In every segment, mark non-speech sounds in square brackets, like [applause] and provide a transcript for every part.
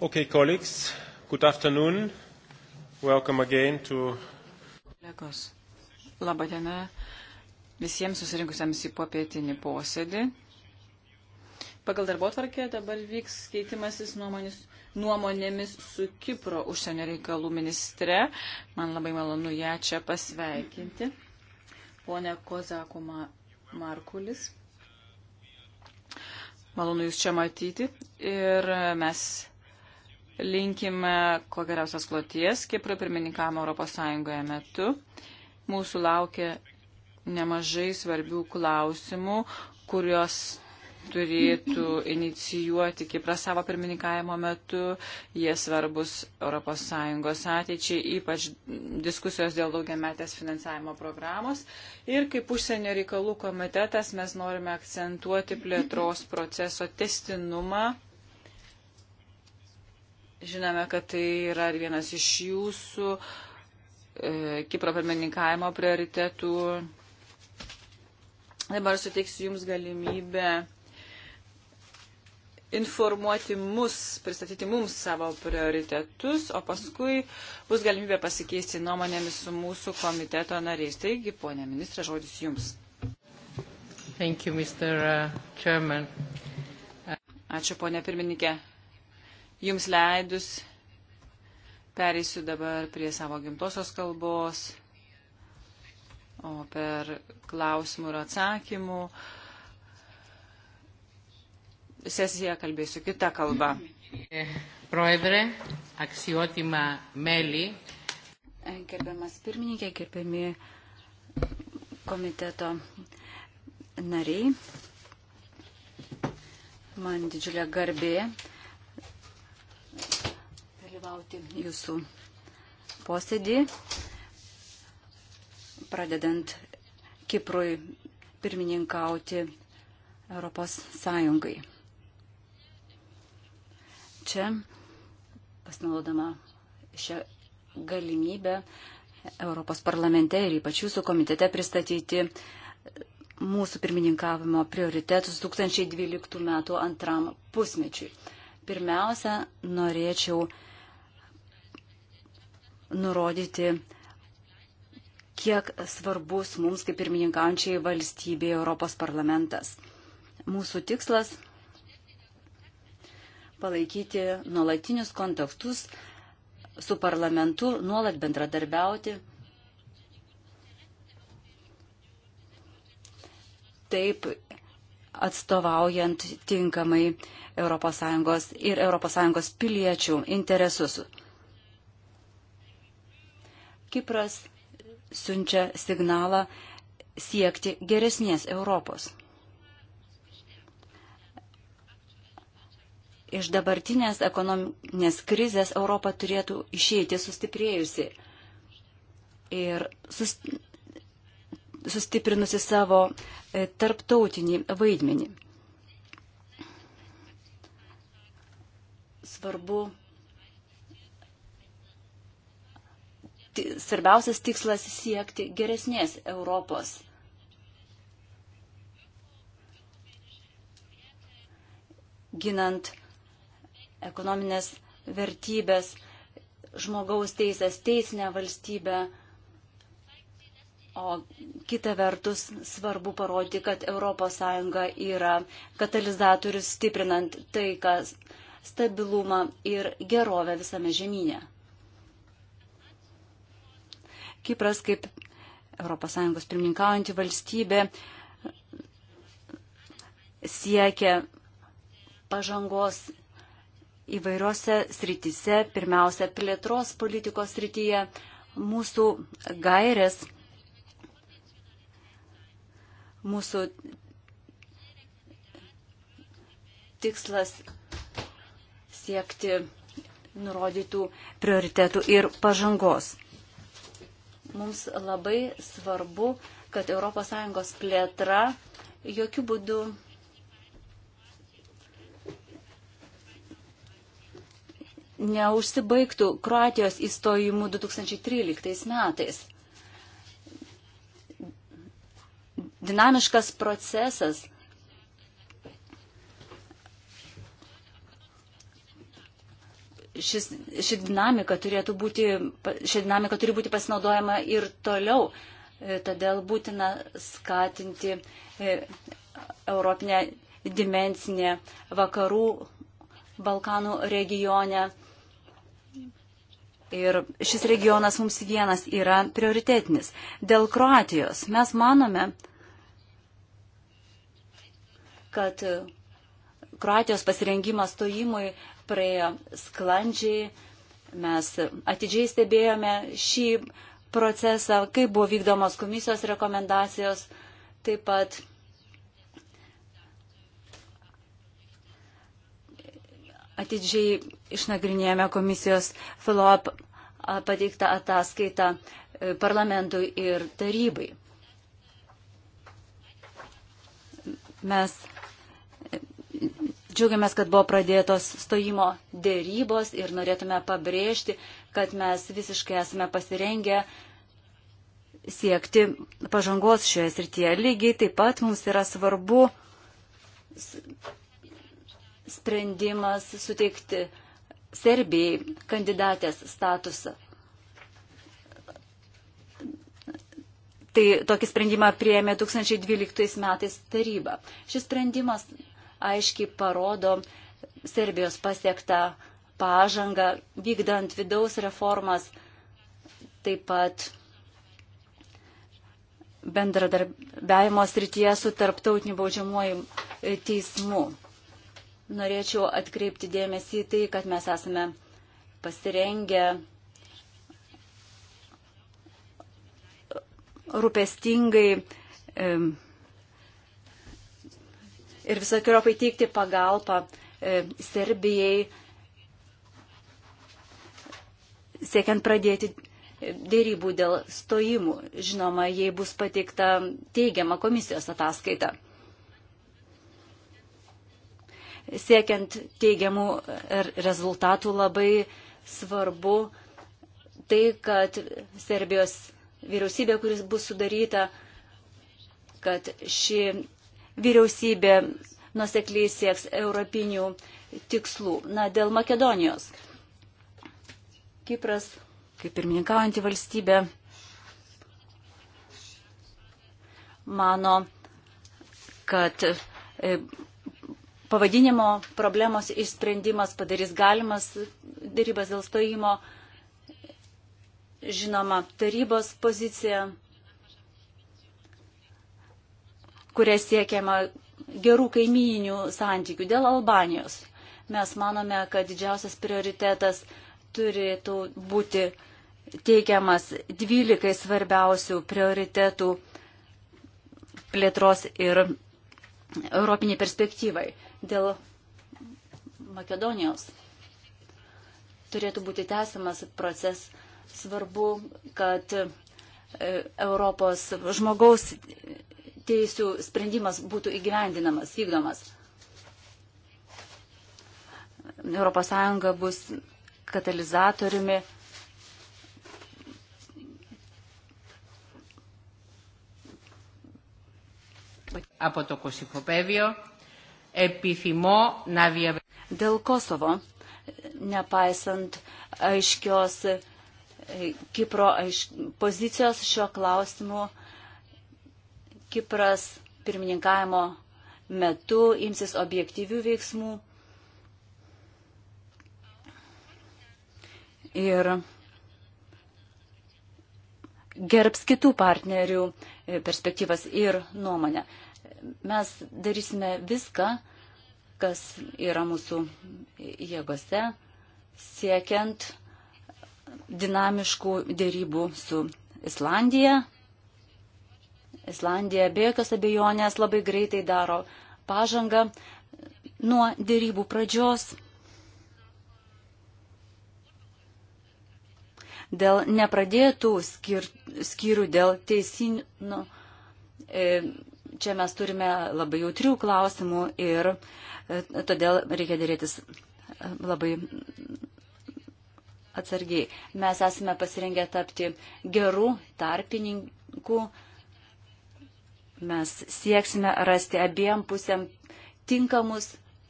Okay, colleagues, good afternoon. Welcome again to. Kolegos, laba diena visiems susirinkusiems į popietinį posėdį. Pagal darbo tvarkė dabar vyks keitimasis nuomonės, nuomonėmis su Kipro užsienio reikalų ministre. Man labai malonu ją čia pasveikinti. Pone Kozakuma Markulis. Malonu Jūs čia matyti ir mes Linkime kuo geriausias kloties Kiprui pirmininkam ES metu. Mūsų laukia nemažai svarbių klausimų, kuriuos turėtų inicijuoti Kipras savo pirmininkavimo metu. Jie svarbus ES ateičiai, ypač diskusijos dėl daugiametės finansavimo programos. Ir kaip užsienio reikalų komitetas mes norime akcentuoti plėtros proceso testinumą Žinome, kad tai yra ir vienas iš jūsų e, Kipro pirmininkavimo prioritetų. Dabar suteiksiu Jums galimybę informuoti mus, pristatyti mums savo prioritetus, o paskui bus galimybė pasikeisti nuomonėmis su mūsų komiteto nariais. Taigi, ponė ministrė, žodis Jums. Thank you, Mr. Uh, chairman. Ačiū, ponė pirmininkė. Jums leidus pereisiu dabar prie savo gimtosios kalbos, o per klausimų ir atsakymų sesiją kalbėsiu kitą kalbą. Proedre, aksijotima meli. Gerbiamas pirmininkė, gerbiami komiteto nariai, man didžiulė garbė dalyvauti jūsų posėdį, pradedant Kiprui pirmininkauti Europos Sąjungai. Čia, pasinaudodama šią galimybę Europos parlamente ir ypač jūsų komitete pristatyti mūsų pirmininkavimo prioritetus 2012 metų antram pusmečiui. Pirmiausia, norėčiau nurodyti, kiek svarbus mums kaip pirmininkaujančiai valstybėje Europos parlamentas. Mūsų tikslas - palaikyti nuolatinius kontaktus su parlamentu, nuolat bendradarbiauti. Taip atstovaujant tinkamai ES ir ES piliečių interesus. Kipras siunčia signalą siekti geresnės Europos. Iš dabartinės ekonominės krizės Europa turėtų išeiti sustiprėjusi ir sustiprinusi savo e, tarptautinį vaidmenį. Svarbu svarbiausias tikslas siekti geresnės Europos. Ginant ekonominės vertybės, žmogaus teisės, teisinę valstybę, o kita vertus svarbu parodyti, kad ES yra katalizatorius stiprinant taiką, stabilumą ir gerovę visame žemynė. Kipras kaip ES pirmininkaujanti valstybė siekia pažangos įvairiose srityse, pirmiausia, plėtros politikos srityje. Mūsų gairės, mūsų tikslas siekti nurodytų prioritetų ir pažangos. Mums labai svarbu, kad ES plėtra jokių būdų neužsibaigtų Kroatijos įstojimu 2013 metais. Dinamiškas procesas šis, ši, dinamika būti, ši dinamika turi būti pasinaudojama ir toliau. E, todėl būtina skatinti e, Europinę dimensinę vakarų Balkanų regione. Ir šis regionas mums vienas yra prioritetinis. Dėl Kroatijos mes manome, kad Kroatijos pasirengimas stojimui praėjo sklandžiai. Mes atidžiai stebėjome šį procesą, kaip buvo vykdomos komisijos rekomendacijos. Taip pat atidžiai išnagrinėjome komisijos follow-up pateiktą ataskaitą e, parlamentui ir tarybai. Mes Džiaugiamės, kad buvo pradėtos stojimo dėrybos ir norėtume pabrėžti, kad mes visiškai esame pasirengę siekti pažangos šioje srityje. Lygiai taip pat mums yra svarbu sprendimas suteikti Serbijai kandidatės statusą. Tai tokį sprendimą prieėmė 2012 metais taryba. Šis sprendimas aiškiai parodo Serbijos pasiektą pažangą vykdant vidaus reformas, taip pat bendradarbiavimo srityje su tarptautiniu baudžiamuoju e, teismu. Norėčiau atkreipti dėmesį į tai, kad mes esame pasirengę rūpestingai ir visokiojopai teikti pagalbą e, Serbijai, siekiant pradėti e, dėrybų dėl stojimų, žinoma, jei bus pateikta teigiama komisijos ataskaita. Siekiant teigiamų e, rezultatų labai svarbu tai, kad Serbijos vyriausybė, kuris bus sudaryta, kad ši vyriausybė nusekliai sieks europinių tikslų. Na, dėl Makedonijos. Kipras, kaip pirmininkaujantį valstybę, mano, kad e, pavadinimo problemos išsprendimas padarys galimas dėrybas dėl stojimo. Žinoma, tarybos pozicija kuria siekiama gerų kaimyninių santykių dėl Albanijos. Mes manome, kad didžiausias prioritetas turėtų būti teikiamas 12 svarbiausių prioritetų plėtros ir europiniai perspektyvai. Dėl Makedonijos turėtų būti tęsiamas proces. Svarbu, kad e, Europos žmogaus teisų sprendimas būtų įgyvendinamas, vykdomas. ES bus katalizatoriumi από το Κωσυφοπέδιο επιθυμώ να διαβεβαιώσω. Dėl Kosovo, nepaisant aiškios e, Kipro aiš... pozicijos šio klausimu, Kipras pirmininkavimo metu imsis objektyvių veiksmų. Ir gerbs kitų partnerių e, perspektyvas ir nuomonę. Mes darysime viską, kas yra mūsų jėgose, siekiant dinamiškų dėrybų su Islandija Islandija be jokios abejonės labai greitai daro pažangą nuo dėrybų pradžios. Dėl nepradėtų skir, skyrių, dėl teisinių, e, čia mes turime labai jautrių klausimų ir e, todėl reikia dėrėtis e, labai atsargiai. Mes esame pasirengę tapti gerų tarpininkų Mes sieksime rasti abiem pusėm tinkamus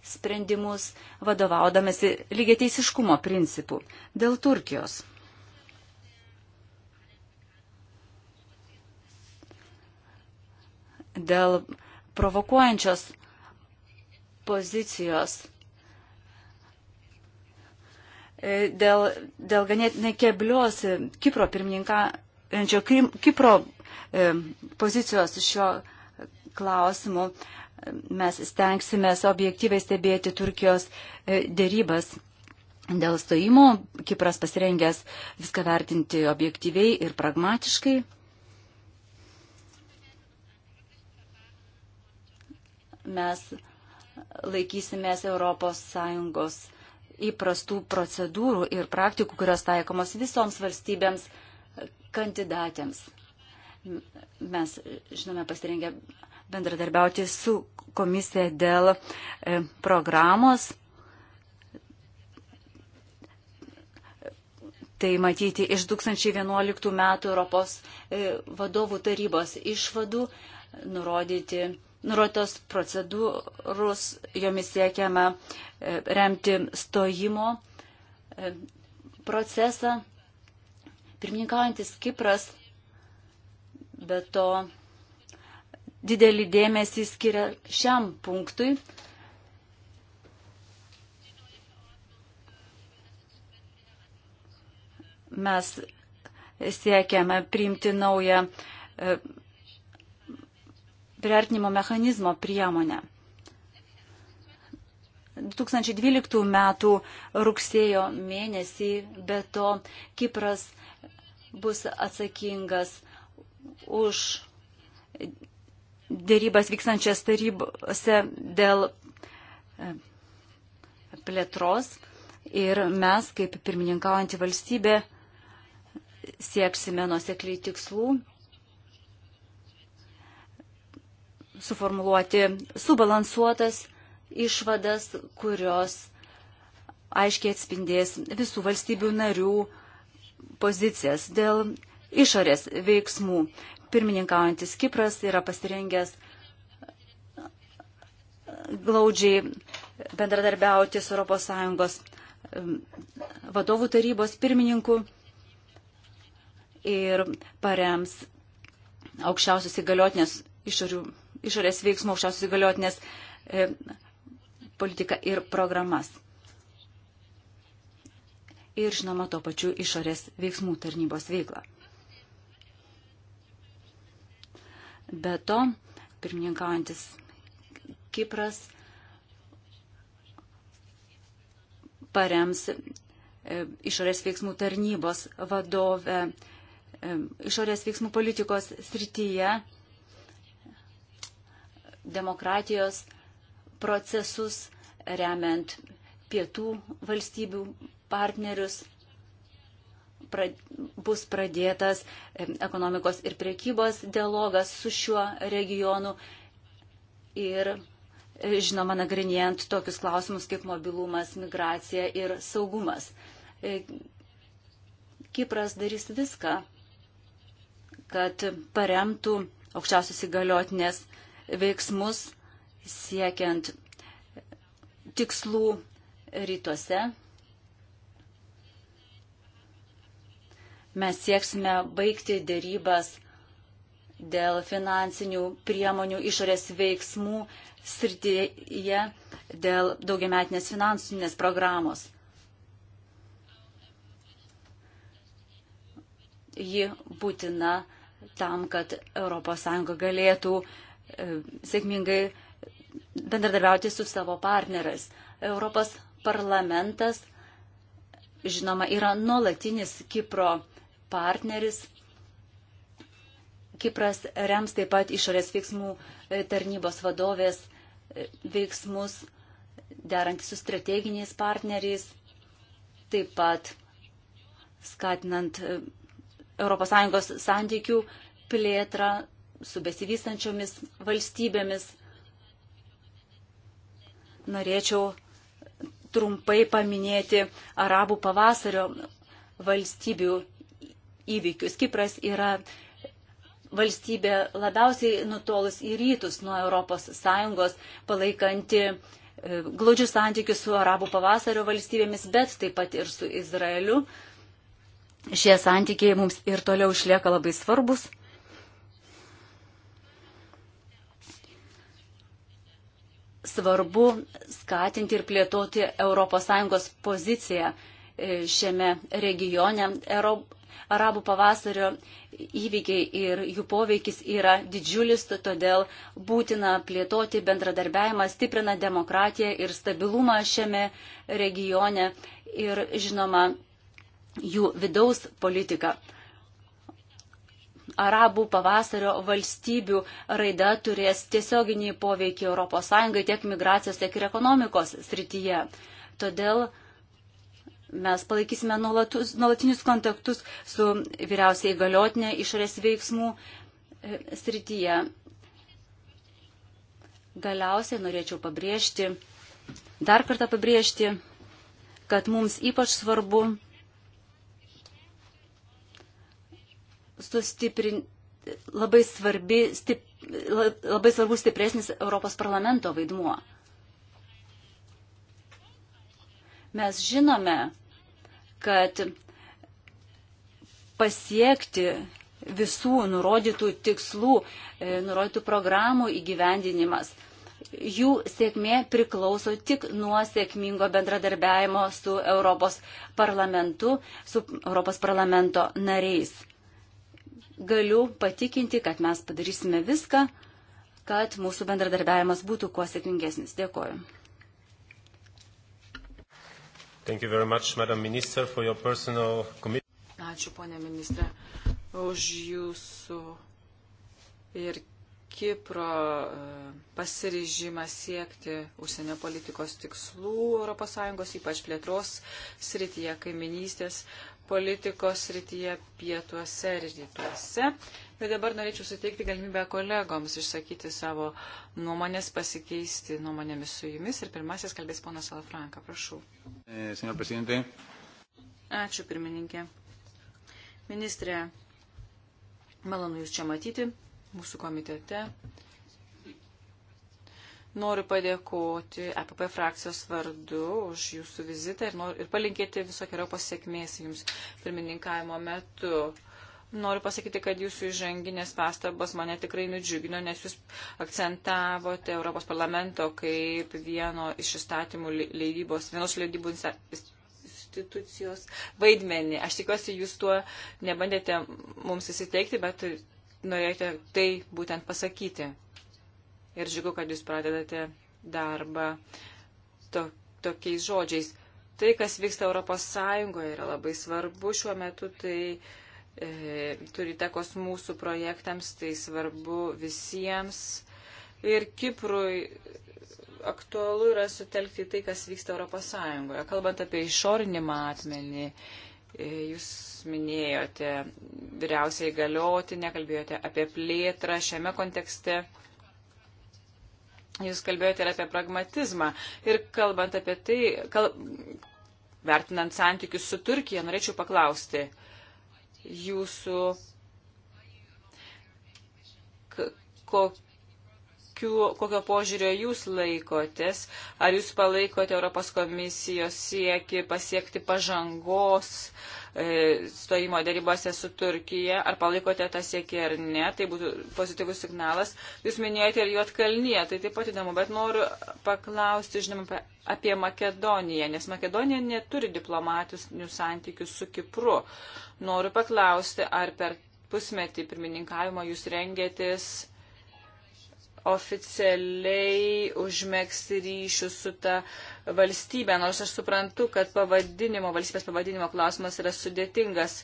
sprendimus, vadovaudamasi lygiateisiškumo principų dėl Turkijos. Dėl provokuojančios pozicijos e, dėl, dėl ganėtinai keblios Kipro pirmininkančio Kipro E, pozicijos šio klausimu. Mes stengsime objektyviai stebėti Turkijos e, dėrybas. Dėl stojimo Kipras pasirengęs viską vertinti objektyviai ir pragmatiškai. Mes laikysimės ES įprastų procedūrų ir praktikų, kurios taikomos visoms valstybėms kandidatėms. Mes, žinome, pasirengę bendradarbiauti su komisija dėl e, programos. Tai matyti iš 2011 metų Europos e, vadovų tarybos išvadų, nurodyti, nurodytos procedūros, jomis siekiama e, remti stojimo procesą. Pirmininkaujantis Kipras Be to, didelį dėmesį skiria šiam punktui. Mes siekiame priimti naują e, priartinimo mechanizmo priemonę. 2012 metų rugsėjo mėnesį, be to Kipras bus atsakingas už dėrybas vykstančias tarybose dėl e, plėtros ir mes, kaip pirmininkaujantį valstybę, sieksime nusekliai tikslų suformuluoti subalansuotas išvadas, kurios aiškiai atspindės visų valstybių narių pozicijas dėl išorės veiksmų. Pirmininkaujantis Kipras yra pasirengęs glaudžiai bendradarbiauti su ES vadovų tarybos pirmininku ir parems aukščiausios įgaliotinės išorių, išorės veiksmų aukščiausios įgaliotinės e, politiką ir programas. Ir žinoma, to pačiu išorės veiksmų tarnybos veiklą. Be to, pirmininkaujantis Kipras parems e, išorės veiksmų tarnybos vadovę e, išorės veiksmų politikos srityje demokratijos procesus remiant pietų valstybių partnerius prad, bus pradėtas ekonomikos ir priekybos dialogas su šiuo regionu ir, e, žinoma, nagrinėjant tokius klausimus kaip mobilumas, migracija ir saugumas. E, Kipras darys viską, kad paremtų aukščiausios įgaliotinės veiksmus siekiant tikslų rytuose mes sieksime baigti dėrybas dėl finansinių priemonių išorės veiksmų srityje, dėl daugiametinės finansinės programos. Ji būtina tam, kad ES galėtų e, sėkmingai bendradarbiauti su savo partnerais. Europos parlamentas, žinoma, yra nuolatinis Kipro partneris. Kipras rems taip pat išorės veiksmų e, tarnybos vadovės e, veiksmus, derantys su strateginiais partneriais, taip pat skatinant ES santykių plėtrą su besivystančiomis valstybėmis. Norėčiau trumpai paminėti arabų pavasario valstybių įvykius. Kipras yra valstybė labiausiai nutolus į rytus nuo ES, palaikanti e, glaudžius santykius su Arabų pavasario valstybėmis, bet taip pat ir su Izraeliu. Šie santykiai mums ir toliau išlieka labai svarbus. Svarbu skatinti ir plėtoti ES poziciją e, šiame regione arabų pavasario įvykiai ir jų poveikis yra didžiulis, todėl būtina plėtoti bendradarbiavimą, stiprina demokratiją ir stabilumą šiame regione ir, žinoma, jų vidaus politiką. Arabų pavasario valstybių raida turės tiesioginį poveikį ES tiek migracijos, tiek ir ekonomikos srityje. Todėl uh, Mes palaikysime nuolatus, nuolatinius kontaktus su vyriausiai galiotinė išorės veiksmų e, srityje. Galiausiai norėčiau pabrėžti, dar kartą pabrėžti, kad mums ypač svarbu sustiprinti labai, svarbi, stip, labai svarbus stipresnis Europos parlamento vaidmuo. Mes žinome, kad pasiekti visų nurodytų tikslų, e, nurodytų programų įgyvendinimas. Jų sėkmė priklauso tik nuo sėkmingo bendradarbiajimo su Europos parlamentu, su Europos parlamento nariais. Galiu patikinti, kad mes padarysime viską, kad mūsų bendradarbiavimas būtų kuo sėkmingesnis. Dėkoju. Thank you very much, Madam Minister, for your personal commitment. Ačiū, ponė ministrė, už jūsų ir Kipro e, pasiryžimą siekti užsienio politikos tikslų ES, ypač plėtros srityje, kaiminystės politikos rytyje pietuose ir rytuose. Bet dabar norėčiau suteikti galimybę kolegoms išsakyti savo nuomonės, pasikeisti nuomonėmis su jumis. Ir pirmasis kalbės ponas Alfranka, prašau. E, Ačiū, pirmininkė. Ministrė, malonu Jūs čia matyti mūsų komitete. Noriu padėkoti EPP frakcijos vardu už jūsų vizitą ir, noriu, ir palinkėti visokiojo pasiekmės jums pirmininkavimo metu. Noriu pasakyti, kad jūsų įžanginės pastabos mane tikrai nudžiugino, nes jūs akcentavote Europos parlamento kaip vieno iš įstatymų leidybos, vienos leidybų institucijos vaidmenį. Aš tikiuosi, jūs tuo nebandėte mums įsiteikti, bet norėjote tai būtent pasakyti ir žiūrėjau, kad jūs pradedate darbą to, tokiais žodžiais. Tai, kas vyksta Europos Sąjungoje, yra labai svarbu šiuo metu, tai e, turi tekos mūsų projektams, tai svarbu visiems. Ir Kiprui aktualu yra sutelkti tai, kas vyksta Europos Sąjungoje. Kalbant apie išorinį matmenį, e, Jūs minėjote vyriausiai galioti, nekalbėjote apie plėtrą šiame kontekste. Jūs kalbėjote ir apie pragmatizmą. Ir kalbant apie tai, kal... vertinant santykius su Turkija, norėčiau paklausti jūsų, kokia kokiu, kokio požiūrio jūs laikotės? Ar jūs palaikote Europos komisijos sieki pasiekti pažangos e, stojimo darybose su Turkija? Ar palaikote tą siekį ar ne? Tai būtų pozityvus signalas. Jūs minėjote ir Juotkalnyje, tai taip pat įdomu, bet noriu paklausti, žinoma, apie Makedoniją, nes Makedonija neturi diplomatinių santykių su Kipru. Noriu paklausti, ar per pusmetį pirmininkavimo jūs rengėtės oficialiai užmėgsti ryšių su ta valstybė, nors aš suprantu, kad pavadinimo, valstybės pavadinimo klausimas yra sudėtingas.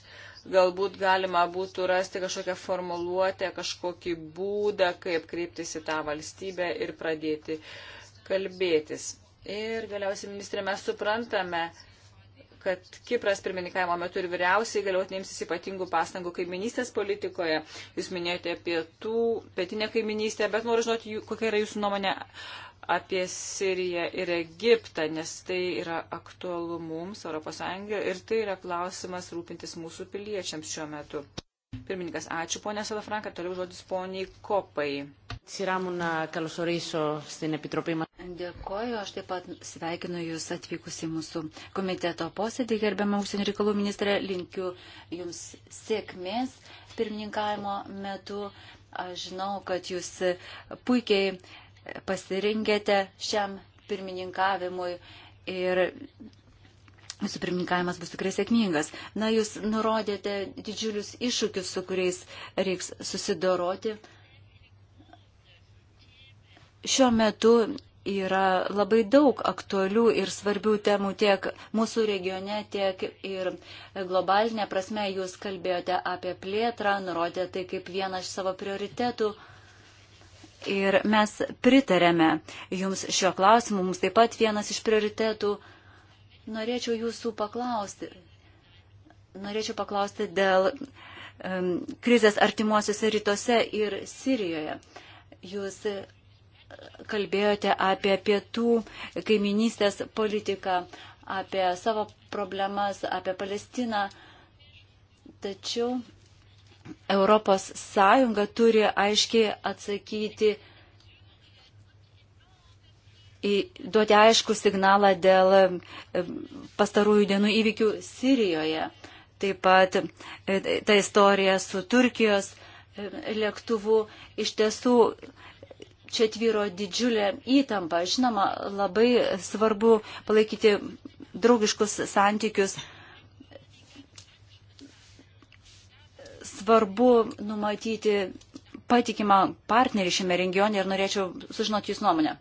Galbūt galima būtų rasti kažkokią formuluotę, kažkokį būdą, kaip kreiptis į tą valstybę ir pradėti kalbėtis. Ir galiausiai, ministrė, mes suprantame, kad Kipras pirmininkavimo metu ir vyriausiai galiotinėms ypatingų pastangų kaiminystės politikoje. Jūs minėjote pietų, pietinę kaiminystę, bet noriu žinoti, kokia yra jūsų nuomonė apie Siriją ir Egiptą, nes tai yra aktualu mums, ES, ir tai yra klausimas rūpintis mūsų piliečiams šiuo metu. Pirmininkas, ačiū ponė Salafranka, toliau žodis poniai Kopai. Siramuna Kalusoriso, Stinė Pitropima. Dėkoju, aš taip pat sveikinu Jūs atvykus į mūsų komiteto posėdį, gerbiamą užsienio reikalų ministrę, linkiu Jums sėkmės pirmininkavimo metu. Aš žinau, kad Jūs puikiai pasirinkėte šiam pirmininkavimui ir Jūsų pirmininkavimas bus tikrai sėkmingas. Na, jūs nurodėte didžiulius iššūkius, su kuriais reiks susidoroti. Šiuo metu yra labai daug aktualių ir svarbių temų tiek mūsų regione, tiek ir globalinė prasme. Jūs kalbėjote apie plėtrą, nurodėte tai kaip vieną iš savo prioritetų. Ir mes pritarėme jums šio klausimu, mums taip pat vienas iš prioritetų Norėčiau jūsų paklausti. Norėčiau paklausti dėl um, krizės artimuosiuose rytuose ir Sirijoje. Jūs kalbėjote apie pietų kaiminystės politiką, apie savo problemas, apie Palestiną. Tačiau Europos Sąjunga turi aiškiai atsakyti duoti aišku signalą dėl e, pastarųjų dienų įvykių Sirijoje. Taip pat e, ta istorija su Turkijos e, lėktuvu iš tiesų čia tvyro didžiulė įtampa. Žinoma, labai svarbu palaikyti draugiškus santykius. Svarbu numatyti patikimą partnerį šiame regione ir norėčiau sužinoti Jūsų nuomonę.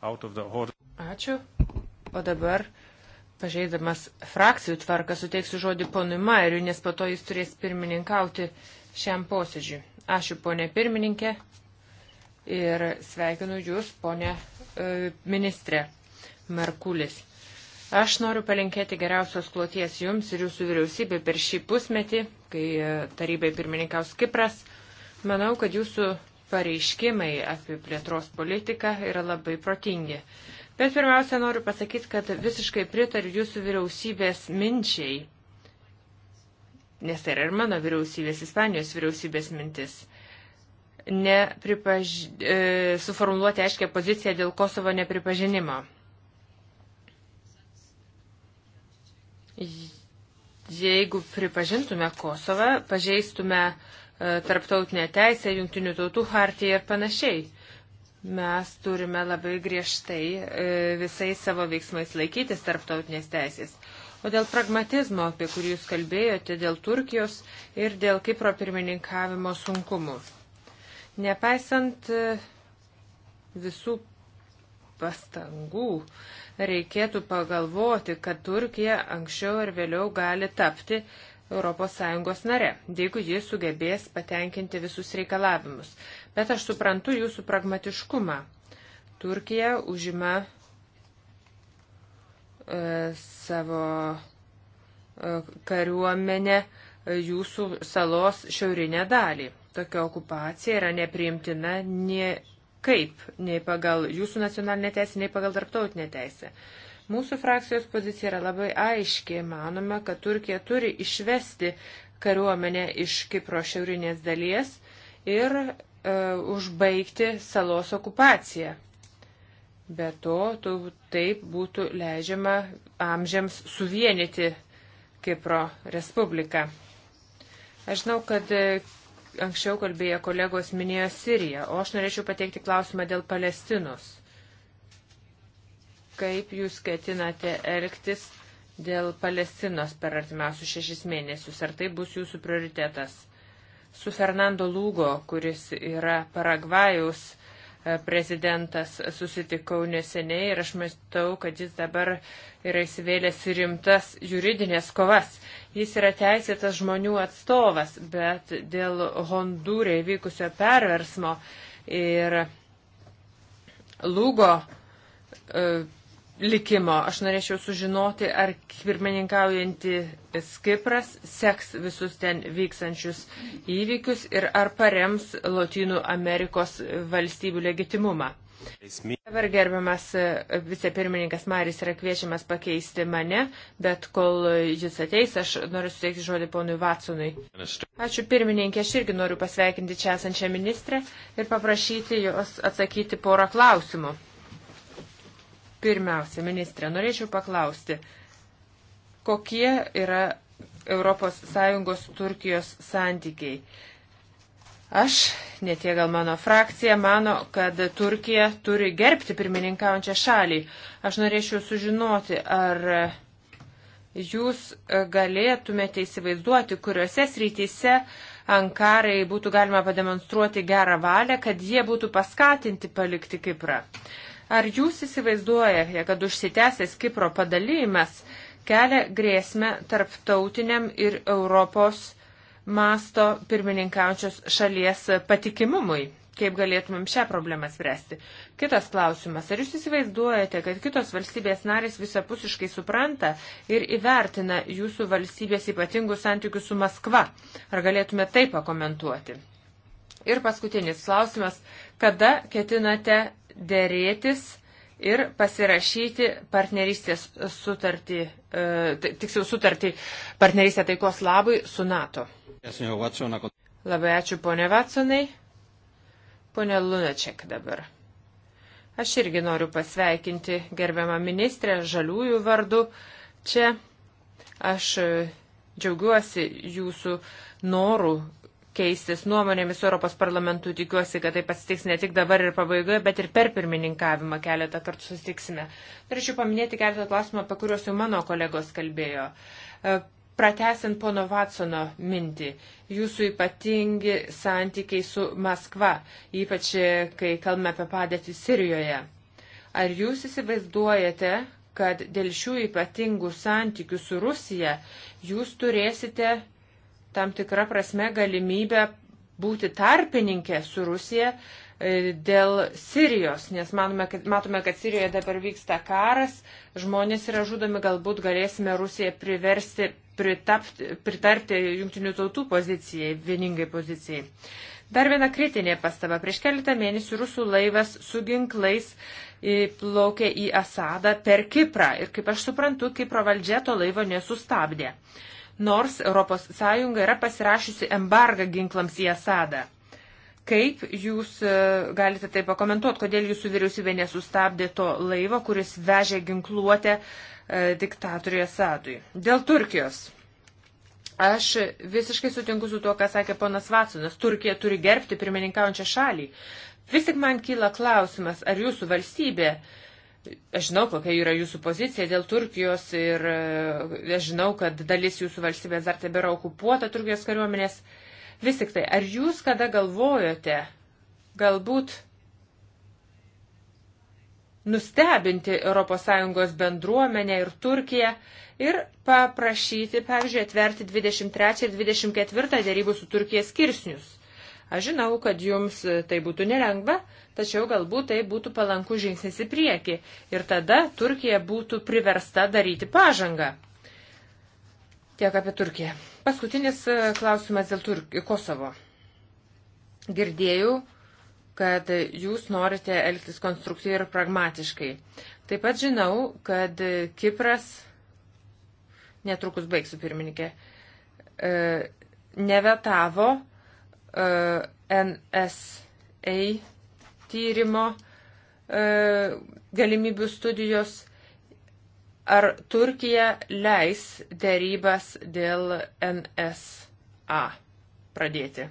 Ačiū. O dabar, pažeidamas frakcijų tvarką, suteiksiu žodį ponui Mairiui, nes po to jis turės pirmininkauti šiam posėdžiui. Ačiū, ponė pirmininkė, ir sveikinu Jūs, ponė e, ministrė Markulis. Aš noriu palinkėti geriausios kloties Jums ir Jūsų vyriausybė per šį pusmetį, kai e, tarybai pirmininkaus Kipras. Manau, kad Jūsų pareiškimai apie plėtros politiką yra labai protingi. Bet pirmiausia, noriu pasakyti, kad visiškai pritariu jūsų vyriausybės minčiai, nes tai yra ir mano vyriausybės, Ispanijos vyriausybės mintis, nepripaž... E, suformuluoti aiškę poziciją dėl Kosovo nepripažinimo. Jeigu pripažintume Kosovą, pažeistume uh, E, tarptautinę teisę, jungtinių tautų hartiją ir panašiai. Mes turime labai griežtai e, visais savo veiksmais laikytis tarptautinės teisės. O dėl pragmatizmo, apie kurį jūs kalbėjote, dėl Turkijos ir dėl Kipro pirmininkavimo sunkumų. Nepaisant e, visų pastangų, reikėtų pagalvoti, kad Turkija anksčiau ar vėliau gali tapti ES nare, jeigu ji sugebės patenkinti visus reikalavimus. Bet aš suprantu jūsų pragmatiškumą. Turkija užima e, savo e, kariuomenę e, jūsų salos šiaurinę dalį. Tokia okupacija yra nepriimtina nie kaip, nei pagal jūsų nacionalinę teisę, nei pagal tarptautinę teisę. E, Mūsų frakcijos pozicija yra labai aiški. Manome, kad Turkija turi išvesti kariuomenę iš Kipro šiaurinės dalies ir e, užbaigti salos okupaciją. Be to, tu, taip būtų leidžiama amžiams suvienyti Kipro Respubliką. Aš žinau, kad e, anksčiau kalbėję kolegos minėjo Siriją, o aš norėčiau pateikti klausimą dėl Palestinos kaip jūs ketinate elgtis dėl Palestinos per artimiausius šešis mėnesius? Ar tai bus jūsų prioritetas? Su Fernando Lūgo, kuris yra Paragvajaus e, prezidentas, susitikau neseniai ir aš matau, kad jis dabar yra įsivėlęs rimtas juridinės kovas. Jis yra teisėtas žmonių atstovas, bet dėl Hondūrė įvykusio perversmo ir Lūgo e, likimo. Aš norėčiau sužinoti, ar pirmininkaujantis Kipras seks visus ten vykstančius įvykius ir ar parems Lotynų Amerikos valstybių legitimumą. Dabar gerbiamas vicepirmininkas Maris yra kviečiamas pakeisti mane, bet kol jis ateis, aš noriu suteikti žodį ponui Vatsonui. Ačiū pirmininkė, aš irgi noriu pasveikinti čia esančią ministrę ir paprašyti jos atsakyti porą klausimų. Pirmiausia, ministrė, norėčiau paklausti, kokie yra ES Turkijos santykiai. Aš, netie gal mano frakcija, mano, kad Turkija turi gerbti pirmininkaujančią šalį. Aš norėčiau sužinoti, ar jūs galėtumėte įsivaizduoti, kuriuose srityse Ankarai būtų galima pademonstruoti gerą valią, kad jie būtų paskatinti palikti Kiprą. Uh, Ar jūs įsivaizduojate, kad užsitęsęs Kipro padalymas kelia grėsmę tarptautiniam ir Europos masto pirmininkaujančios šalies patikimumui? Kaip galėtumėm šią problemą spręsti? Kitas klausimas. Ar jūs įsivaizduojate, kad kitos valstybės narės visapusiškai supranta ir įvertina jūsų valstybės ypatingus santykius su Maskva? Ar galėtume tai pakomentuoti? Ir paskutinis klausimas. Kada ketinate dėrėtis ir pasirašyti partnerystės sutartį, e, tiksliau sutartį partnerystę taikos labui su NATO. Labai ačiū, ponė Vatsonai. Pone Lunaček dabar. Aš irgi noriu pasveikinti gerbiamą ministrę žaliųjų vardu. Čia aš džiaugiuosi jūsų norų keistis nuomonėmis su Europos parlamentu. Tikiuosi, kad tai pasitiks ne tik dabar ir pabaigoje, bet ir per pirmininkavimą keletą kartų susitiksime. Norėčiau paminėti keletą klausimų, apie kuriuos jau mano kolegos kalbėjo. E, pratesint pono Vatsono mintį, jūsų ypatingi santykiai su Maskva, ypač e, kai kalbame apie padėtį Sirijoje. Ar jūs įsivaizduojate, kad dėl šių ypatingų santykių su Rusija jūs turėsite tam tikrą prasme galimybę būti tarpininkė su Rusija e, dėl Sirijos, nes manome, kad, matome, kad Sirijoje dabar vyksta karas, žmonės yra žudomi, galbūt galėsime Rusiją priversti pritapti, pritarti jungtinių tautų pozicijai, vieningai pozicijai. Dar viena kritinė pastaba. Prieš keletą mėnesių rusų laivas su ginklais e, plaukė į Asadą per Kiprą ir, kaip aš suprantu, Kipro valdžia to laivo nesustabdė. Uh, nors ES yra pasirašiusi embargą ginklams į Asadą. Kaip jūs e, galite tai pakomentuoti, kodėl jūsų vyriausybė nesustabdė to laivo, kuris vežė ginkluotę e, diktatoriui Asadui? Dėl Turkijos. Aš visiškai sutinku su tuo, ką sakė ponas Vatsonas. Turkija turi gerbti pirmininkaujančią šalį. Vis tik man kyla klausimas, ar jūsų valstybė uh, Aš žinau, kokia yra jūsų pozicija dėl Turkijos ir e, aš žinau, kad dalis jūsų valstybės dar tebėra okupuota Turkijos kariuomenės. Vis tik tai, ar jūs kada galvojote galbūt nustebinti ES bendruomenę ir Turkiją ir paprašyti, pavyzdžiui, atverti 23 ir 24 dėrybų su Turkija skirsnius? Aš žinau, kad jums tai būtų nelengva, tačiau galbūt tai būtų palanku žingsnis į priekį ir tada Turkija būtų priversta daryti pažangą. Tiek apie Turkiją. Paskutinis e, klausimas dėl Turk Kosovo. Girdėjau, kad jūs norite elgtis konstruktyviai ir pragmatiškai. Taip pat žinau, kad Kipras, netrukus baigsiu pirmininkė, e, nevetavo NSA tyrimo e, galimybių studijos, ar Turkija leis dėrybas dėl NSA pradėti.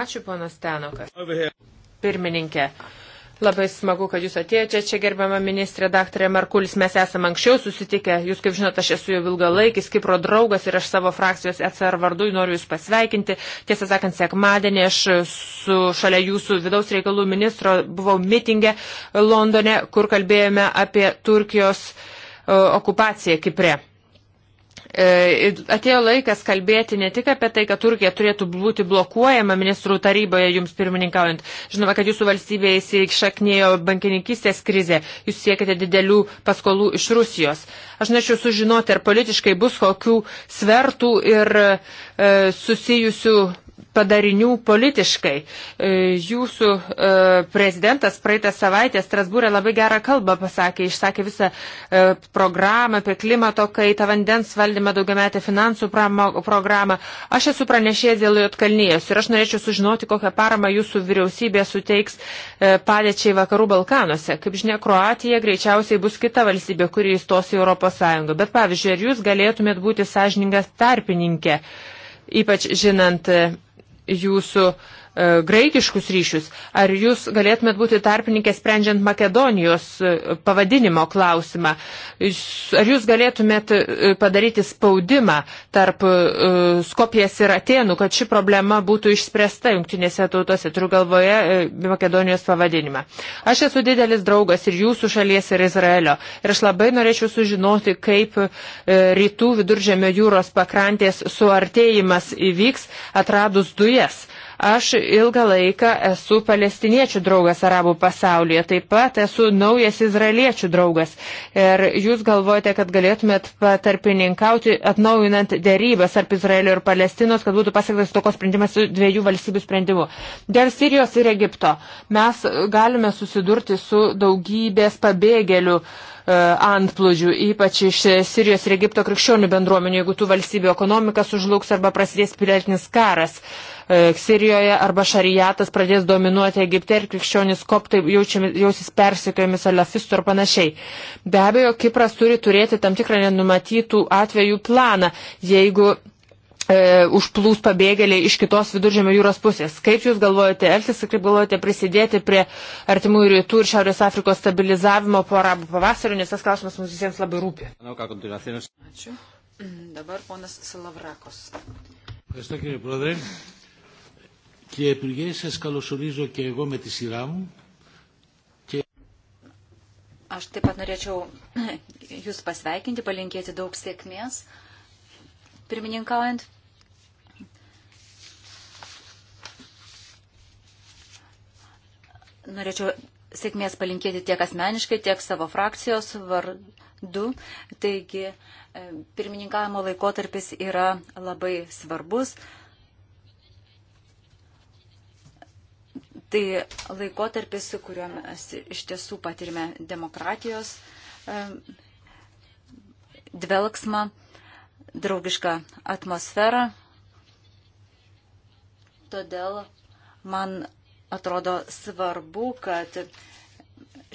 Ačiū, ponas Tenokas. Pirmininkė, Labai smagu, kad jūs atėjote čia, gerbiama ministrė, daktarė Markulis. Mes esame anksčiau susitikę. Jūs, kaip žinote, aš esu jau ilgalaikis Kipro draugas ir aš savo frakcijos ECR vardu noriu jūs pasveikinti. Tiesą sakant, sekmadienį aš su šalia jūsų vidaus reikalų ministro buvau mitingę Londone, kur kalbėjome apie Turkijos e, okupaciją Kipre. E, atėjo laikas kalbėti ne tik apie tai, kad Turkija turėtų būti blokuojama ministrų taryboje jums pirmininkaujant. Žinoma, kad jūsų valstybėje įsikšaknėjo bankininkistės krizė, jūs siekite didelių paskolų iš Rusijos. Aš norėčiau sužinoti, ar politiškai bus kokių svertų ir e, susijusių padarinių politiškai. E, jūsų e, prezidentas praeitą savaitę Strasbūrė labai gerą kalbą pasakė, išsakė visą e, programą apie klimato kaitą, vandens valdymą, daugiametę finansų programą. Aš esu pranešėjęs dėl Jotkalnyjos ir aš norėčiau sužinoti, kokią paramą jūsų vyriausybė suteiks padėčiai Vakarų Balkanuose. Kaip žinia, Kroatija greičiausiai bus kita valstybė, kuri įstos į Europos Sąjungą. Bet pavyzdžiui, ar jūs galėtumėt būti sąžiningas tarpininkė? ypač žinant jūsų uh, E, graikiškus ryšius. Ar jūs galėtumėt būti tarpininkė sprendžiant Makedonijos e, pavadinimo klausimą? Ar jūs galėtumėt e, padaryti spaudimą tarp Skopijas ir Atenų, kad ši problema būtų išspręsta jungtinėse tautose? Turiu galvoje Makedonijos pavadinimą. Aš esu didelis draugas ir jūsų šalies ir Izraelio. Ir aš labai norėčiau sužinoti, kaip rytų viduržėmio jūros pakrantės suartėjimas įvyks atradus dujas Aš ilgą laiką esu palestiniečių draugas arabų pasaulyje, taip pat esu naujas izraeliečių draugas. Ir jūs galvojate, kad galėtumėt patarpininkauti atnaujinant dėrybas tarp Izraelio ir Palestinos, kad būtų pasiektas tokios sprendimas su dviejų valstybių sprendimu. Dėl Sirijos ir Egipto mes galime susidurti su daugybės pabėgėlių e, antplūdžių, ypač iš Sirijos ir Egipto krikščionių bendruomenių, jeigu tų valstybių ekonomika sužlugs arba prasidės pilietinis karas. Uh, E, Sirijoje arba šarijatas pradės dominuoti Egipte ir krikščionis koptai jausis persikėjami salafistų ir panašiai. Be abejo, Kipras turi turėti tam tikrą nenumatytų atvejų planą, jeigu e, užplūs pabėgėliai iš kitos viduržėmio jūros pusės. Kaip Jūs galvojate elgtis, kaip galvojate prisidėti prie artimųjų rytų ir Šiaurės Afrikos stabilizavimo po arabų pavasario, nes tas klausimas mums visiems labai rūpi. Ačiū. Dabar ponas Salavrakos. Ačiū, Κύριε Υπουργέ, σας καλωσορίζω και εγώ με τη σειρά μου. Και... Aš taip pat norėčiau [clears throat] Jūs pasveikinti, palinkėti daug sėkmės. Pirmininkaujant, norėčiau sėkmės palinkėti tiek asmeniškai, tiek savo frakcijos vardu. Taigi, e, pirmininkavimo laikotarpis yra labai svarbus. Tai laikotarpis, kuriuo mes iš tiesų patirime demokratijos e, dvelgsmą, draugišką atmosferą. Todėl man atrodo svarbu, kad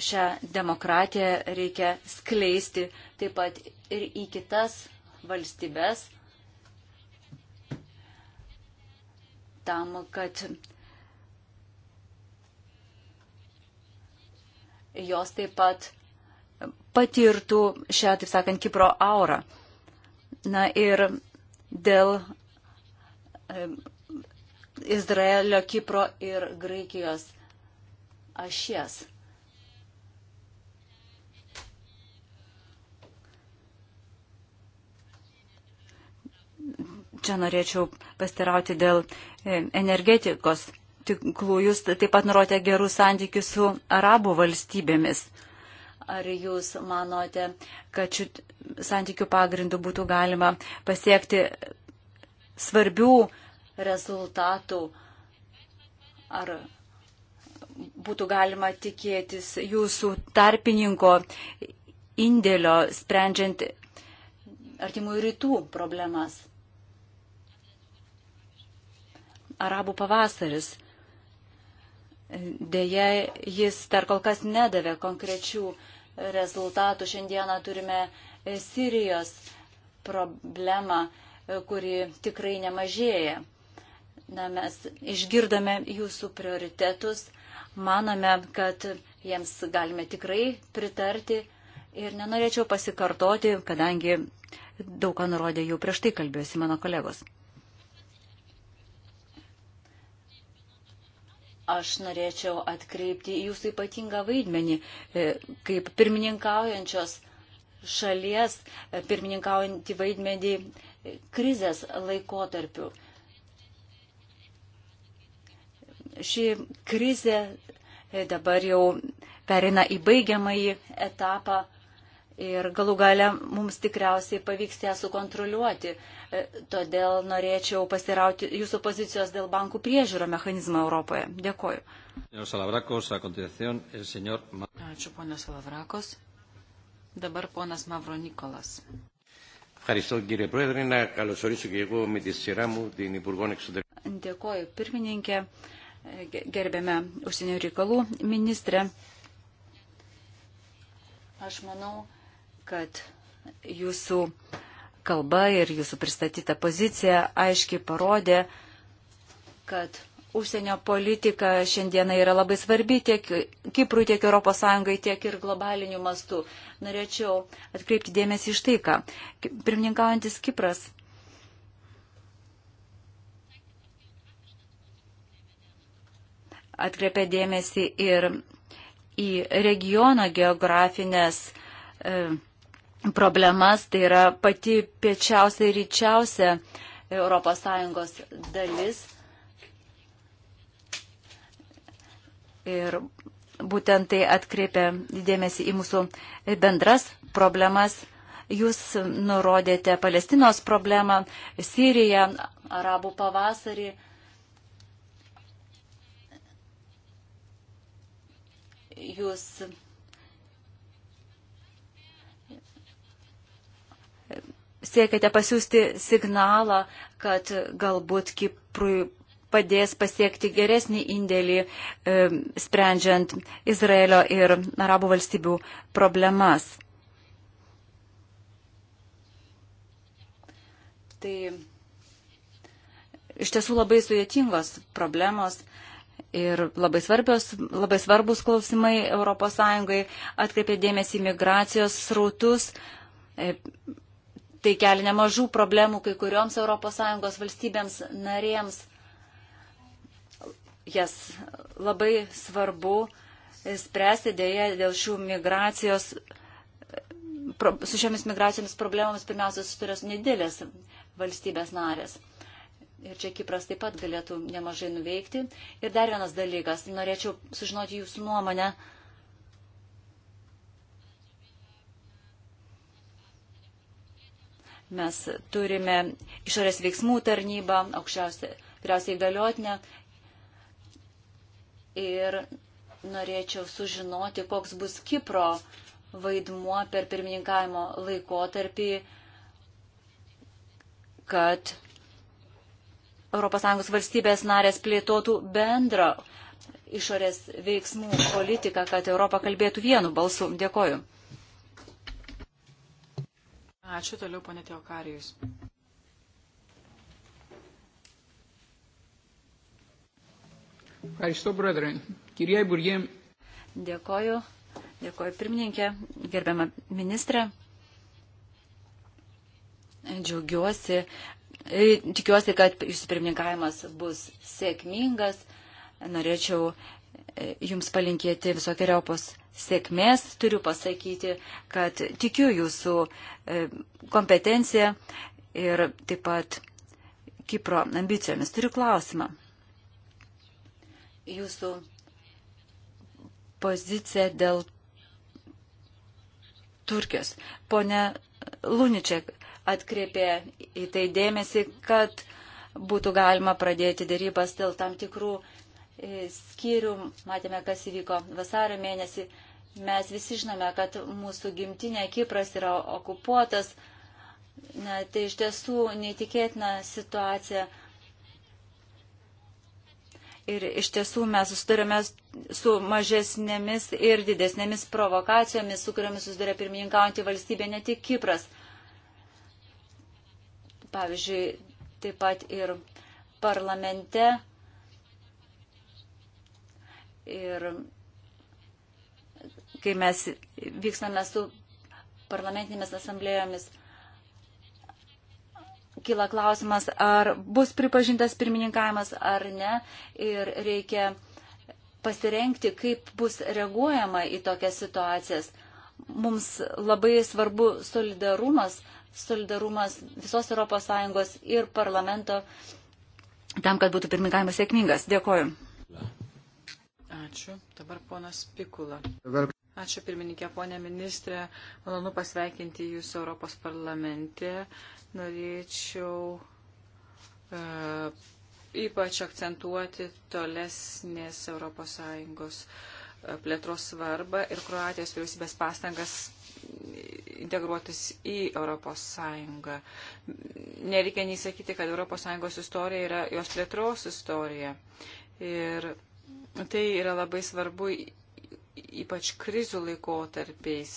šią demokratiją reikia skleisti taip pat ir į kitas valstybės tam, kad jos taip pat patirtų šią, taip sakant, Kipro aurą. Na ir dėl Izraelio, Kipro ir Graikijos ašies. Čia norėčiau pastirauti dėl energetikos tinklų. Jūs taip pat nurodėte gerų santykių su arabų valstybėmis. Ar jūs manote, kad šių santykių pagrindų būtų galima pasiekti svarbių rezultatų? Ar būtų galima tikėtis jūsų tarpininko indėlio sprendžiant artimųjų rytų problemas? Arabų pavasaris Deja, jis dar kol kas nedavė konkrečių rezultatų. Šiandieną turime e, Sirijos problemą, e, kuri tikrai nemažėja. Na, mes išgirdome jūsų prioritetus, manome, kad jiems galime tikrai pritarti ir nenorėčiau pasikartoti, kadangi daug ką nurodė jau prieš tai kalbėjusi mano kolegos. Aš norėčiau atkreipti jūsų ypatingą vaidmenį e, kaip pirmininkaujančios šalies, e, pirmininkaujantį vaidmenį krizės laikotarpiu. Ši krizė e, dabar jau perina į baigiamąjį etapą ir galų gale mums tikriausiai pavyks ją sukontroliuoti. E, todėl norėčiau pasirauti jūsų pozicijos dėl bankų priežiūro mechanizmo Europoje. Dėkoju. Ačiū, ponas Lavrakos. Dabar ponas Mavro Nikolas. Dėkoju, pirmininkė, gerbėme užsienio reikalų ministrę. Aš manau, kad jūsų kalba ir jūsų pristatyta pozicija aiškiai parodė, kad užsienio politika šiandieną yra labai svarbi tiek Kiprui, tiek ES, tiek ir globaliniu mastu. Norėčiau atkreipti dėmesį iš tai, ką pirmininkaujantis Kipras. atkreipia dėmesį ir į regiono geografinės e, problemas, tai yra pati piečiausia ir ryčiausia ES dalis. Ir būtent tai atkreipia dėmesį į mūsų bendras problemas. Jūs nurodėte Palestinos problemą, Siriją, arabų pavasarį. Jūs siekiate pasiūsti signalą, kad galbūt Kiprui padės pasiekti geresnį indėlį, e, sprendžiant Izraelio ir arabų valstybių problemas. Tai iš tiesų labai sudėtingos problemos ir labai, svarbios, labai svarbus klausimai ES atkreipė dėmesį migracijos srautus. E, tai kelia nemažų problemų kai kurioms ES valstybėms narėms. Jas labai svarbu spręsti dėje dėl šių migracijos, su šiomis migracijomis problemomis pirmiausia susiturės nedėlės valstybės narės. Ir čia Kipras taip pat galėtų nemažai nuveikti. Ir dar vienas dalykas, norėčiau sužinoti jūsų nuomonę. Uh, Mes turime išorės veiksmų tarnybą, aukščiausią vyriausiai galiotinę. Ir norėčiau sužinoti, koks bus Kipro vaidmuo per pirmininkavimo laikotarpį, kad ES valstybės narės plėtotų bendrą išorės veiksmų politiką, kad Europa kalbėtų vienu balsu. Dėkoju. Ačiū toliau, ponė Teokarijus. Ačiū, brodrai. Kirie Burgė. Dėkoju. Dėkoju pirmininkė, gerbiama ministrė. Džiaugiuosi. E, tikiuosi, kad jūsų pirmininkavimas bus sėkmingas. Norėčiau Jums palinkėti visokiojopos sėkmės. Turiu pasakyti, kad tikiu Jūsų e, kompetencija ir taip pat Kipro ambicijomis. Turiu klausimą. Jūsų pozicija dėl Turkijos. Pone Luničiak atkreipė į tai dėmesį, kad būtų galima pradėti dėrybas dėl tam tikrų E, skyrių, matėme, kas įvyko vasario mėnesį. Mes visi žinome, kad mūsų gimtinė Kipras yra okupuotas. Na, tai iš tiesų neįtikėtina situacija. Ir iš tiesų mes susidurėme su mažesnėmis ir didesnėmis provokacijomis, su kuriomis susidurė pirmininkaujantį valstybę, ne tik Kipras. Pavyzdžiui, taip pat ir parlamente Ir kai mes vykstame su parlamentinėmis asamblėjomis, kyla klausimas, ar bus pripažintas pirmininkavimas ar ne. Ir reikia pasirenkti, kaip bus reaguojama į tokias situacijas. Mums labai svarbu solidarumas, solidarumas visos ES ir parlamento tam, kad būtų pirmininkavimas sėkmingas. Dėkoju. La. Ačiū. Dabar ponas Pikula. Ačiū pirmininkė, ponė ministrė. Malonu pasveikinti Jūsų Europos parlamente. Norėčiau e, ypač akcentuoti tolesnės ES e, plėtros svarbą ir Kroatijos vyriausybės pastangas integruotis į Europos Sąjungą. Nereikia nei sakyti, kad Europos Sąjungos istorija yra jos plėtros istorija. Ir Tai yra labai svarbu ypač krizių laikotarpiais.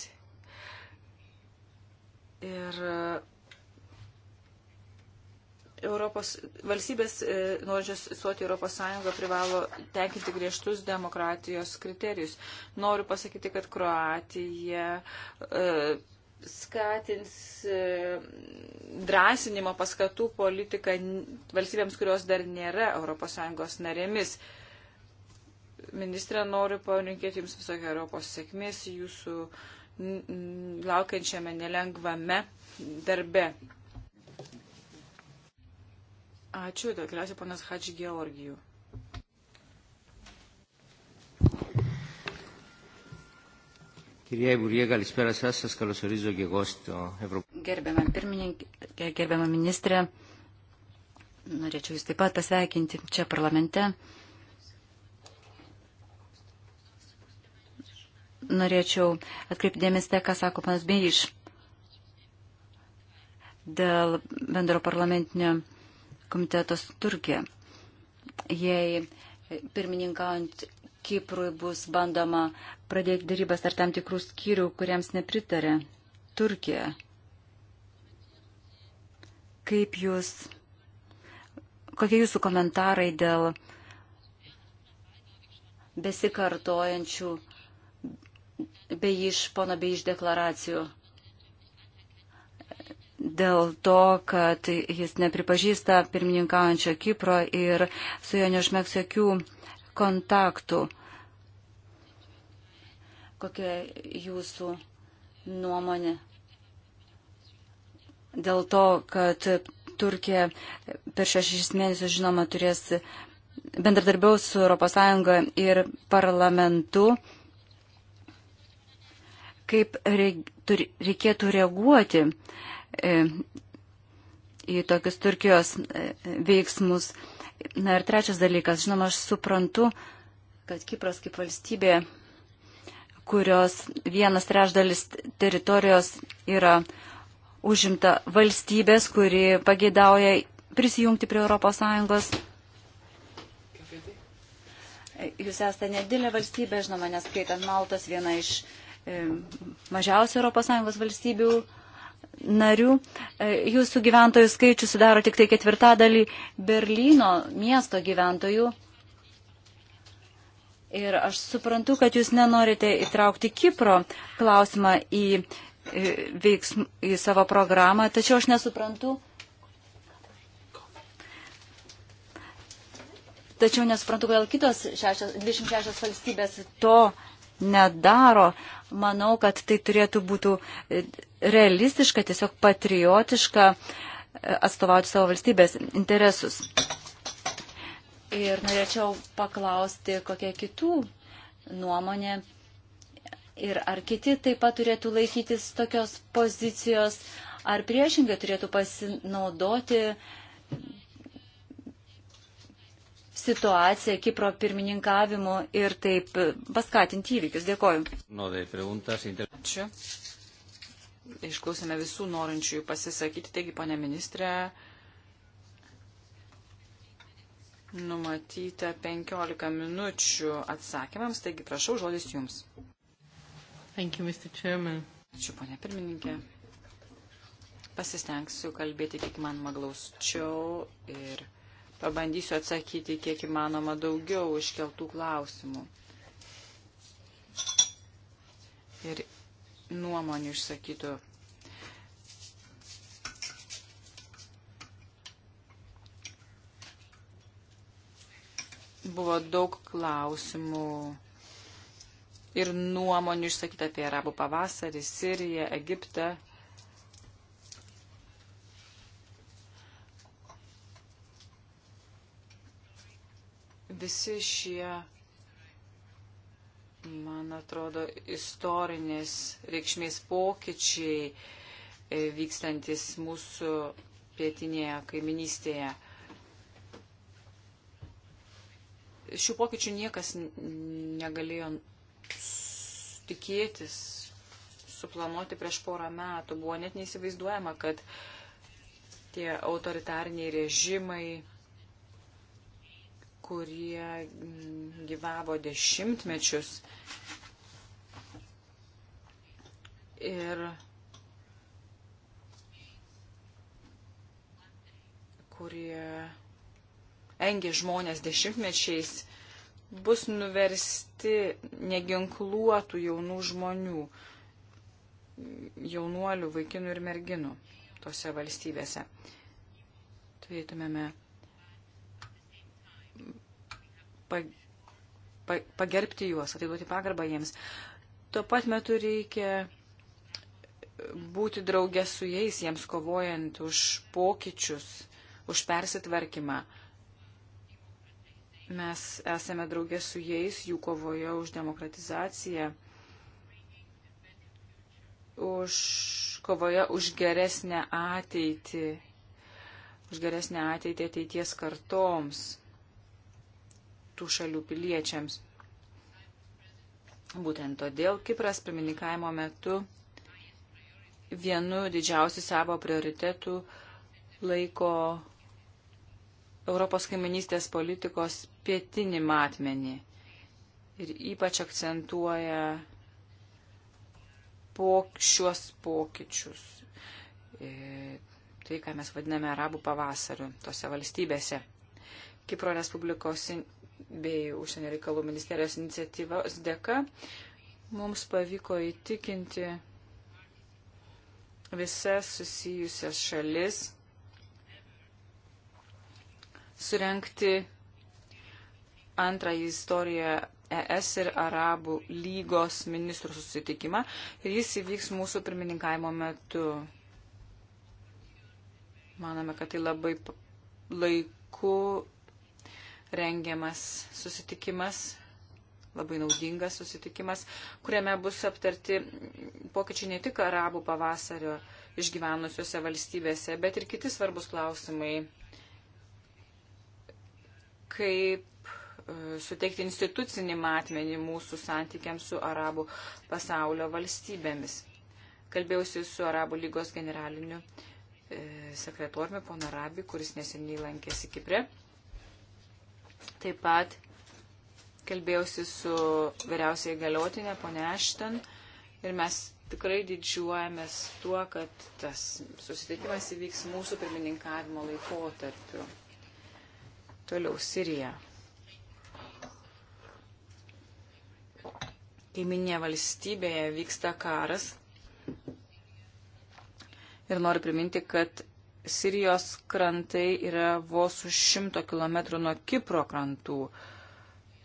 Ir e, Europos valstybės, e, norinčios įstoti Europos Sąjungą, privalo tenkinti griežtus demokratijos kriterijus. Noriu pasakyti, kad Kroatija e, skatins drąsinimo paskatų politiką valstybėms, kurios dar nėra Europos Sąjungos narėmis. Ministrė, noriu palinkėti Jums visokio Europos sėkmės Jūsų laukiančiame nelengvame darbe. Ačiū, tikriausiai panas Hadži Georgijų. Κυρία Υπουργέ, καλησπέρα σας. Σας καλωσορίζω και εγώ στο Ευρωπαϊκό. Gerbiamą pirmininkę, gerbiamą ministrę, norėčiau Jūs taip pat pasveikinti čia parlamente. norėčiau atkreipdėmės te, tai, ką sako panas Beiriš dėl bendro parlamentinio komitetos Turkija. Jei pirmininkaujant Kiprui bus bandoma pradėti darybas ar tam tikrų skyrių, kuriems nepritarė Turkija. Kaip jūs, kokie jūsų komentarai dėl besikartojančių bei iš pono bei iš deklaracijų. Dėl to, kad jis nepripažįsta pirmininkaujančio Kipro ir su juo neužmėgs jokių kontaktų. Kokia jūsų nuomonė? Dėl to, kad Turkija per šešis mėnesius, žinoma, turės bendradarbiaus su ES ir parlamentu kaip reikėtų reaguoti e, į tokius Turkijos e, veiksmus. Na ir trečias dalykas, žinoma, aš suprantu, kad Kipras kaip valstybė, kurios vienas trešdalis teritorijos yra užimta valstybės, kuri pageidauja prisijungti prie ES. Jūs esate nedidelė valstybė, žinoma, neskaitant Maltos, viena iš E, mažiausia ES valstybių narių. E, jūsų gyventojų skaičius sudaro tik tai ketvirtadalį Berlyno miesto gyventojų. Ir aš suprantu, kad jūs nenorite įtraukti Kipro klausimą į, e, veiksm, į savo programą, tačiau aš nesuprantu. Tačiau nesuprantu, kodėl kitos 26, 26 valstybės to nedaro, manau, kad tai turėtų būti e, realistiška, tiesiog patriotiška e, atstovauti savo valstybės interesus. Ir norėčiau paklausti, kokia kitų nuomonė ir ar kiti taip pat turėtų laikytis tokios pozicijos, ar priešingai turėtų pasinaudoti situaciją Kipro pirmininkavimu ir taip paskatinti įvykius. Dėkoju. Ačiū. Išklausėme visų norinčių pasisakyti. Taigi, ponė ministrė, numatyta 15 minučių atsakymams. Taigi, prašau, žodis jums. Thank you, Mr. Chairman. Ačiū, ponė pirmininkė pasistengsiu kalbėti kiek man maglausčiau ir pabandysiu atsakyti kiek įmanoma daugiau iškeltų klausimų ir nuomonių išsakytų. Buvo daug klausimų ir nuomonių išsakyta apie arabų pavasarį, Siriją, Egiptą, Visi šie, man atrodo, istorinės reikšmės pokyčiai e, vykstantis mūsų pietinėje kaiminystėje. Šių pokyčių niekas negalėjo tikėtis, suplanuoti prieš porą metų. Buvo net neįsivaizduojama, kad tie autoritariniai režimai kurie mm, gyvavo dešimtmečius. Ir kurie engė žmonės dešimtmečiais, bus nuversti neginkluotų jaunų žmonių, jaunuolių, vaikinų ir merginų tose valstybėse. Turėtumėme pagerbti juos, atiduoti pagarbą jiems. Tuo pat metu reikia būti draugė su jais, jiems kovojant už pokyčius, už persitvarkymą. Mes esame draugė su jais, jų kovoje už demokratizaciją, už kovoje už geresnę ateitį, už geresnę ateitį ateities kartoms tų šalių piliečiams. Būtent todėl Kipras pirmininkavimo metu vienu didžiausių savo prioritetų laiko Europos kaiminystės politikos pietinį matmenį ir ypač akcentuoja po šiuos pokyčius. E, tai, ką mes vadiname arabų pavasariu tose valstybėse. Kipro Respublikos bei užsienio reikalų ministerijos iniciatyvos dėka mums pavyko įtikinti visas susijusias šalis surenkti antrąjį istoriją ES ir Arabų lygos ministrų susitikimą ir jis įvyks mūsų pirmininkavimo metu. Manome, kad tai labai laiku rengiamas susitikimas, labai naudingas susitikimas, kuriame bus aptarti pokyčiai ne tik arabų pavasario išgyvenusiuose valstybėse, bet ir kiti svarbus klausimai, kaip e, suteikti institucinį matmenį mūsų santykiams su arabų pasaulio valstybėmis. Kalbėjausi su Arabų lygos generaliniu e, sekretoriumi, pona Rabi, kuris neseniai lankėsi Kiprė. Taip pat kalbėjausi su vyriausiai galiotinė ponė Ešten ir mes tikrai didžiuojamės tuo, kad tas susitikimas įvyks mūsų pirmininkavimo laikotarpiu. Toliau Sirija. Kaiminėje valstybėje vyksta karas. Ir noriu priminti, kad Sirijos krantai yra vos už šimto kilometrų nuo Kipro krantų,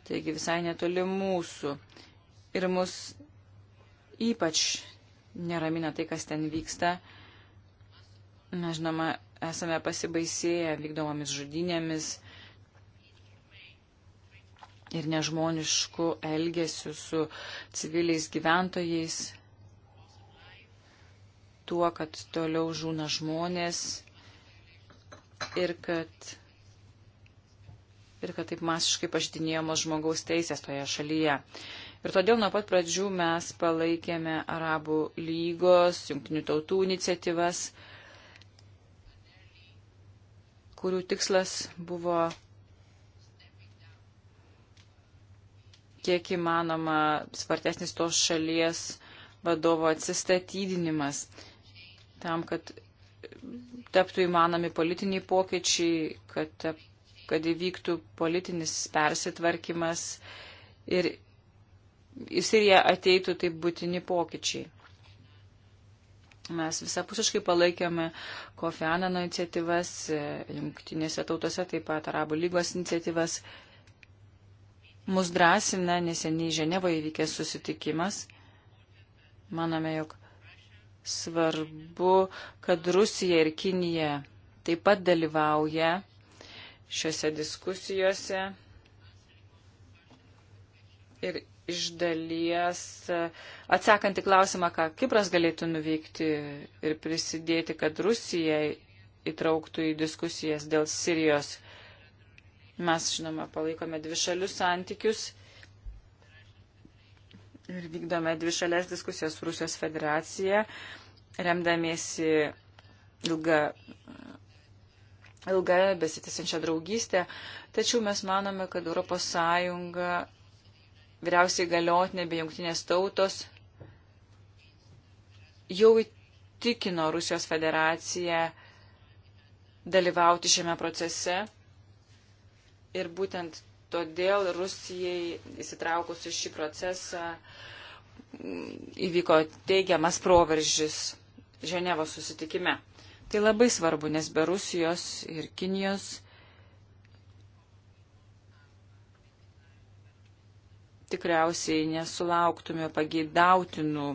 taigi visai netoli mūsų. Ir mus ypač neramina tai, kas ten vyksta. Mes, žinoma, esame pasibaisėję vykdomomis žudinėmis ir nežmonišku elgesiu su civiliais gyventojais, tuo, kad toliau žūna žmonės ir kad, ir kad taip masiškai pažydinėjamos žmogaus teisės toje šalyje. Ir todėl nuo pat pradžių mes palaikėme Arabų lygos, jungtinių tautų iniciatyvas, kurių tikslas buvo kiek įmanoma spartesnis tos šalies vadovo atsistatydinimas tam, kad taptų įmanomi politiniai pokyčiai, kad, kad įvyktų politinis persitvarkymas ir į Siriją ateitų taip būtini pokyčiai. Mes visapusiškai palaikėme Kofi Anano iniciatyvas, jungtinėse tautose taip pat Arabų lygos iniciatyvas. Mus drąsina neseniai Ženevoje įvykęs susitikimas. Manome, jog svarbu, kad Rusija ir Kinija taip pat dalyvauja šiuose diskusijose ir iš dalies atsakant į klausimą, ką Kipras galėtų nuveikti ir prisidėti, kad Rusija įtrauktų į diskusijas dėl Sirijos. Mes, žinoma, palaikome dvišalius santykius ir vykdome dvi šalės diskusijas su Rusijos federacija, remdamiesi ilga, ilga besitęsiančią draugystę. Tačiau mes manome, kad ES vyriausiai galiotinė bei jungtinės tautos jau įtikino Rusijos federaciją dalyvauti šiame procese ir būtent Todėl Rusijai įsitraukus į šį procesą mm, įvyko teigiamas proveržis Ženevos susitikime. Tai labai svarbu, nes be Rusijos ir Kinijos tikriausiai nesulauktume pageidautinų,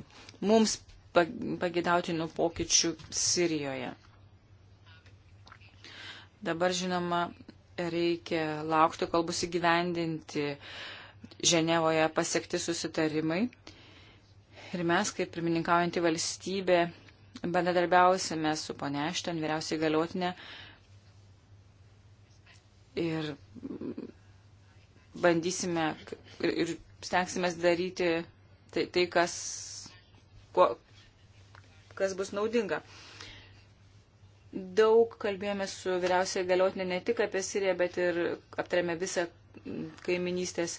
mums pageidautinų pokyčių Sirijoje. Dabar, žinoma, reikia laukti, kol bus įgyvendinti Ženevoje pasiekti susitarimai. Ir mes, kaip pirmininkaujantį valstybę, bendradarbiausime su ponešten, vyriausiai galiotinė. Ir bandysime ir, ir stengsime daryti tai, tai kas, kuo, kas bus naudinga. Daug kalbėjome su vyriausiai galiotinė ne tik apie Siriją, bet ir aptarėme visą kaiminystės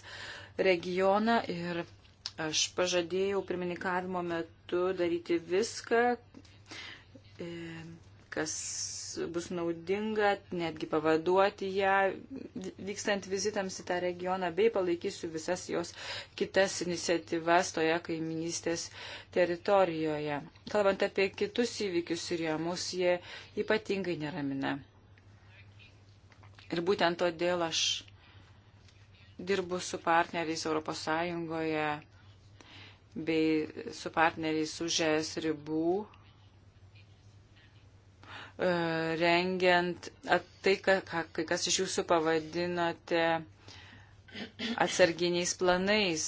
regioną ir aš pažadėjau pirmininkavimo metu daryti viską, e, kas bus naudinga, netgi pavaduoti ją vykstant vizitams į tą regioną, bei palaikysiu visas jos kitas iniciatyvas toje kaiminystės teritorijoje. Kalbant apie kitus įvykius ir jamus, jie ypatingai neramina. Ir būtent todėl aš dirbu su partneriais Europos Sąjungoje bei su partneriais už ES ribų E, rengiant tai, ką kai kas iš jūsų pavadinote atsarginiais planais,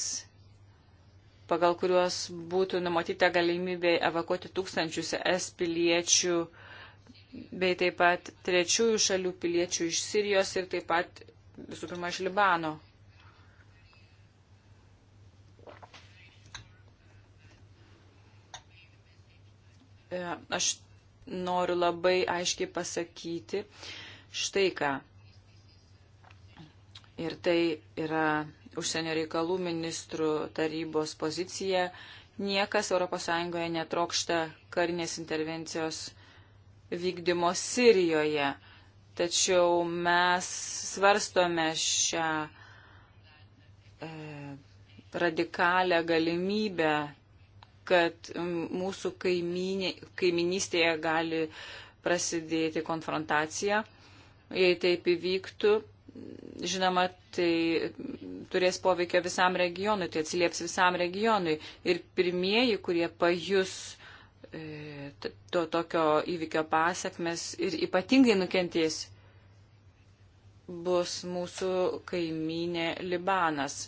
pagal kuriuos būtų numatyta galimybė evakuoti tūkstančius es piliečių bei taip pat trečiųjų šalių piliečių iš Sirijos ir taip pat visų pirma iš Libano. E, aš noriu labai aiškiai pasakyti štai ką. Ir tai yra užsienio reikalų ministrų tarybos pozicija. Niekas ES netrokšta karinės intervencijos vykdymo Sirijoje. Tačiau mes svarstome šią e, radikalią galimybę kad mūsų kaiminė, kaiminystėje gali prasidėti konfrontacija. Jei taip įvyktų, žinoma, tai turės poveikio visam regionui, tai atsilieps visam regionui. Ir pirmieji, kurie pajus e, to tokio įvykio pasiekmes ir ypatingai nukentės, bus mūsų kaiminė Libanas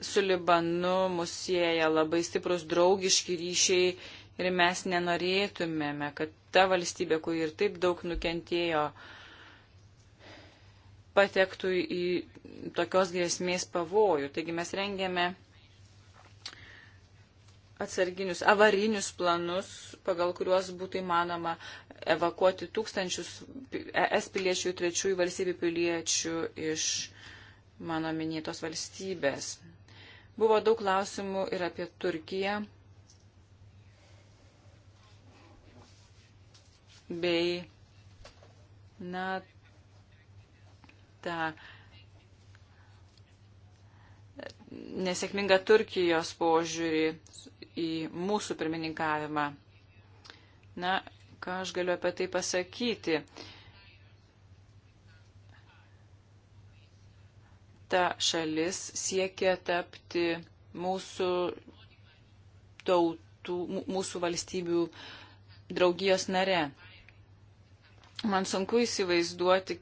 su Libanu mus sieja labai stiprus draugiški ryšiai ir mes nenorėtumėme, kad ta valstybė, kuri ir taip daug nukentėjo, patektų į tokios grėsmės pavojų. Taigi mes rengėme atsarginius, avarinius planus, pagal kuriuos būtų įmanoma evakuoti tūkstančius ES piliečių, trečiųjų valstybių piliečių iš mano minėtos valstybės. Buvo daug klausimų ir apie Turkiją bei, na, tą nesėkmingą Turkijos požiūrį į mūsų pirmininkavimą. Na, ką aš galiu apie tai pasakyti? Uh, ta šalis siekia tapti mūsų tautų, mūsų valstybių draugijos nare. Man sunku įsivaizduoti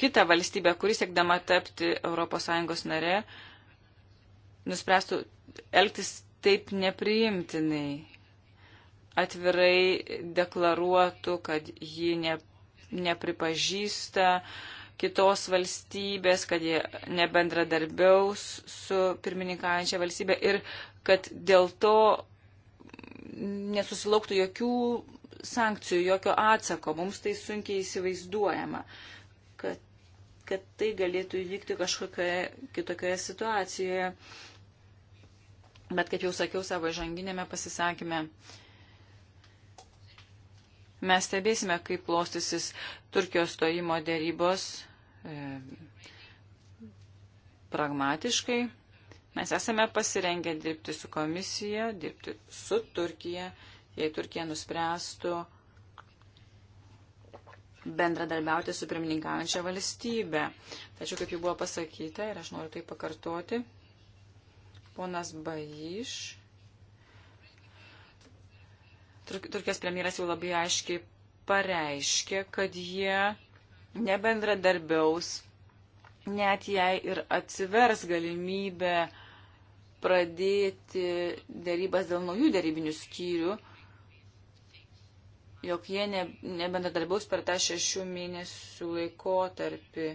kitą valstybę, kuris siekdama tapti ES nare, nuspręstų elgtis taip nepriimtinai, atvirai deklaruotų, kad ji ne, nepripažįsta uh, kitos valstybės, kad jie nebendradarbiaus su pirmininkaujančia valstybė ir kad dėl to nesusilauktų jokių sankcijų, jokio atsako. Mums tai sunkiai įsivaizduojama, kad, kad tai galėtų įvykti kažkokioje kitokioje situacijoje. Bet kaip jau sakiau savo žanginėme pasisakymė, mes stebėsime, kaip klostysis Turkijos stojimo dėrybos E, pragmatiškai. Mes esame pasirengę dirbti su komisija, dirbti su Turkija, jei Turkija nuspręstų bendradarbiauti su pirmininkaujančia valstybė. Tačiau, kaip jau buvo pasakyta, ir aš noriu tai pakartoti, ponas Bajiš, Turkijos premjeras jau labai aiškiai pareiškė, kad jie nebendradarbiaus, net jei ir atsivers galimybę pradėti dėrybas dėl naujų dėrybinių skyrių, jog jie ne, nebendradarbiaus per tą šešių mėnesių laikotarpį.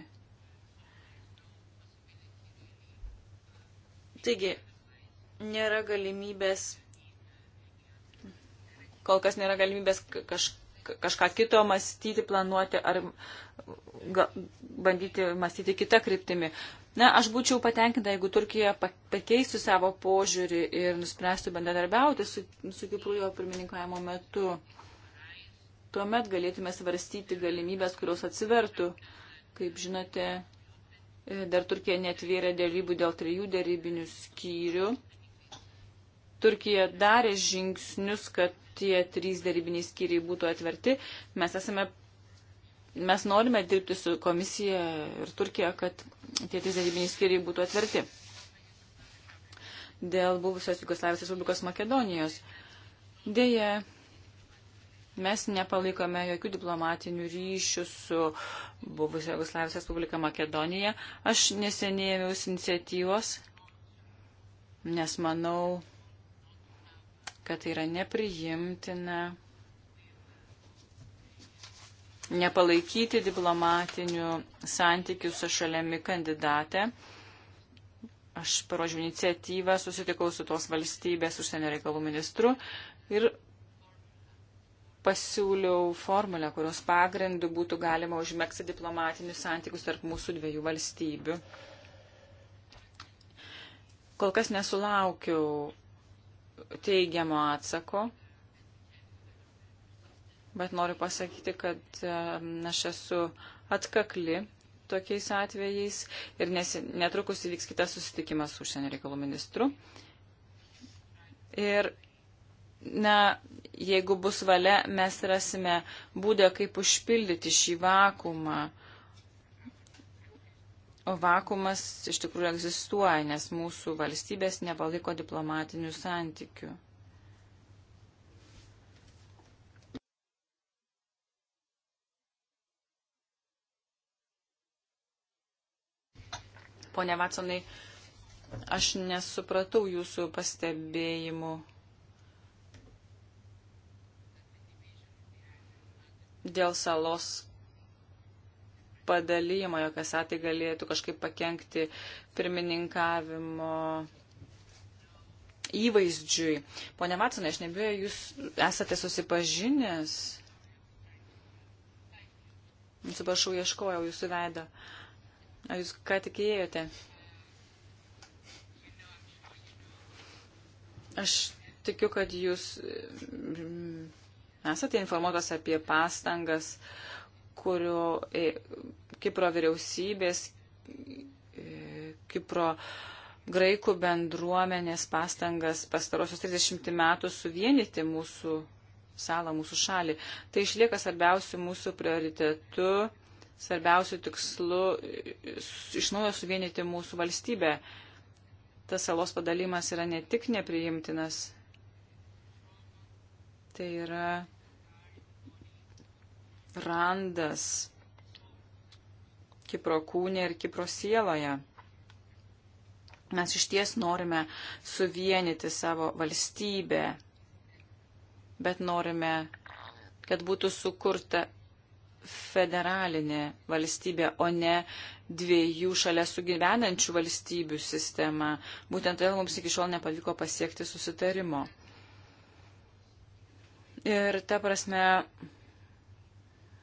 Taigi, nėra galimybės, kol kas nėra galimybės kaž, kažką kito mąstyti, planuoti ar ga, bandyti mąstyti kitą kryptimį. Na, aš būčiau patenkinta, jeigu Turkija pakeistų savo požiūrį ir nuspręstų bendradarbiauti su, su Kipru jo pirmininkavimo metu. Tuomet galėtume svarstyti galimybės, kurios atsivertų. Kaip žinote, e, dar Turkija netvėrė dėrybų dėl trijų dėrybinių skyrių Turkija darė žingsnius, kad tie trys darybiniai skyriai būtų atverti. Mes esame. Mes norime dirbti su komisija ir Turkija, kad tie trys darybiniai skyriai būtų atverti. Dėl buvusios Jugoslavijos Respublikos Makedonijos. Deja, mes nepalaikome jokių diplomatinių ryšių su buvusia Jugoslavijos Respublika Makedonija. Aš neseniai ėmiausi iniciatyvos, nes manau, kad tai yra nepriimtina nepalaikyti diplomatinių santykių su šaliami kandidatė. Aš parodžiau iniciatyvą, susitikau su tos valstybės užsienio reikalų ministru ir pasiūliau formulę, kurios pagrindu būtų galima užmėgsti diplomatinius santykius tarp mūsų dviejų valstybių. Kol kas nesulaukiau teigiamo atsako, bet noriu pasakyti, kad e, aš esu atkakli tokiais atvejais ir nes, netrukus įvyks kitas susitikimas su užsienio reikalų ministru. Ir na, jeigu bus valia, mes rasime būdą, kaip užpildyti šį vakumą. Uh, vakumas iš tikrųjų egzistuoja, nes mūsų valstybės nepalaiko diplomatinių santykių. Pone Vatsonai, aš nesupratau jūsų pastebėjimų dėl salos padalymo, jog esą tai galėtų kažkaip pakengti pirmininkavimo įvaizdžiui. Pone Vatsonai, aš nebijoju, jūs esate susipažinęs. Atsiprašau, ieškojau jūsų veidą. Ar jūs ką tik įėjote? Aš tikiu, kad jūs mm, esate informuotas apie pastangas uh, kurio e, Kipro vyriausybės, e, Kipro graikų bendruomenės pastangas pastarosius 30 metų suvienyti mūsų salą, mūsų šalį. Tai išlieka svarbiausių mūsų prioritetų, svarbiausių tikslų e, iš naujo suvienyti mūsų valstybę. Tas salos padalymas yra ne tik nepriimtinas, tai yra randas Kipro kūne ir Kipro sieloje. Mes iš ties norime suvienyti savo valstybę, bet norime, kad būtų sukurta federalinė valstybė, o ne dviejų šalia sugyvenančių valstybių sistema. Būtent todėl mums iki šiol nepavyko pasiekti susitarimo. Ir ta prasme,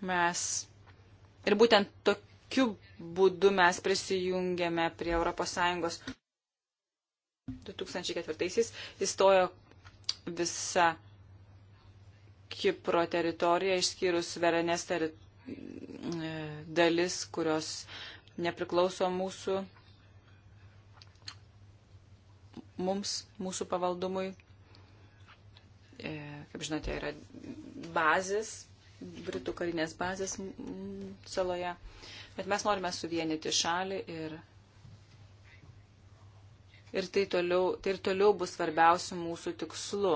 Mes ir būtent tokiu būdu mes prisijungėme prie ES. 2004-aisiais įstojo visa Kipro teritorija, išskyrus Verenės teri e, dalis, kurios nepriklauso mūsų, mums, mūsų pavaldumui. E, kaip žinote, yra bazės Britų karinės bazės saloje. Bet mes norime suvienyti šalį ir, ir tai, toliau, tai ir toliau bus svarbiausių mūsų tikslu.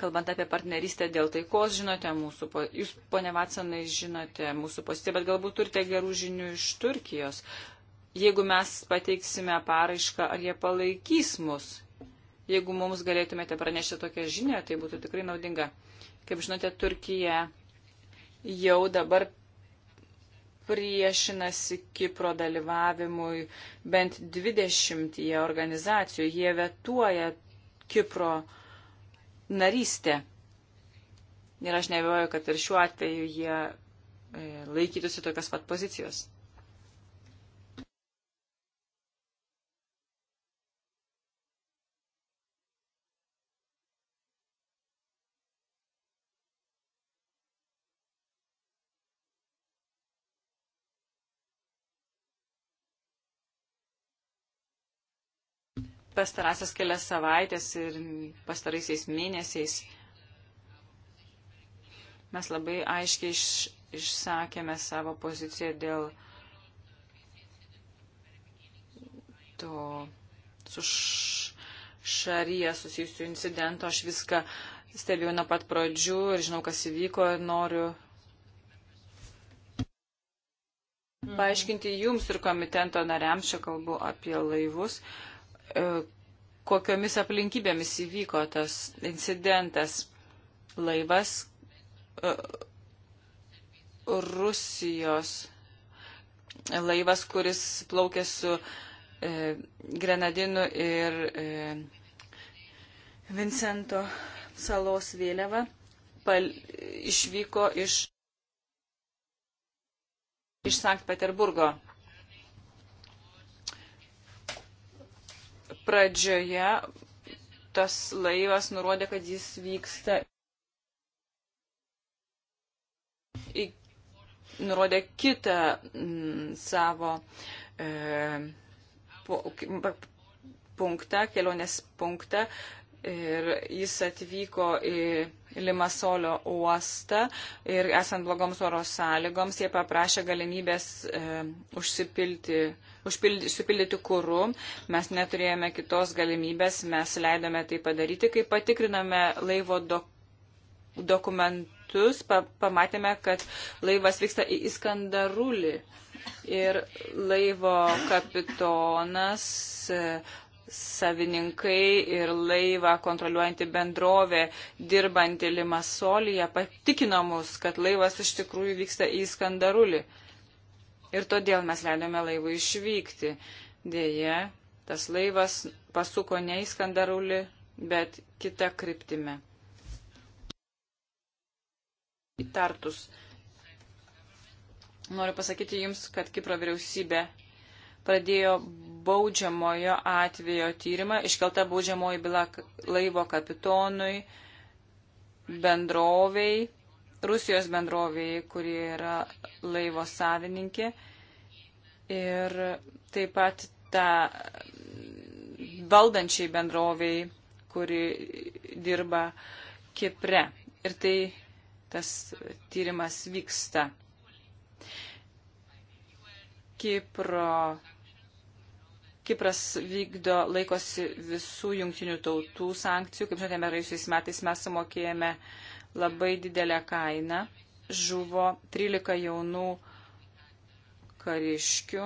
Kalbant apie partnerystę dėl taikos, žinote mūsų, jūs, ponė Vatsanai, žinote mūsų poziciją, bet galbūt turite gerų žinių iš Turkijos. Jeigu mes pateiksime paraišką, ar jie palaikys mus, jeigu mums galėtumėte pranešti tokią žinią, tai būtų tikrai naudinga. Kaip žinote, Turkija jau dabar priešinasi Kipro dalyvavimui bent 20 organizacijų. Jie vetuoja Kipro narystę. Ir aš nebejoju, kad ir šiuo atveju jie e, laikytųsi tokios pat pozicijos. pastarąsias kelias savaitės ir pastaraisiais mėnesiais mes labai aiškiai iš, išsakėme savo poziciją dėl to su šaryje susijusių incidentų. Aš viską stebėjau nuo pat pradžių ir žinau, kas įvyko ir noriu mhm. paaiškinti jums ir komiteto nariams, čia kalbu apie laivus, uh, E, kokiomis aplinkybėmis įvyko tas incidentas. Laivas e, Rusijos laivas, kuris plaukė su e, Grenadinu ir e, Vincento salos vėliava, pal, išvyko iš, iš Sankt Peterburgo. pradžioje tas laivas nurodė, kad jis vyksta. Į, nurodė kitą m, mm, savo e, po, punktą, kelionės punktą ir jis atvyko į Limasolio uostą ir esant blogoms oro sąlygoms jie paprašė galimybės e, užsipilti užpildyti kūrų. Mes neturėjome kitos galimybės, mes leidome tai padaryti, kai patikrinome laivo dok dokumentus, pa pamatėme, kad laivas vyksta į Iskandarulį. Ir laivo kapitonas, e, savininkai ir laivą kontroliuojanti bendrovė, dirbanti Limasolyje, patikino mus, kad laivas iš tikrųjų vyksta į Iskandarulį ir todėl mes leidome laivui išvykti. Deja, tas laivas pasuko ne į skandarulį, bet kitą kryptimę. Įtartus. Noriu pasakyti Jums, kad Kipro vyriausybė pradėjo baudžiamojo atvejo tyrimą, iškelta baudžiamoji byla laivo kapitonui, bendroviai Rusijos bendrovėjai, kuri yra laivo savininkė. Ir taip pat tą valdančiai bendroviai, kuri dirba Kipre. Ir tai tas tyrimas vyksta. Kipro, Kipras vykdo, laikosi visų jungtinių tautų sankcijų. Kaip žinote, praėjusiais metais mes sumokėjome uh, labai didelę kainą. Žuvo 13 jaunų kariškių.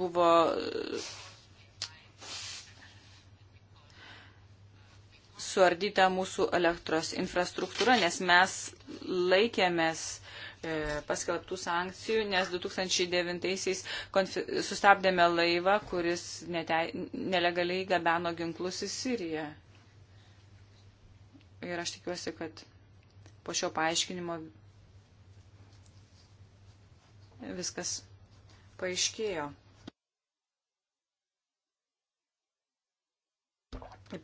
Buvo suardyta mūsų elektros infrastruktūra, nes mes laikėmės e, paskelbtų sankcijų, nes 2009-aisiais sustabdėme laivą, kuris netei, nelegaliai gabeno ginklus į Siriją. Ir aš tikiuosi, kad po šio paaiškinimo viskas paaiškėjo.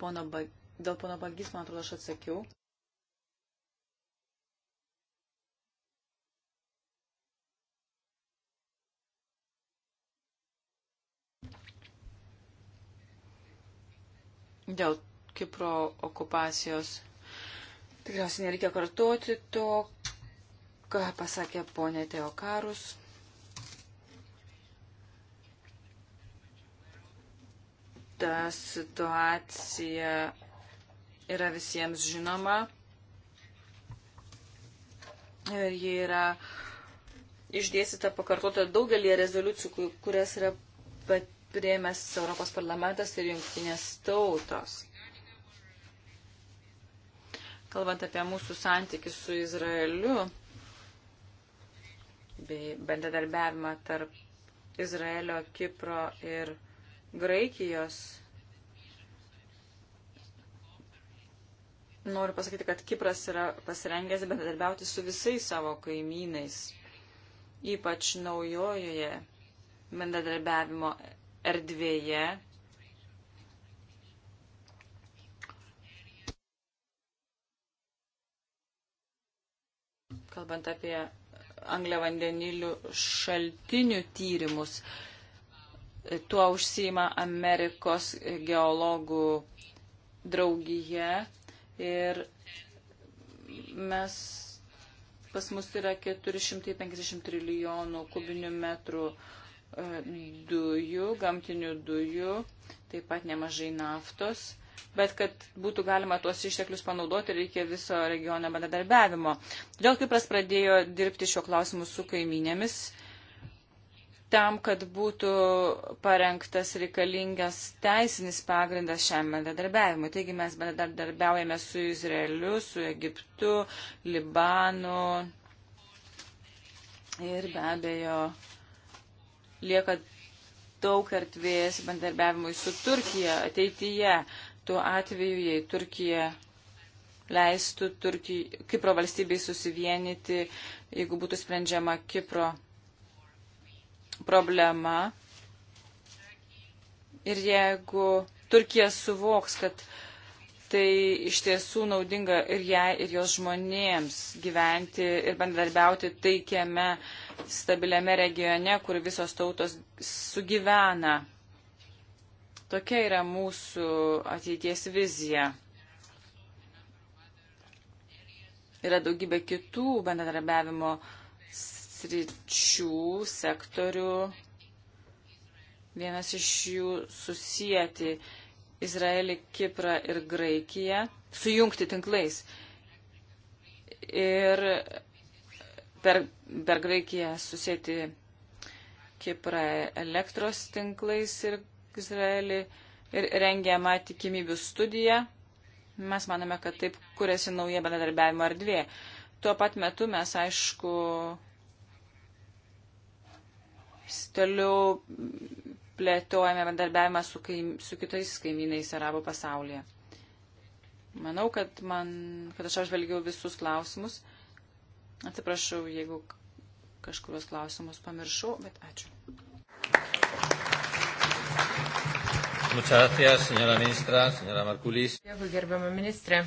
Pono Bag... Dėl pono Bagys, man atrodo, aš atsakiau. Dėl Kipro okupacijos Tikriausiai nereikia kartuoti to, ką pasakė ponė Teokarus. Ta situacija yra visiems žinoma ir ji yra išdėstyta pakartota daugelį rezoliucijų, kurias yra prieimęs Europos parlamentas ir jungtinės tautos kalbant apie mūsų santykius su Izraeliu bei bendradarbiavimą tarp Izraelio, Kipro ir Graikijos. Noriu pasakyti, kad Kipras yra pasirengęs bendradarbiauti su visais savo kaimynais, ypač naujojoje bendradarbiavimo erdvėje kalbant apie angliavandenilių šaltinių tyrimus. Tuo užsima Amerikos geologų draugija ir mes, pas mus yra 450 trilijonų kubinių metrų e, dujų, gamtinių dujų, taip pat nemažai naftos bet kad būtų galima tuos išteklius panaudoti, reikia viso regiono bendradarbiavimo. Todėl Kipras pradėjo dirbti šiuo klausimu su kaiminėmis tam, kad būtų parengtas reikalingas teisinis pagrindas šiam bendradarbiavimui. Taigi mes bendradarbiaujame su Izraeliu, su Egiptu, Libanu ir be abejo lieka daug erdvės bendarbiavimui su Turkija ateityje tuo atveju, jei Turkija leistų Turkijai, Kipro valstybei susivienyti, jeigu būtų sprendžiama Kipro problema. Ir jeigu Turkija suvoks, kad tai iš tiesų naudinga ir jai, ir jos žmonėms gyventi ir bendarbiauti taikiame, stabiliame regione, kur visos tautos sugyvena. Tokia yra mūsų ateities vizija. Yra daugybė kitų bendradarbiavimo sričių, sektorių. Vienas iš jų susijęti Izraelį, Kiprą ir Graikiją, sujungti tinklais. Ir per, per Graikiją susijęti Kiprą elektros tinklais ir Izraelį ir rengiama tikimybių studija. Mes manome, kad taip kuriasi nauja bendradarbiavimo erdvė. Tuo pat metu mes, aišku, toliau plėtojame bendarbiavimą su, kaim, su kitais kaimynais arabo pasaulyje. Manau, kad, man, kad aš apžvelgiau visus klausimus. Atsiprašau, jeigu kažkurios klausimus pamiršau, bet ačiū. Muchas gracias, señora ministra, señora Markulis. Dėkui, gerbiama ministrė.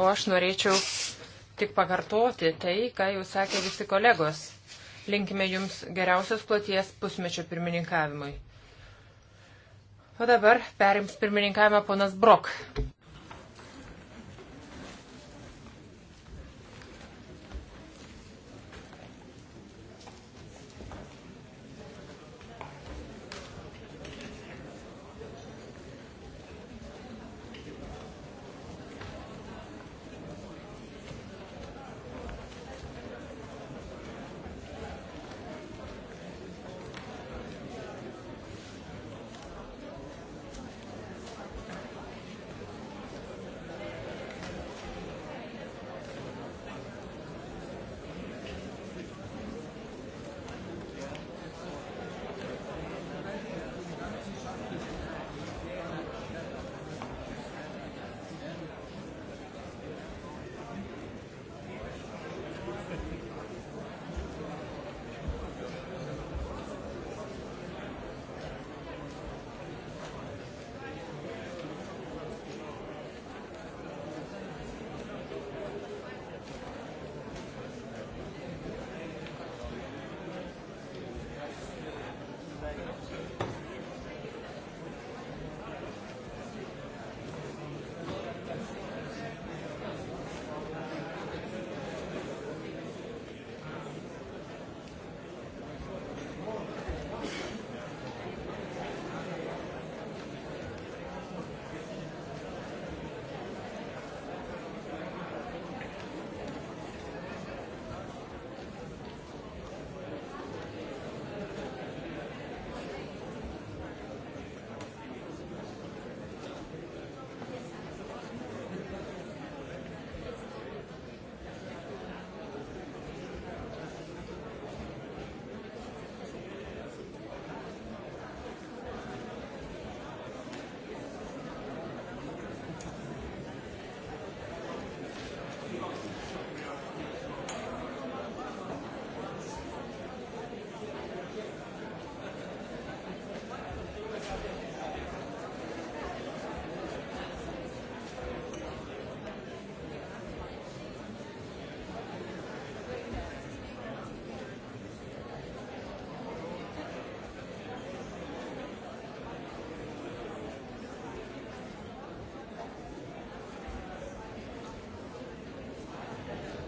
O aš norėčiau tik pakartoti tai, ką jau sakė visi kolegos. Linkime Jums geriausios ploties pusmečio pirmininkavimui. O dabar perims pirmininkavimą ponas Brok.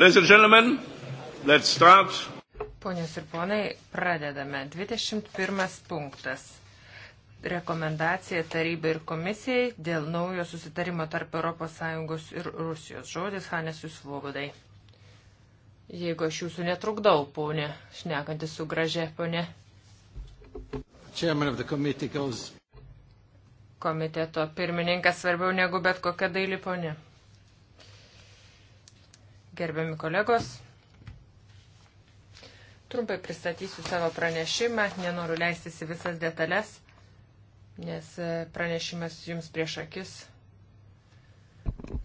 Ladies and gentlemen, let's start. Ponios ir ponai, pradedame. 21 punktas. Rekomendacija tarybai ir komisijai dėl naujo susitarimo tarp ES ir Rusijos. Žodis Hanes Jusvogodai. Jeigu aš jūsų netrukdau, ponė, šnekantis su gražia ponė. Komiteto pirmininkas svarbiau negu bet kokia daily ponė gerbiami kolegos. Trumpai pristatysiu savo pranešimą, nenoriu leistis į visas detalės, nes e, pranešimas jums prieš akis.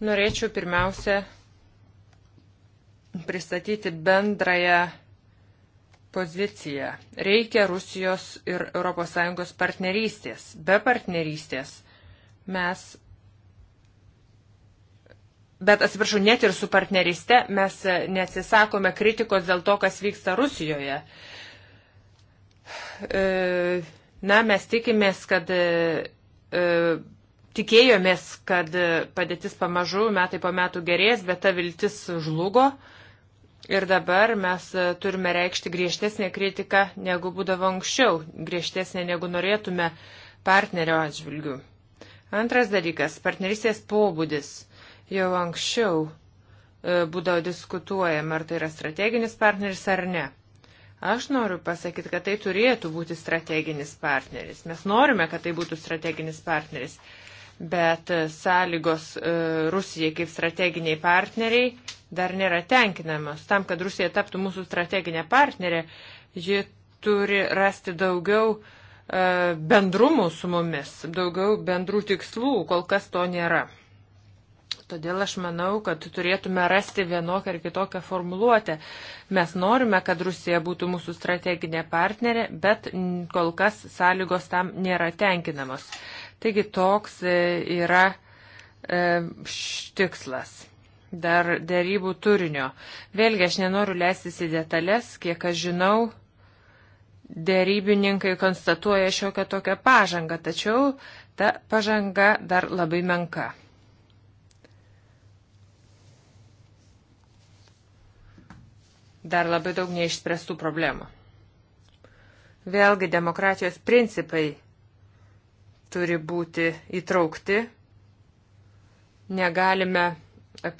Norėčiau pirmiausia pristatyti bendrąją poziciją. Reikia Rusijos ir ES partnerystės. Be partnerystės mes Bet atsiprašau, net ir su partneriste mes e, neatsisakome kritikos dėl to, kas vyksta Rusijoje. E, na, mes tikimės, kad e, tikėjomės, kad padėtis pamažu metai po metų gerės, bet ta viltis žlugo. Ir dabar mes turime reikšti griežtesnę kritiką, negu būdavo anksčiau, griežtesnę, negu norėtume partnerio atžvilgių. Antras dalykas - partnerystės pobūdis Jau anksčiau e, būdavo diskutuojama, ar tai yra strateginis partneris ar ne. Aš noriu pasakyti, kad tai turėtų būti strateginis partneris. Mes norime, kad tai būtų strateginis partneris, bet e, sąlygos e, Rusijai kaip strateginiai partneriai dar nėra tenkinamos. Tam, kad Rusija taptų mūsų strateginė partnerė, ji turi rasti daugiau bendrumų su mumis, daugiau bendrų tikslų, kol kas to nėra. Todėl aš manau, kad turėtume rasti vienokią ar kitokią formuluotę. Mes norime, kad Rusija būtų mūsų strateginė partnerė, bet kol kas sąlygos tam nėra tenkinamos. Taigi toks e, yra e, tikslas dar dėrybų turinio. Vėlgi aš nenoriu leistis į detalės, kiek aš žinau, dėrybininkai konstatuoja šiokią tokią pažangą, tačiau ta pažanga dar labai menka. dar labai daug neišspręstų problemų. Vėlgi demokratijos principai turi būti įtraukti. Negalime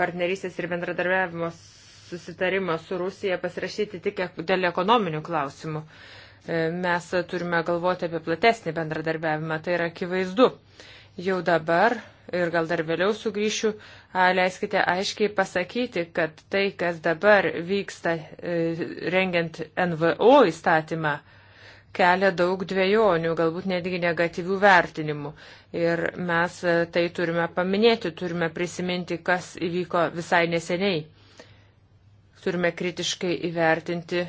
partnerystės ir bendradarbiavimo susitarimo su Rusija pasirašyti tik dėl ekonominių klausimų. E, mes turime galvoti apie platesnį bendradarbiavimą, tai yra akivaizdu. Jau dabar ir gal dar vėliau sugrįšiu, leiskite aiškiai pasakyti, kad tai, kas dabar vyksta e, rengiant NVO įstatymą, kelia daug dviejonių, galbūt netgi negatyvių vertinimų. Ir mes e, tai turime paminėti, turime prisiminti, kas įvyko visai neseniai. Turime kritiškai įvertinti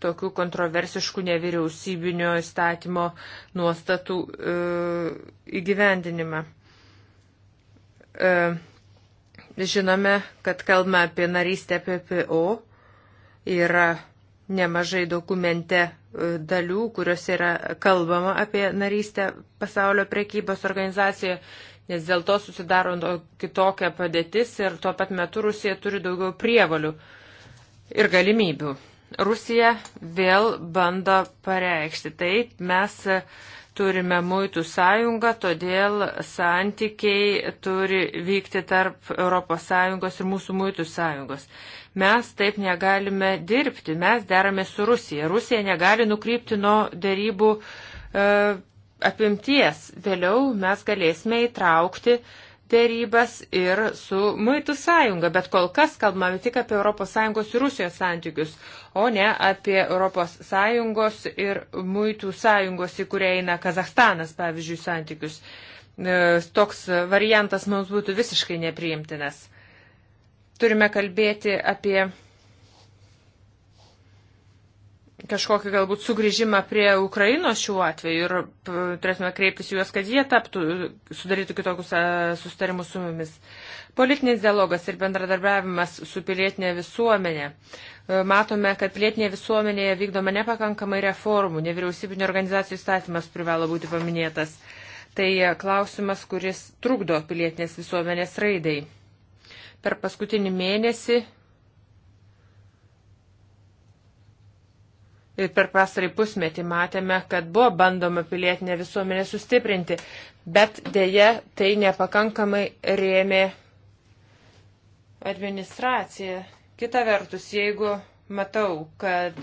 tokių kontroversiškų nevyriausybinio įstatymo nuostatų e, įgyvendinimą. E, žinome, kad kalbame apie narystę PPO. Yra nemažai dokumente e, dalių, kuriuose yra kalbama apie narystę pasaulio prekybos organizacijoje, nes dėl to susidaro kitokia padėtis ir tuo pat metu Rusija turi daugiau prievalių ir galimybių. Rusija vėl bando pareikšti. Taip, mes turime muitų sąjungą, todėl santykiai turi vykti tarp ES ir mūsų muitų sąjungos. Mes taip negalime dirbti, mes derame su Rusija. Rusija negali nukrypti nuo dėrybų e, apimties. Vėliau mes galėsime įtraukti e, dėrybas ir su Muitų sąjunga, bet kol kas kalbame tik apie ES ir Rusijos santykius, o ne apie ES ir Muitų sąjungos, į kurią eina Kazahstanas, pavyzdžiui, santykius. E, toks variantas mums būtų visiškai nepriimtinas. Turime kalbėti apie kažkokį galbūt sugrįžimą prie Ukrainos šiuo atveju ir turėtume kreiptis juos, kad jie taptų, sudarytų kitokius e, sustarimus su mumis. Politinis dialogas ir bendradarbiavimas su pilietinė visuomenė. E, matome, kad pilietinėje visuomenėje vykdoma nepakankamai reformų, nevyriausybinio organizacijų statymas privalo būti paminėtas. Tai e, klausimas, kuris trukdo pilietinės visuomenės raidai. Per paskutinį mėnesį Ir per pastarį pusmetį matėme, kad buvo bandoma pilietinę visuomenę sustiprinti, bet dėje tai nepakankamai rėmė administracija. Kita vertus, jeigu matau, kad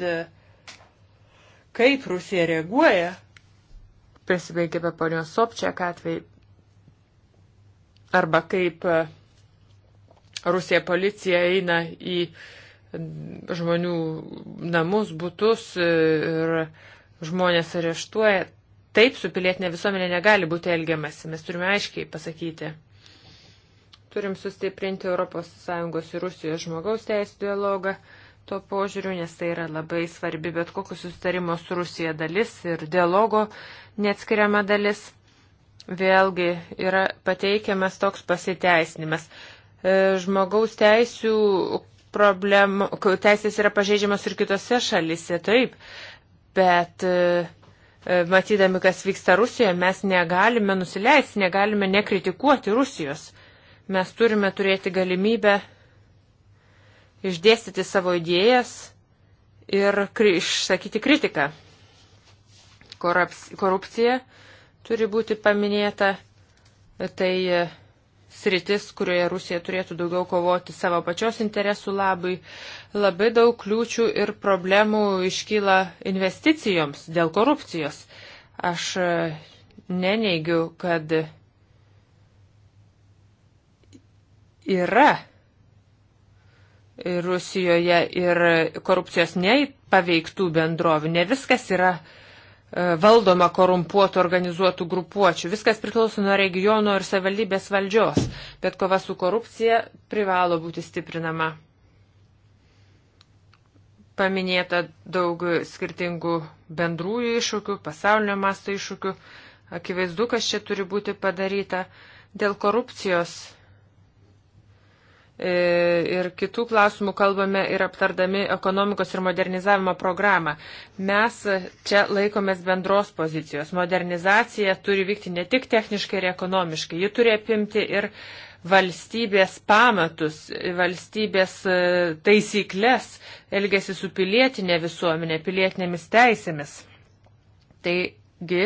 kaip Rusija reaguoja, prisibaigėme ponios Sopčiak atvejai, arba kaip Rusija policija eina į uh, žmonių namus, būtus ir žmonės areštuoja. Taip su pilietinė visuomenė negali būti elgiamasi. Mes turime aiškiai pasakyti. Turim sustiprinti ES ir Rusijos žmogaus teisų dialogą tuo požiūriu, nes tai yra labai svarbi bet kokio sustarimo su Rusija dalis ir dialogo neatskiriama dalis. Vėlgi yra pateikiamas toks pasiteisinimas e, žmogaus teisų problemų, teisės yra pažeidžiamas ir kitose šalise, taip, bet e, e, matydami, kas vyksta Rusijoje, mes negalime nusileisti, negalime nekritikuoti Rusijos. Mes turime turėti galimybę išdėstyti savo idėjas ir išsakyti kritiką. Korupcija turi būti paminėta, tai e, sritis, kurioje Rusija turėtų daugiau kovoti savo pačios interesų labui. Labai daug kliūčių ir problemų iškyla investicijoms dėl korupcijos. Aš e, neneigiu, kad yra Rusijoje ir korupcijos nepaveiktų bendrovių. Ne viskas yra uh, E, valdoma korumpuotų organizuotų grupuočių. Viskas priklauso nuo regiono ir savivaldybės valdžios, bet kova su korupcija privalo būti stiprinama. Paminėta daug skirtingų bendrųjų iššūkių, pasaulinio masto iššūkių. Akivaizdu, kas čia turi būti padaryta. Dėl korupcijos E, ir kitų klausimų kalbame ir aptardami ekonomikos ir modernizavimo programą. Mes čia laikomės bendros pozicijos. Modernizacija turi vykti ne tik techniškai ir ekonomiškai, ji turi apimti ir valstybės pamatus, valstybės e, taisyklės, elgesi su pilietinė visuomenė, pilietinėmis teisėmis. Taigi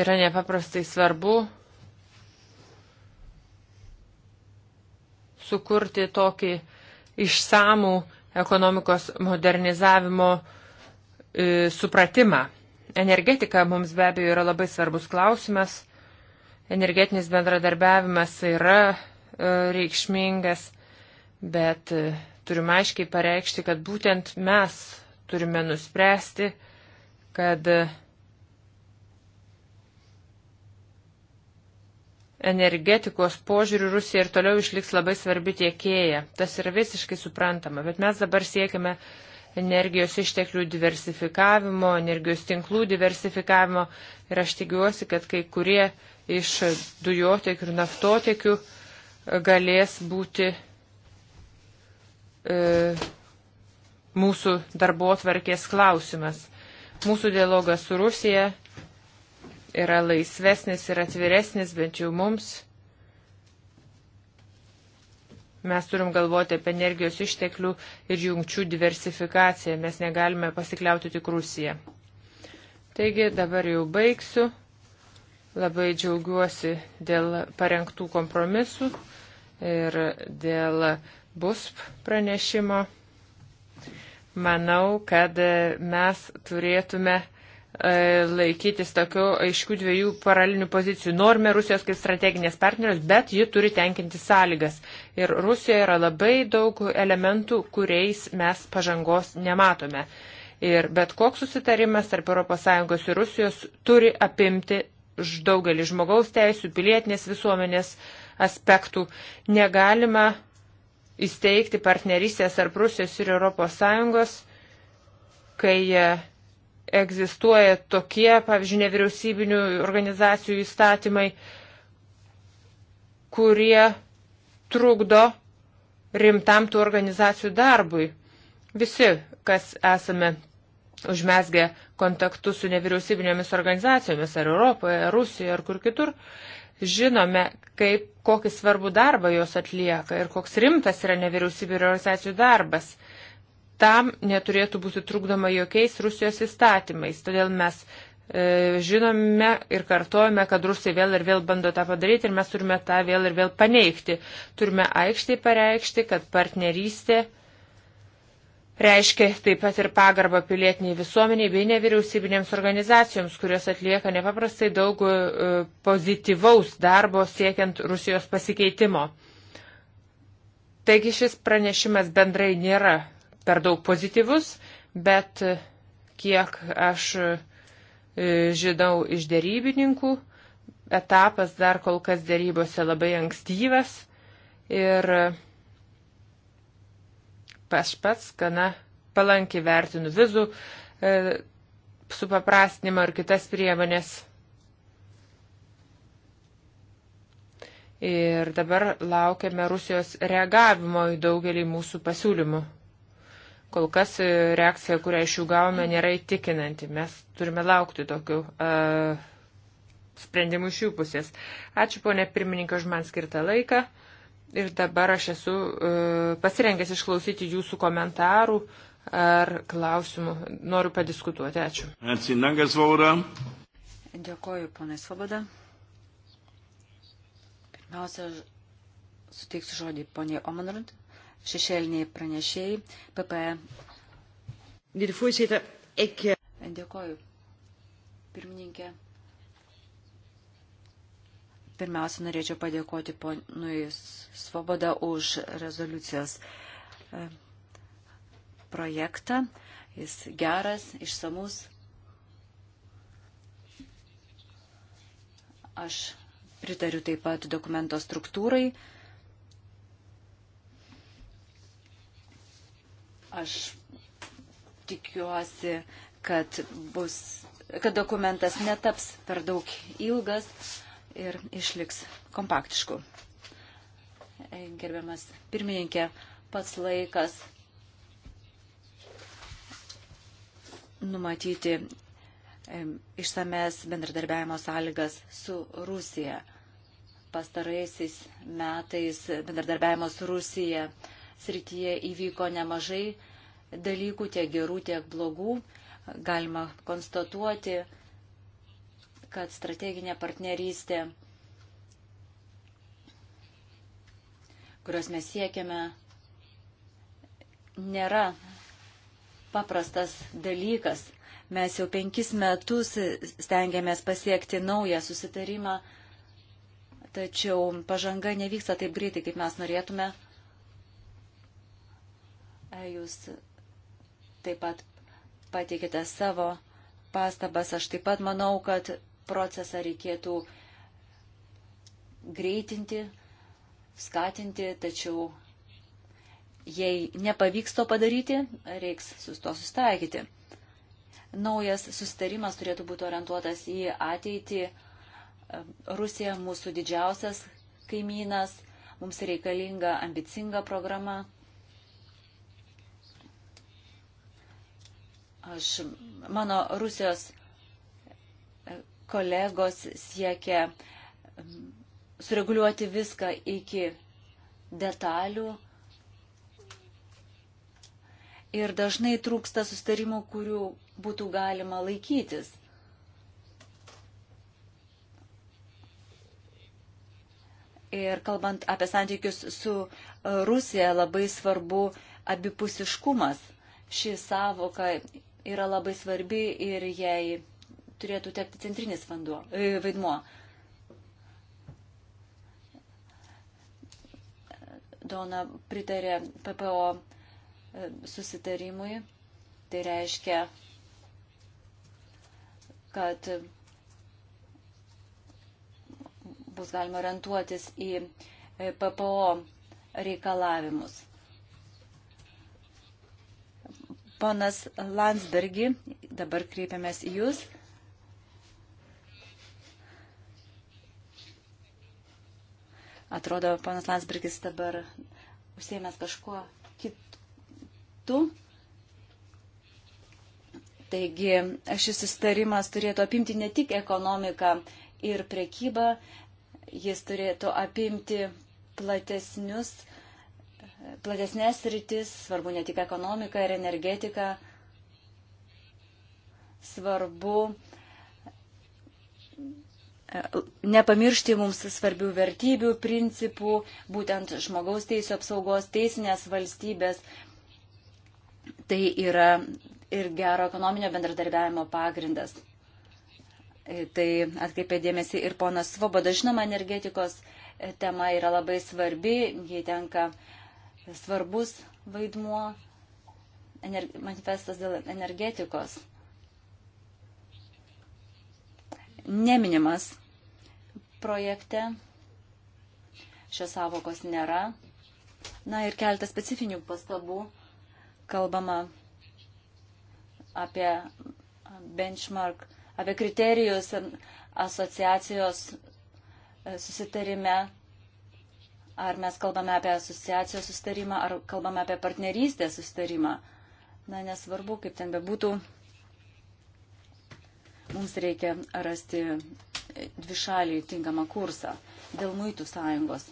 yra nepaprastai svarbu sukurti tokį išsamų ekonomikos modernizavimo e, supratimą. Energetika mums be abejo yra labai svarbus klausimas. Energetinis bendradarbiavimas yra e, reikšmingas, bet e, turime aiškiai pareikšti, kad būtent mes turime nuspręsti, kad e, energetikos požiūrių Rusija ir toliau išliks labai svarbi tiekėja. Tas yra visiškai suprantama, bet mes dabar siekime energijos išteklių diversifikavimo, energijos tinklų diversifikavimo ir aš tikiuosi, kad kai kurie iš dujotiekių ir naftotiekių e, galės būti e, mūsų darbo tvarkės klausimas. Mūsų dialogas su Rusija yra laisvesnis ir atviresnis, bent jau mums. Mes turim galvoti apie energijos išteklių ir jungčių diversifikaciją. Mes negalime pasikliauti tik Rusiją. Taigi dabar jau baigsiu. Labai džiaugiuosi dėl parengtų kompromisų ir dėl BUSP pranešimo. Manau, kad mes turėtume E, laikytis tokių aiškių dviejų paralinių pozicijų. Norime Rusijos kaip strateginės partnerius, bet ji turi tenkinti sąlygas. Ir Rusijoje yra labai daug elementų, kuriais mes pažangos nematome. Ir bet koks susitarimas tarp ES ir Rusijos turi apimti daugelį žmogaus teisų, pilietinės visuomenės aspektų. Negalima įsteigti partnerystės tarp Rusijos ir ES, kai e, egzistuoja tokie, pavyzdžiui, nevyriausybinių organizacijų įstatymai, kurie trukdo rimtam tų organizacijų darbui. Visi, kas esame užmesgę kontaktus su nevyriausybinėmis organizacijomis ar Europoje, ar Rusijoje, ar kur kitur, žinome, kaip, kokį svarbų darbą jos atlieka ir koks rimtas yra nevyriausybinio organizacijų darbas tam neturėtų būti trukdoma jokiais Rusijos įstatymais. Todėl mes e, žinome ir kartojame, kad Rusija vėl ir vėl bando tą padaryti ir mes turime tą vėl ir vėl paneigti. Turime aikštai pareikšti, kad partnerystė reiškia taip pat ir pagarbą pilietiniai visuomeniai bei nevyriausybinėms organizacijoms, kurios atlieka nepaprastai daug e, pozityvaus darbo siekiant Rusijos pasikeitimo. Taigi šis pranešimas bendrai nėra per daug pozityvus, bet kiek aš e, žinau iš dėrybininkų, etapas dar kol kas dėrybose labai ankstyvas ir aš pats gana palankiai vertinu vizų e, supaprastinimą ir kitas priemonės. Ir dabar laukiame Rusijos reagavimo į daugelį mūsų pasiūlymų. Kol kas e, reakcija, kurią iš jų gavome, nėra įtikinanti. Mes turime laukti tokių uh, sprendimų iš jų pusės. Ačiū, ponė pirmininkė, už man skirtą laiką. Ir dabar aš esu uh, pasirengęs išklausyti jūsų komentarų ar klausimų. Noriu padiskutuoti. Ačiū. Atsinangas Vaura. Dėkoju, ponė Svoboda. Pirmiausia, suteiksiu žodį ponė Omanrant šešėliniai pranešėjai, PPE. Eh, Dėkuoju. Pirmininkė. Pirmiausia, norėčiau padėkoti ponui Svoboda už rezoliucijos e, projektą. Jis geras, išsamus. Aš pritariu taip pat dokumento struktūrai. Aš tikiuosi, kad, bus, kad dokumentas netaps per daug ilgas ir išliks kompaktišku. Gerbiamas pirmininkė, pats laikas numatyti išsames bendradarbiavimo sąlygas su Rusija. Pastaraisiais metais bendradarbiavimo su Rusija srityje įvyko nemažai dalykų, tiek gerų, tiek blogų. Galima konstatuoti, kad strateginė partnerystė, kurios mes siekiame, nėra paprastas dalykas. Mes jau penkis metus stengiamės pasiekti naują susitarimą, tačiau pažanga nevyksta taip greitai, kaip mes norėtume. Jūs taip pat pateikite savo pastabas. Aš taip pat manau, kad procesą reikėtų greitinti, skatinti, tačiau jei nepavyks to padaryti, reiks su to sustaikyti. Naujas susitarimas turėtų būti orientuotas į ateitį. Rusija mūsų didžiausias kaimynas, mums reikalinga ambicinga programa, Aš, mano Rusijos e, kolegos siekia sureguliuoti viską iki detalių. Ir dažnai trūksta sustarimų, kurių būtų galima laikytis. Ir kalbant apie santykius su Rusija, labai svarbu abipusiškumas. Ši savoka yra labai svarbi ir jai turėtų tekti centrinis vanduo, e, vaidmuo. Dona pritarė PPO e, susitarimui. Tai reiškia, kad bus galima orientuotis į e, PPO reikalavimus. Ponas Landsbergi, dabar kreipiamės į Jūs. Atrodo, ponas Landsbergis dabar užsėmęs kažkuo kitu. Taigi, šis sustarimas turėtų apimti ne tik ekonomiką ir prekybą, jis turėtų apimti platesnius uh, platesnės rytis, svarbu ne tik ekonomika ir energetika, svarbu e, nepamiršti mums svarbių vertybių, principų, būtent žmogaus teisų apsaugos, teisinės valstybės. Tai yra ir gero ekonominio bendradarbiavimo pagrindas. E, tai atkreipė dėmesį ir ponas Svoboda. Žinoma, energetikos e, tema yra labai svarbi, jie tenka uh, svarbus vaidmuo manifestas dėl energetikos. Neminimas projekte šios savokos nėra. Na ir keltą specifinių pastabų kalbama apie benchmark, apie kriterijus asociacijos e, susitarime Ar mes kalbame apie asociacijos sustarimą, ar kalbame apie partnerystės sustarimą. Na, nesvarbu, kaip ten bebūtų, mums reikia rasti dvišalį tinkamą kursą dėl muitų sąjungos.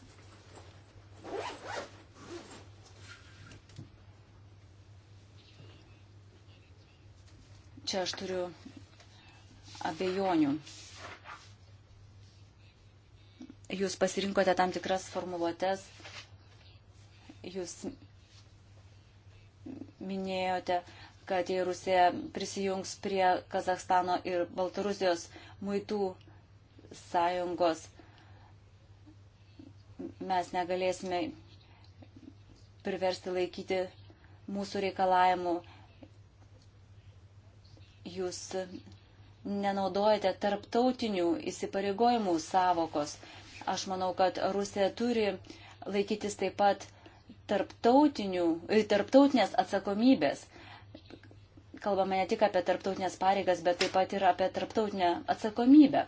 Čia aš turiu abejonių jūs pasirinkote tam tikras formuluotės, jūs minėjote, kad jei Rusija prisijungs prie Kazakstano ir Baltarusijos muitų sąjungos, mes negalėsime priversti laikyti mūsų reikalavimų. Jūs nenaudojate tarptautinių įsipareigojimų savokos. Aš manau, kad Rusija turi laikytis taip pat e, tarptautinės atsakomybės. Kalbame ne tik apie tarptautinės pareigas, bet taip pat ir apie tarptautinę atsakomybę.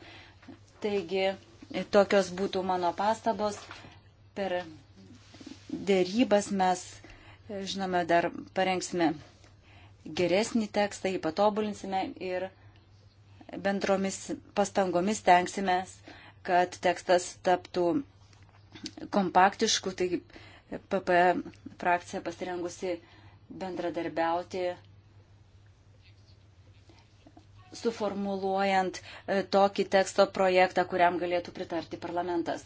Taigi, e, tokios būtų mano pastabos. Per dėrybas mes, e, žinome, dar parengsime geresnį tekstą, jį patobulinsime ir bendromis pastangomis tengsime kad tekstas taptų kompaktišku, taigi PP frakcija pasirengusi bendradarbiauti suformuluojant e, tokį teksto projektą, kuriam galėtų pritarti parlamentas.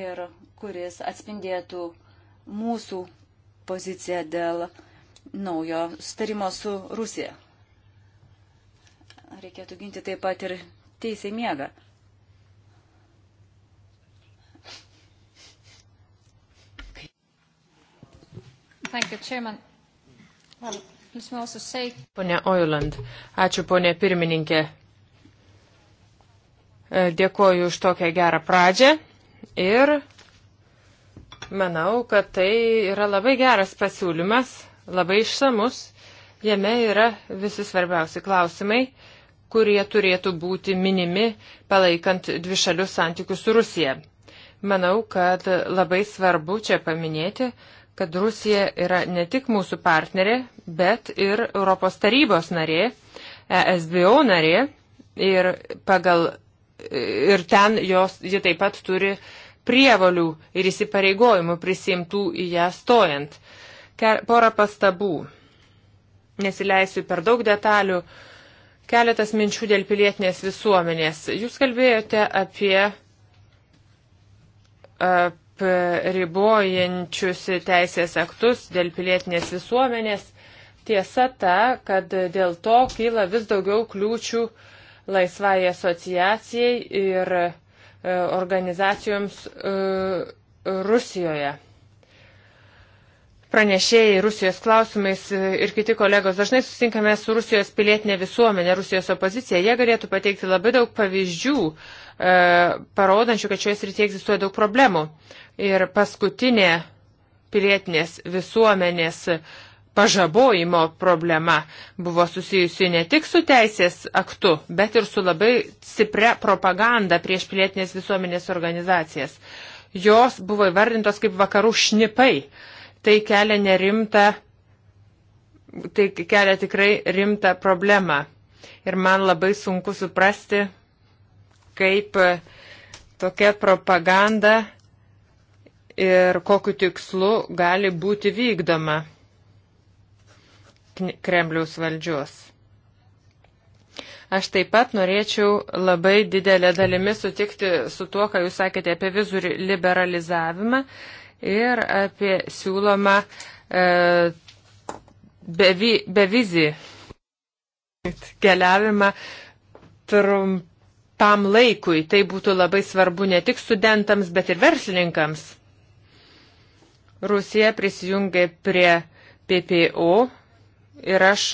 Ir kuris atspindėtų mūsų poziciją dėl uh, naujo starimo su Rusija. Reikėtų ginti taip pat ir teisę miegą. Thank you, Chairman. Well, Pone Oiland, ačiū ponė pirmininkė. E, dėkoju už tokią gerą pradžią ir manau, kad tai yra labai geras pasiūlymas labai išsamus, jame yra visi svarbiausi klausimai, kurie turėtų būti minimi palaikant dvišalius santykius su Rusija. Manau, kad labai svarbu čia paminėti, kad Rusija yra ne tik mūsų partnerė, bet ir Europos tarybos narė, ESBO narė ir, pagal, ir ten jos, ji taip pat turi prievalių ir įsipareigojimų prisimtų į ją stojant. Porą pastabų. Nesileisiu per daug detalių. Keletas minčių dėl pilietinės visuomenės. Jūs kalbėjote apie ribojančius teisės aktus dėl pilietinės visuomenės. Tiesa ta, kad dėl to kyla vis daugiau kliūčių laisvai asociacijai ir e, organizacijoms e, Rusijoje pranešėjai Rusijos klausimais e, ir kiti kolegos. Dažnai susinkame su Rusijos pilietinė visuomenė, Rusijos opozicija. Jie galėtų pateikti labai daug pavyzdžių, e, parodančių, kad šioje srityje egzistuoja daug problemų. Ir paskutinė pilietinės visuomenės pažabojimo problema buvo susijusi ne tik su teisės aktu, bet ir su labai stipria propaganda prieš pilietinės visuomenės organizacijas. Jos buvo įvardintos kaip vakarų šnipai. Uh, tai kelia nerimtą, tai kelia tikrai rimtą problemą. Ir man labai sunku suprasti, kaip tokia propaganda ir kokiu tikslu gali būti vykdoma Kremliaus valdžios. Aš taip pat norėčiau labai didelę dalimi sutikti su tuo, ką jūs sakėte apie vizų liberalizavimą, ir apie siūlomą e, bevi, bevizį keliavimą trumpam laikui. Tai būtų labai svarbu ne tik studentams, bet ir verslininkams. Rusija prisijungė prie PPO ir aš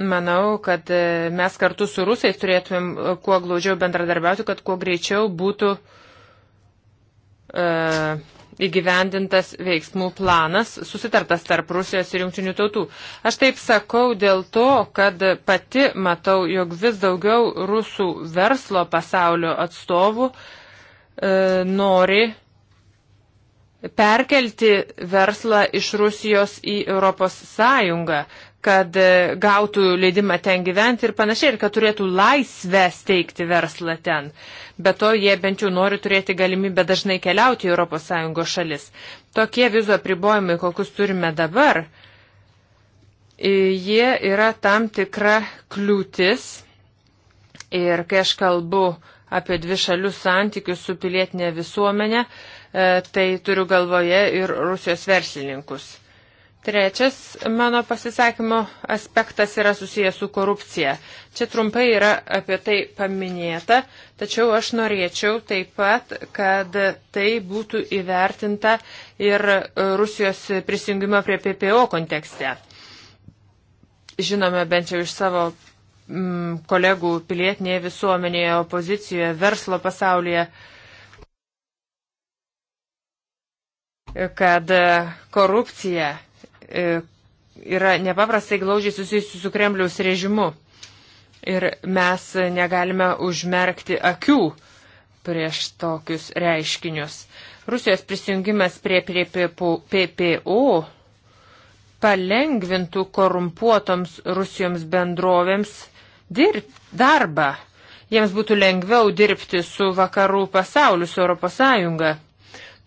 manau, kad e, mes kartu su rusais turėtumėm e, kuo glaudžiau bendradarbiauti, kad kuo greičiau būtų uh, E, įgyvendintas veiksmų planas, susitartas tarp Rusijos ir jungtinių tautų. Aš taip sakau dėl to, kad pati matau, jog vis daugiau rusų verslo pasaulio atstovų e, nori perkelti verslą iš Rusijos į Europos Sąjungą kad e, gautų leidimą ten gyventi ir panašiai, ir kad turėtų laisvę steigti verslą ten. Be to, jie bent jau nori turėti galimybę dažnai keliauti į ES šalis. Tokie vizų apribojimai, kokius turime dabar, e, jie yra tam tikra kliūtis. Ir kai aš kalbu apie dvi šalių santykius su pilietinė visuomenė, e, tai turiu galvoje ir Rusijos verslininkus Trečias mano pasisakymo aspektas yra susijęs su korupcija. Čia trumpai yra apie tai paminėta, tačiau aš norėčiau taip pat, kad tai būtų įvertinta ir Rusijos prisijungimo prie PPO kontekste. Žinome bent jau iš savo mm, kolegų pilietinėje visuomenėje, opozicijoje, verslo pasaulyje, kad korupcija E, yra nepaprastai glaužiai susijusi su Kremliaus režimu. Ir mes negalime užmerkti akių prieš tokius reiškinius. Rusijos prisijungimas prie, prie PPO palengvintų korumpuotoms Rusijoms bendrovėms dirb, darbą. Jiems būtų lengviau dirbti su vakarų pasauliu, su Europos Sąjunga.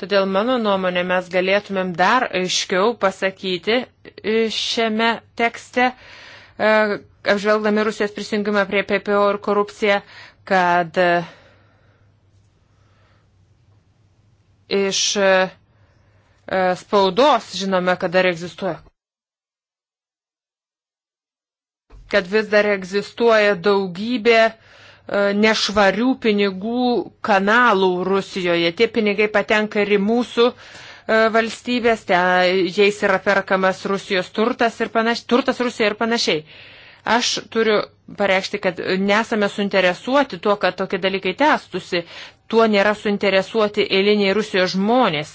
Todėl mano nuomonė mes galėtumėm dar aiškiau pasakyti e, šiame tekste, e, apžvelgdami Rusijos prisijungimą prie PPO ir korupciją, kad e, iš spaudos žinome, kad dar egzistuoja. Kad vis dar egzistuoja daugybė uh, E, nešvarių pinigų kanalų Rusijoje. Tie pinigai patenka ir į mūsų e, valstybės, ten jais yra perkamas Rusijos turtas ir panašiai, turtas Rusija ir panašiai. Aš turiu pareikšti, kad nesame suinteresuoti tuo, kad tokie dalykai tęstusi. Tuo nėra suinteresuoti eiliniai Rusijos žmonės.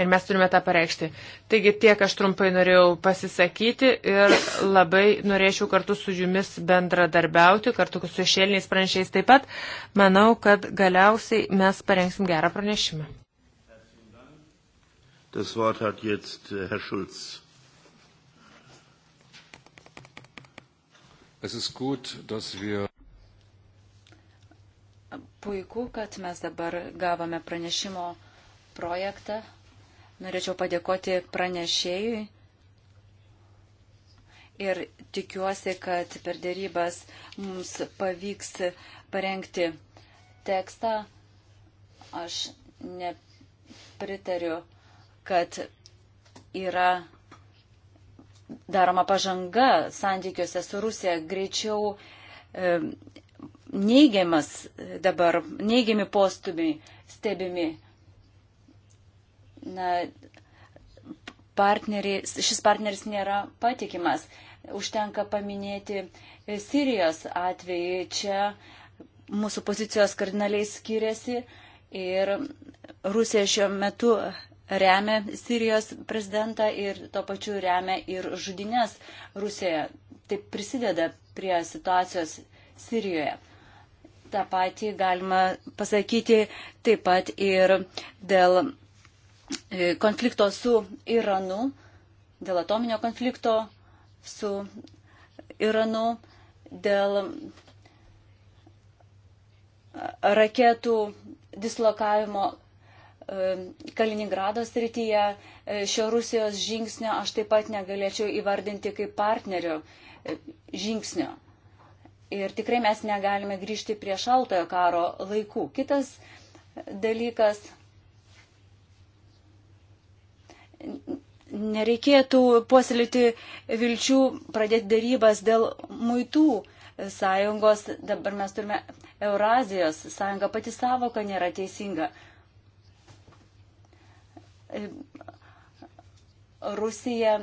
Ir mes turime tą pareikšti. Taigi tiek aš trumpai norėjau pasisakyti ir labai norėčiau kartu su jumis bendradarbiauti, kartu su šėliniais pranešiais taip pat. Manau, kad galiausiai mes parengsim gerą pranešimą. Das Wort hat jetzt äh, Herr Schulz. Es ist gut, dass wir Puiku, kad mes dabar gavome pranešimo projektą Norėčiau padėkoti pranešėjui ir tikiuosi, kad per dėrybas mums pavyks parengti tekstą. Aš nepritariu, kad yra daroma pažanga santykiuose su Rusija greičiau e, neigiamas dabar, neigiami postumiai stebimi na, partneris, šis partneris nėra patikimas. Užtenka paminėti Sirijos atvejį. Čia mūsų pozicijos kardinaliai skiriasi ir Rusija šiuo metu remia Sirijos prezidentą ir tuo pačiu remia ir žudinės Rusijoje. Taip prisideda prie situacijos Sirijoje. Ta pati galima pasakyti taip pat ir dėl E, konflikto su Iranu, dėl atominio konflikto su Iranu, dėl e, raketų dislokavimo e, Kaliningrado srityje. Šio Rusijos žingsnio aš taip pat negalėčiau įvardinti kaip partnerio žingsnio. Ir tikrai mes negalime grįžti prie šaltojo karo laikų. Kitas dalykas nereikėtų puoselėti vilčių pradėti darybas dėl muitų sąjungos. Dabar mes turime Eurazijos sąjungą, pati savoka nėra teisinga. Rusija,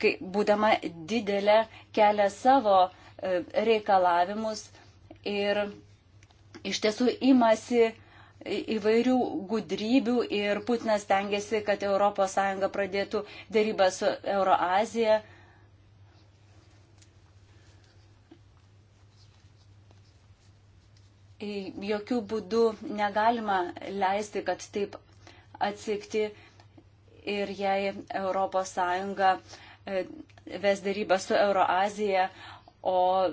kai, būdama didelė, kelia savo e, reikalavimus ir iš tiesų imasi įvairių gudrybių ir Putinas tengiasi, kad ES pradėtų dėrybą su Euroazija. Jokių būdų negalima leisti, kad taip atsikti ir jei ES e, ves dėrybą su Euroazija, o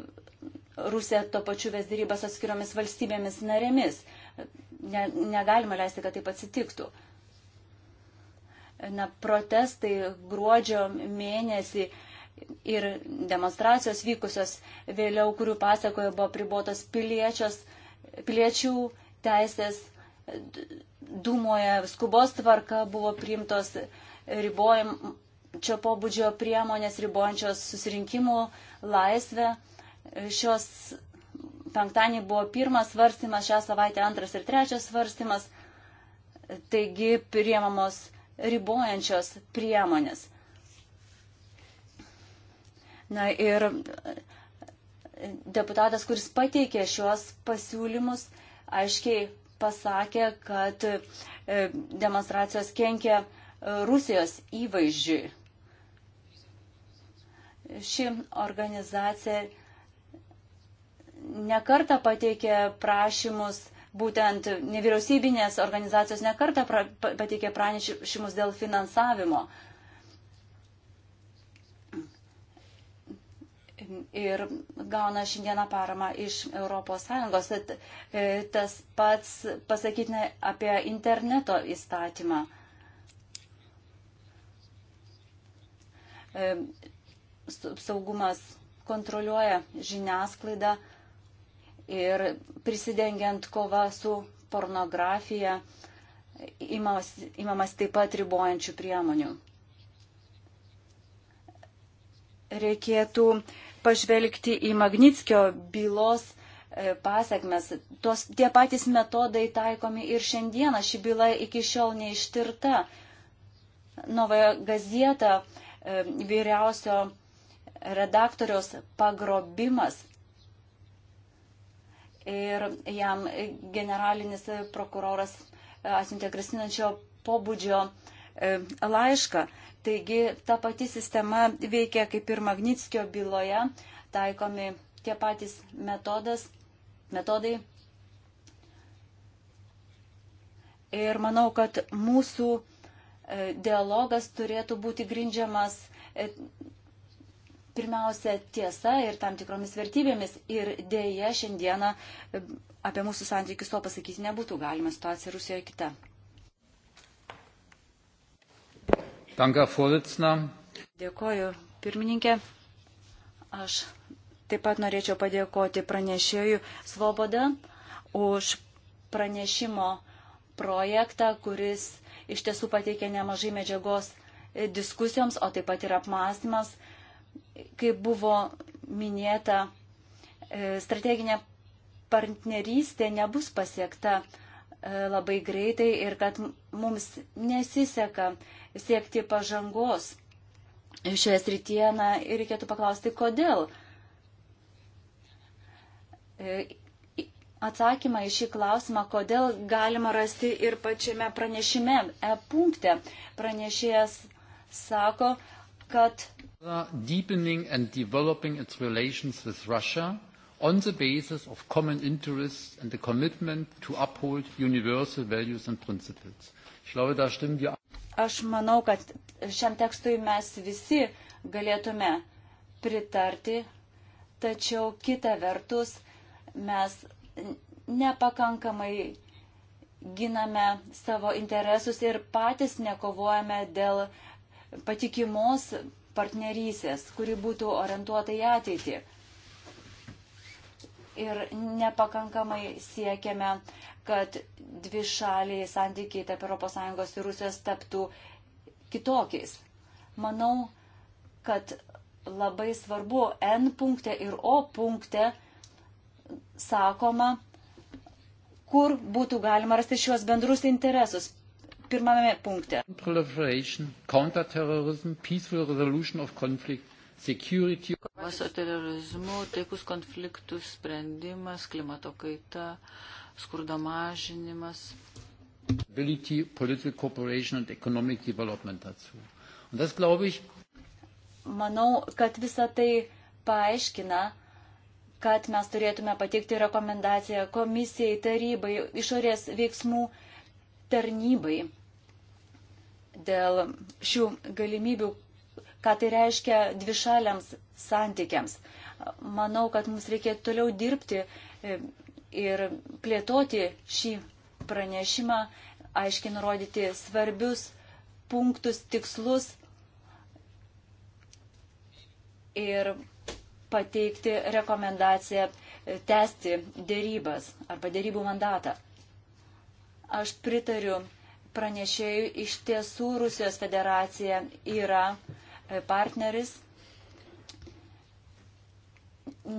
Rusija to pačiu ves dėrybą su atskiromis valstybėmis narėmis ne, negalima leisti, kad taip atsitiktų. Na, protestai gruodžio mėnesį ir demonstracijos vykusios vėliau, kurių pasakoje buvo pribotos piliečios, piliečių teisės, dūmoje skubos tvarka buvo priimtos ribojim, čia pobūdžio priemonės ribojančios susirinkimų laisvę. Šios penktadienį buvo pirmas svarstymas, šią savaitę antras ir trečias svarstymas, taigi priemamos ribojančios priemonės. Na ir deputatas, kuris pateikė šios pasiūlymus, aiškiai pasakė, kad e, demonstracijos kenkia e, Rusijos įvaizdžiui. Ši organizacija nekarta pateikė prašymus, būtent nevyriausybinės organizacijos nekarta pra, pateikė pranešimus dėl finansavimo. Ir gauna šiandieną paramą iš ES. E, tas pats pasakytina apie interneto įstatymą e, saugumas kontroliuoja žiniasklaidą, ir prisidengiant kova su pornografija imamas, imamas taip pat ribojančių priemonių. Reikėtų pažvelgti į Magnitskio bylos e, pasiekmes. Tos, tie patys metodai taikomi ir šiandieną. Ši byla iki šiol neištirta. Novoje gazieta e, vyriausio redaktoriaus pagrobimas ir jam generalinis prokuroras e, atsiuntė grasinančio pobūdžio e, laišką. Taigi ta pati sistema veikia kaip ir Magnitskio byloje, taikomi tie patys metodas, metodai. Ir manau, kad mūsų e, dialogas turėtų būti grindžiamas pirmiausia tiesa ir tam tikromis vertybėmis. Ir dėja šiandieną e, apie mūsų santykius to pasakyti nebūtų galima. Situacija Rusijoje kita. Danka, Dėkoju, pirmininkė. Aš taip pat norėčiau padėkoti pranešėjui Svoboda už pranešimo projektą, kuris iš tiesų pateikė nemažai medžiagos diskusijoms, o taip pat ir apmąstymas, kaip buvo minėta, e, strateginė partnerystė nebus pasiekta e, labai greitai ir kad mums nesiseka siekti pažangos šioje srityje, na ir reikėtų paklausti, kodėl. E, atsakymą į šį klausimą, kodėl galima rasti ir pačiame pranešime, e punkte. Pranešėjas sako, kad deepening and developing its relations with Russia on the basis of common interests and the commitment to uphold universal values and principles. Ich glaube, da stimmen wir. Aš manau, kad šiam tekstui mes visi galėtume pritarti, tačiau kita vertus mes nepakankamai giname savo interesus ir patys nekovojame dėl patikimos partnerysės, kuri būtų orientuota į ateitį. Ir nepakankamai siekiame, kad dvi šaliai santykiai tarp ES ir Rusijos taptų kitokiais. Manau, kad labai svarbu N punkte ir O punkte sakoma, kur būtų galima rasti šiuos bendrus interesus pirmame punkte. Proliferation, counterterrorism, peaceful resolution of conflict, security. Kovas su terorizmu, taikus konfliktų sprendimas, klimato kaita, skurdo mažinimas. Ability, political cooperation and economic development dazu. Und das glaube ich. Manau, kad visa tai paaiškina, kad mes turėtume pateikti rekomendaciją komisijai, tarybai, išorės veiksmų tarnybai dėl šių galimybių, ką tai reiškia dvišaliams santykiams. Manau, kad mums reikėtų toliau dirbti e, ir plėtoti šį pranešimą, aiškiai nurodyti svarbius punktus, tikslus ir pateikti rekomendaciją e, tęsti dėrybas arba dėrybų mandatą. Aš pritariu pranešėjų, iš tiesų Rusijos federacija yra e, partneris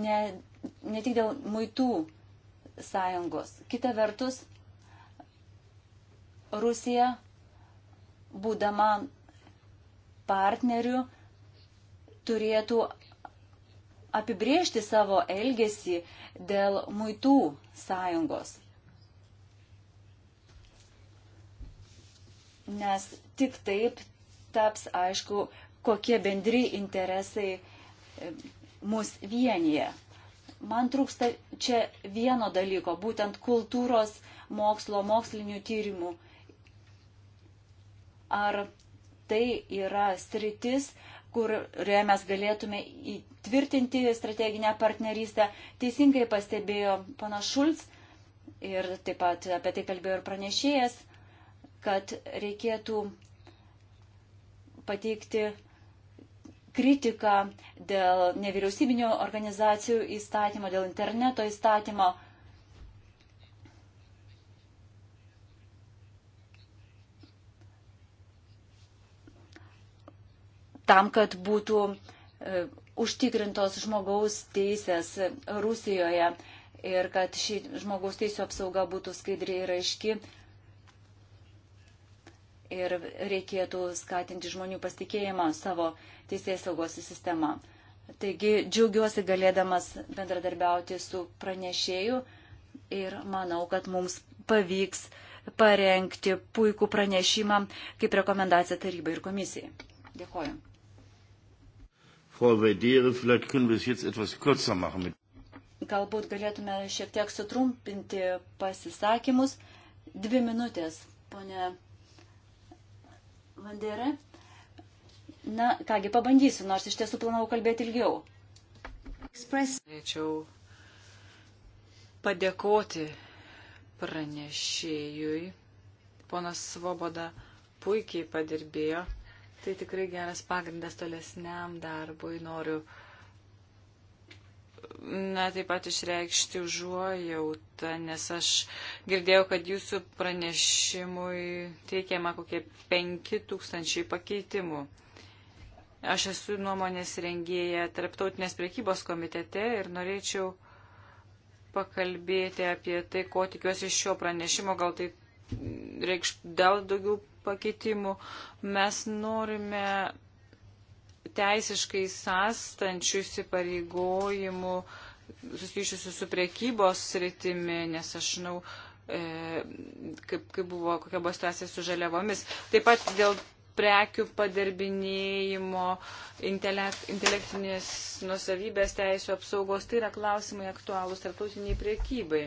ne, ne tik dėl muitų sąjungos. Kita vertus, Rusija, būdama partneriu, turėtų apibriežti savo elgesį dėl muitų sąjungos. nes tik taip taps aišku, kokie bendri interesai e, mus vienyje. Man trūksta čia vieno dalyko, būtent kultūros mokslo, mokslinių tyrimų. Ar tai yra sritis, kurioje mes galėtume įtvirtinti strateginę partnerystę. Teisingai pastebėjo pana Šulc ir taip pat apie tai kalbėjo ir pranešėjas kad reikėtų pateikti kritiką dėl nevyriausybinio organizacijų įstatymo, dėl interneto įstatymo. Tam, kad būtų e, užtikrintos žmogaus teisės Rusijoje ir kad ši žmogaus teisų apsauga būtų skaidri ir aiški ir reikėtų skatinti žmonių pasitikėjimą savo teisės saugos sistemą. Taigi džiaugiuosi galėdamas bendradarbiauti su pranešėju ir manau, kad mums pavyks parengti puikų pranešimą kaip rekomendaciją tarybai ir komisijai. Dėkoju. Galbūt galėtume šiek tiek sutrumpinti pasisakymus. Dvi minutės, ponė Vandere. Na, kągi, pabandysiu, nors iš tiesų planau kalbėti ilgiau. Norėčiau padėkoti pranešėjui. Ponas Svoboda puikiai padirbėjo. Tai tikrai geras pagrindas tolesniam darbui. Noriu uh, na, taip pat išreikšti užuojautą, nes aš girdėjau, kad jūsų pranešimui teikiama kokie 5000 pakeitimų. Aš esu nuomonės rengėja Tarptautinės priekybos komitete ir norėčiau pakalbėti apie tai, ko tikiuosi iš šio pranešimo, gal tai reikš dar daugiau pakeitimų. Mes norime teisiškai sąstančių įsipareigojimų susijusiusių su priekybos sritimi, nes aš žinau, e, kaip, kaip buvo, kokia buvo situacija su žaliavomis. Taip pat dėl prekių padarbinėjimo, intelekt, intelektinės nusavybės teisų apsaugos, tai yra klausimai aktualūs tarptautiniai priekybai.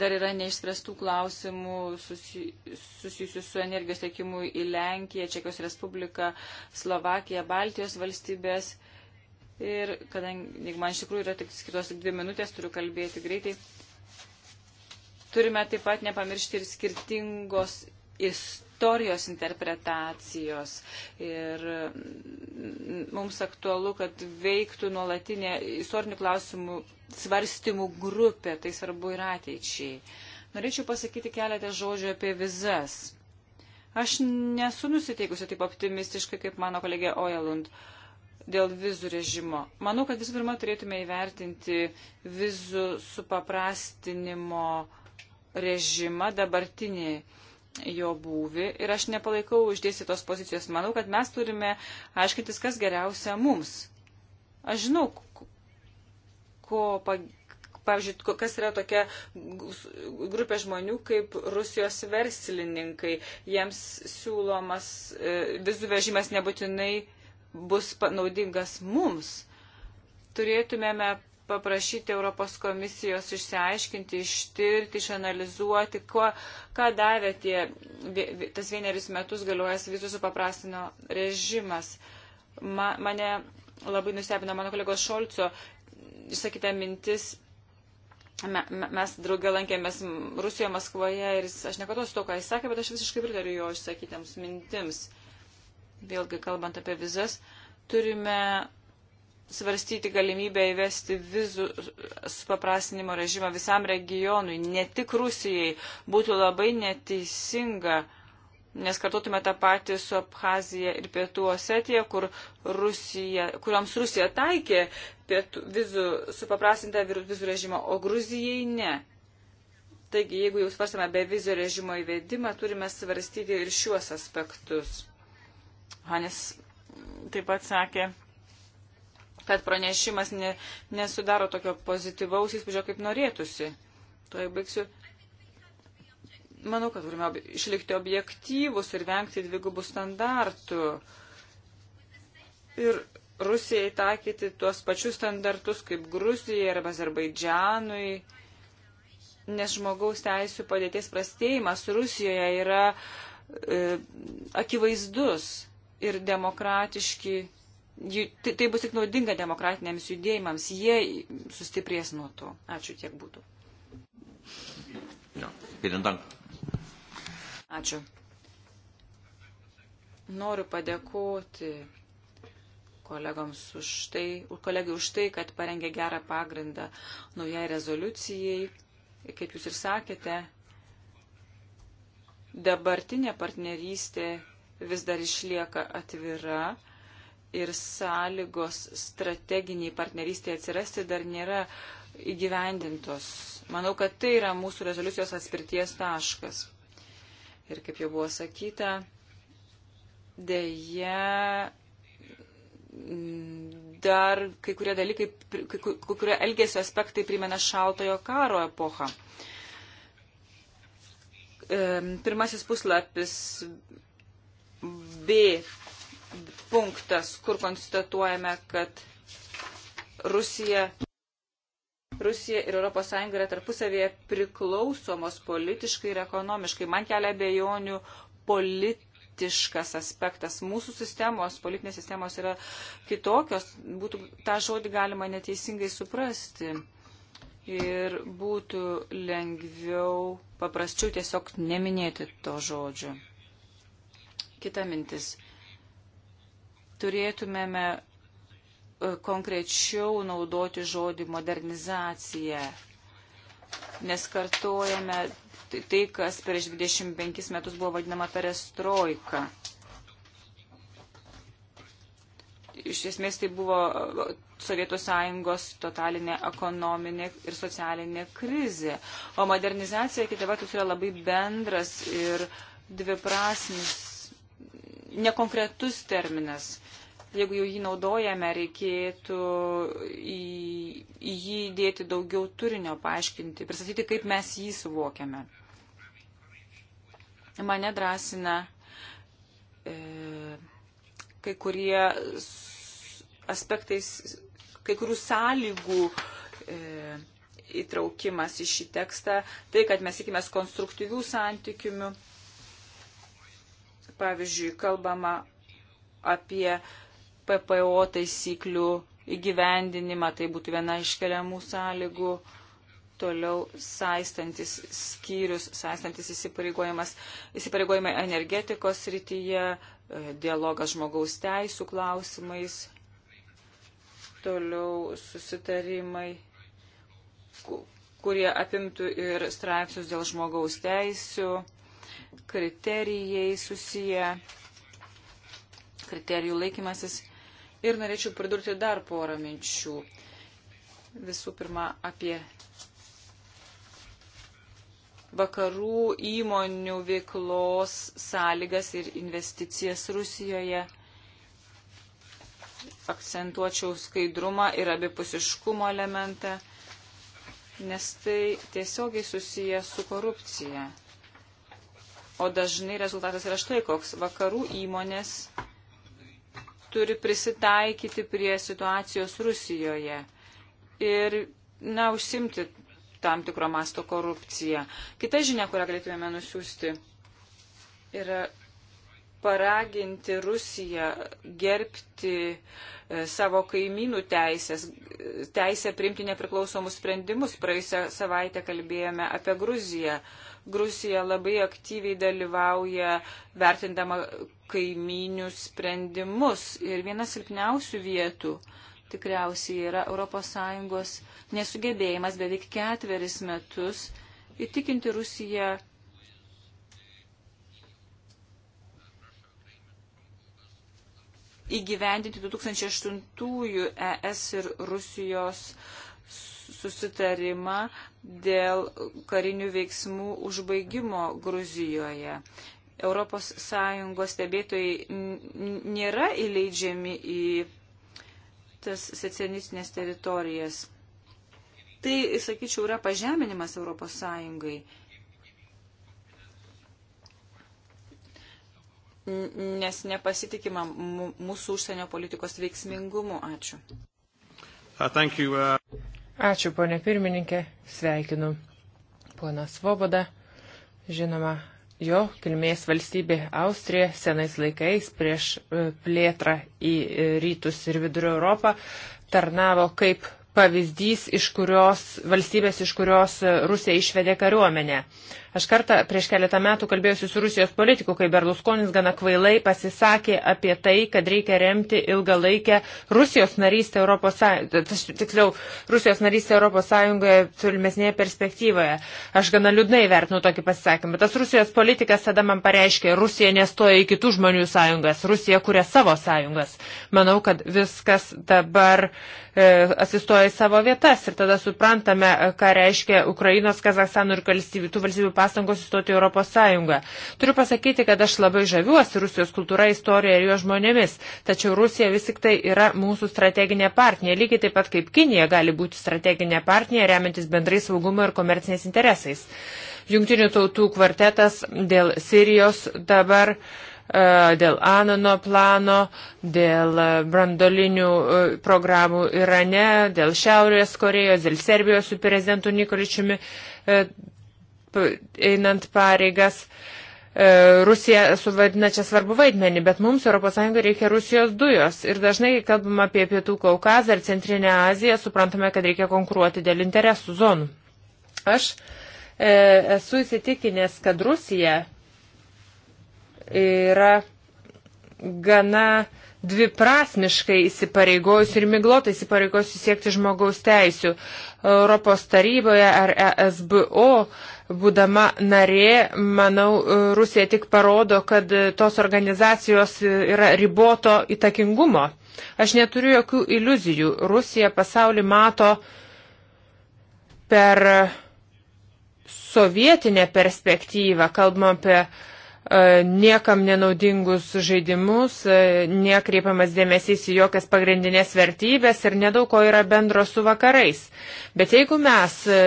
Dar yra neišspręstų klausimų susijusių su energijos tiekimu į Lenkiją, Čekijos Respubliką, Slovakiją, Baltijos valstybės. Ir kadangi man iš tikrųjų yra tik skirtos dvi minutės, turiu kalbėti greitai. Turime taip pat nepamiršti ir skirtingos istorijos istorijos interpretacijos. Ir mm, mums aktualu, kad veiktų nuolatinė istorinių klausimų svarstymų grupė, tai svarbu ir ateičiai. Norėčiau pasakyti keletą žodžių apie vizas. Aš nesu nusiteikusi taip optimistiškai, kaip mano kolegė Ojalund dėl vizų režimo. Manau, kad visų pirma turėtume įvertinti vizų supaprastinimo režimą dabartinį jo būvi ir aš nepalaikau išdėstytos pozicijos. Manau, kad mes turime aiškintis, kas geriausia mums. Aš žinau, ko, pavyzdžiui, kas yra tokia grupė žmonių kaip Rusijos verslininkai. Jiems siūlomas e, vizų vežimas nebūtinai bus naudingas mums. Turėtumėme paprašyti Europos komisijos išsiaiškinti, ištirti, išanalizuoti, ko, ką davė tie, tas vienerius metus galiojęs vizų supaprastino režimas. Ma, mane labai nustebino mano kolegos Šolco išsakyta mintis. Me, me, mes draugė lankėmės Rusijoje, Maskvoje ir aš nekatosiu to, ką jis sakė, bet aš visiškai pritariu jo išsakytiems mintims. Vėlgi, kalbant apie vizas, turime svarstyti galimybę įvesti vizų supaprastinimo režimą visam regionui, ne tik Rusijai, būtų labai neteisinga, nes kartuotume tą patį su Abhazija ir Pietų Osetija, kur Rusija, kuriams Rusija taikė pietų, vizų, supaprastintą vizų režimą, o Gruzijai ne. Taigi, jeigu jau svarstame be vizų režimo įvedimą, turime svarstyti ir šiuos aspektus. Hanis taip pat sakė, kad pranešimas ne, nesudaro tokio pozityvaus įspūdžio, kaip norėtųsi. Tuo baigsiu. Manau, kad turime ob išlikti objektyvus ir vengti dvigubų standartų. Ir Rusijai taikyti tuos pačius standartus kaip Gruzijai arba Azerbaidžianui, nes žmogaus teisų padėties prastėjimas Rusijoje yra e, akivaizdus ir demokratiški Tai, tai bus tik naudinga demokratiniams judėjimams, jie sustiprės nuo to. Ačiū tiek būtų. Ačiū. Noriu padėkoti kolegams už tai, kolegai už tai, kad parengė gerą pagrindą naujai rezoliucijai. Kaip jūs ir sakėte, dabartinė partnerystė vis dar išlieka atvira ir sąlygos strateginiai partnerystėje atsirasti dar nėra įgyvendintos. Manau, kad tai yra mūsų rezoliucijos atspirties taškas. Ir kaip jau buvo sakyta, dėje mm, dar kai kurie dalykai, kai kurie elgesio aspektai primena šaltojo karo epochą. Pirmasis puslapis B punktas, kur konstatuojame, kad Rusija, Rusija ir ES yra tarpusavėje priklausomos politiškai ir ekonomiškai. Man kelia bejonių politiškas aspektas. Mūsų sistemos, politinės sistemos yra kitokios. Būtų, tą žodį galima neteisingai suprasti. Ir būtų lengviau, paprasčiau tiesiog neminėti to žodžio. Kita mintis turėtumėme e, konkrečiau naudoti žodį modernizacija, nes kartojame tai, kas prieš 25 metus buvo vadinama perestroika. Iš esmės tai buvo e, Sovietų sąjungos totalinė ekonominė ir socialinė krizė. O modernizacija, kita vertus, yra labai bendras ir dviprasmis nekonkretus terminas. Jeigu jau jį naudojame, reikėtų į, į jį dėti daugiau turinio, paaiškinti, pristatyti, kaip mes jį suvokiame. Mane drąsina e, kai kurie aspektais, kai kurių sąlygų. E, įtraukimas į šį tekstą, tai, kad mes tikimės konstruktyvių santykių, Pavyzdžiui, kalbama apie PPO taisyklių įgyvendinimą, tai būtų viena iš keliamų sąlygų, toliau saistantis skyrius, saistantis įsipareigojimas, įsipareigojimai energetikos rytyje, e, dialogas žmogaus teisų klausimais, toliau susitarimai, kurie apimtų ir straipsnius dėl žmogaus teisų kriterijai susiję, kriterijų laikymasis. Ir norėčiau pridurti dar porą minčių. Visų pirma, apie vakarų įmonių veiklos sąlygas ir investicijas Rusijoje. Akcentuočiau skaidrumą ir abipusiškumo elementą, nes tai tiesiogiai susiję su korupcija. O dažnai rezultatas yra štai koks. Vakarų įmonės turi prisitaikyti prie situacijos Rusijoje ir, na, užsimti tam tikro masto korupciją. Kita žinia, kurią galėtume nusiųsti, yra paraginti Rusiją gerbti e, savo kaimynų teisės, teisę priimti nepriklausomus sprendimus. Praėjusią savaitę kalbėjome apie Gruziją. Grusija labai aktyviai dalyvauja vertindama kaiminių sprendimus ir vienas silpniausių vietų tikriausiai yra ES nesugebėjimas beveik ketveris metus įtikinti Rusiją įgyvendinti 2008 ES ir Rusijos uh, susitarimą dėl karinių veiksmų užbaigimo Gruzijoje. ES stebėtojai nėra įleidžiami į tas secenistinės teritorijas. Tai, sakyčiau, yra pažeminimas ES. nes nepasitikima mūsų užsienio politikos veiksmingumu. Ačiū. Uh, Ačiū, ponė pirmininkė, sveikinu. Pona Svoboda, žinoma, jo kilmės valstybė Austrija senais laikais prieš e, plėtrą į e, rytus ir vidurio Europą tarnavo kaip pavyzdys iš kurios, valstybės, iš kurios e, Rusija išvedė kariuomenę. Aš kartą prieš keletą metų kalbėjusiu su Rusijos politiku, kai Berluskonis gana kvailai pasisakė apie tai, kad reikia remti ilgalaikę Rusijos narystę Europos Sąjungoje, tiksliau, Rusijos narystę Europos Sąjungoje tolimesnėje perspektyvoje. Aš gana liūdnai vertinu tokį pasisakymą. Tas Rusijos politikas tada man pareiškė, Rusija nestoja į kitų žmonių sąjungas, Rusija kuria savo sąjungas. Manau, kad viskas dabar e, asistoja į savo vietas ir tada suprantame, ką reiškia Ukrainos, Kazakstano ir tų valstybių pastangos įstoti Europos Sąjungą. Turiu pasakyti, kad aš labai žaviuosi Rusijos kultūra, istorija ir jo žmonėmis, tačiau Rusija vis tik tai yra mūsų strateginė partnerė, lygiai taip pat kaip Kinija gali būti strateginė partnerė, remiantis bendrais saugumo ir komerciniais interesais. Junktinių tautų kvartetas dėl Sirijos dabar e, dėl Anono plano, dėl e, brandolinių e, programų Irane, dėl Šiaurės Korejos, dėl Serbijos su prezidentu Nikoličiumi einant pareigas. E, Rusija suvadina čia svarbu vaidmenį, bet mums ES reikia Rusijos dujos. Ir dažnai, kai kalbam apie Pietų Kaukazą ir Centrinę Aziją, suprantame, kad reikia konkuruoti dėl interesų zonų. Aš e, esu įsitikinęs, kad Rusija yra gana dviprasmiškai įsipareigojus ir miglotai įsipareigojus įsiekti žmogaus teisių. Europos taryboje ar ESBO būdama narė, manau, Rusija tik parodo, kad tos organizacijos yra riboto įtakingumo. Aš neturiu jokių iliuzijų. Rusija pasaulį mato per sovietinę perspektyvą, kalbam apie e, niekam nenaudingus žaidimus, e, nekreipiamas dėmesys į jokias pagrindinės vertybės ir nedaug ko yra bendro su vakarais. Bet jeigu mes e,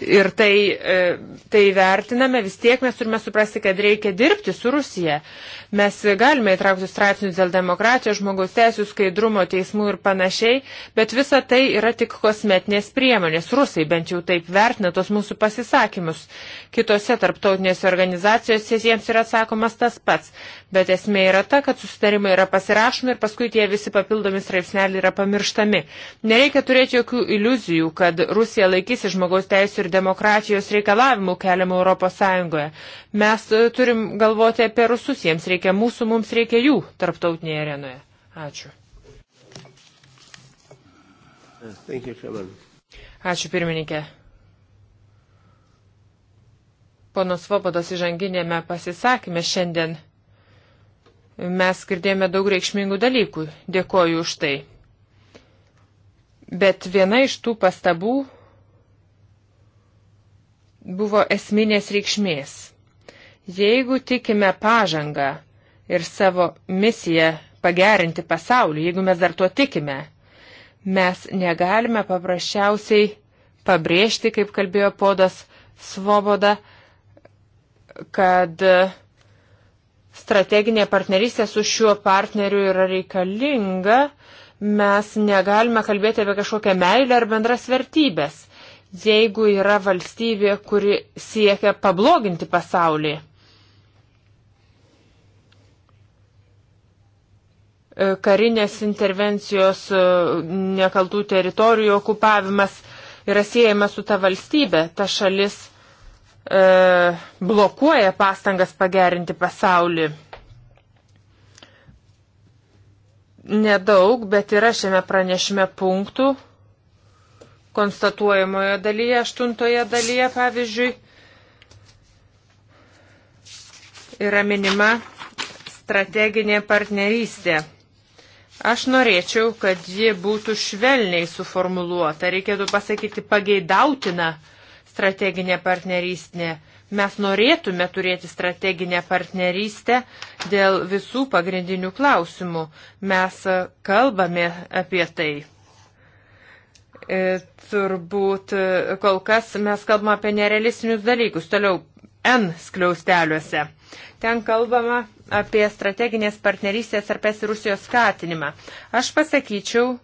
ir tai, e, tai vertiname, vis tiek mes turime suprasti, kad reikia dirbti su Rusija. Mes galime įtraukti straipsnius dėl demokratijos, žmogaus teisų, skaidrumo, teismų ir panašiai, bet visa tai yra tik kosmetinės priemonės. Rusai bent jau taip vertina tos mūsų pasisakymus. Kitose tarptautinėse organizacijose jiems yra sakomas tas pats. Bet esmė yra ta, kad susitarimai yra pasirašomi ir paskui tie visi papildomi straipsneliai yra pamirštami. Nereikia turėti jokių iliuzijų, kad Rusija laikysi žmogaus teisų ir demokratijos reikalavimų keliamų Europos Sąjungoje. Mes e, turim galvoti apie rusus, jiems reikia reikia mūsų, mums reikia jų tarptautinėje arenoje. Ačiū. Ačiū pirmininkė. Pono Svobodos įžanginėme pasisakymė šiandien mes girdėjome daug reikšmingų dalykų. Dėkoju už tai. Bet viena iš tų pastabų buvo esminės reikšmės. Jeigu tikime pažangą, ir savo misiją pagerinti pasaulį, jeigu mes dar tuo tikime, mes negalime paprasčiausiai pabrėžti, kaip kalbėjo podas Svoboda, kad strateginė partnerystė su šiuo partneriu yra reikalinga, mes negalime kalbėti apie kažkokią meilę ar bendras vertybės, jeigu yra valstybė, kuri siekia pabloginti pasaulį E, karinės intervencijos, e, nekaltų teritorijų okupavimas yra siejama su ta valstybė. Ta šalis e, blokuoja pastangas pagerinti pasaulį. Nedaug, bet yra šiame pranešime punktų. Konstatuojamojo dalyje, aštuntoje dalyje, pavyzdžiui, yra minima strateginė partnerystė. Aš norėčiau, kad ji būtų švelniai suformuluota. Reikėtų pasakyti pageidautina strateginė partnerystė. Mes norėtume turėti strateginę partnerystę dėl visų pagrindinių klausimų. Mes e, kalbame apie tai. E, turbūt e, kol kas mes kalbame apie nerealistinius dalykus. Toliau N skliausteliuose. Ten kalbama apie strateginės partnerystės ar pes ir Rusijos skatinimą. Aš pasakyčiau,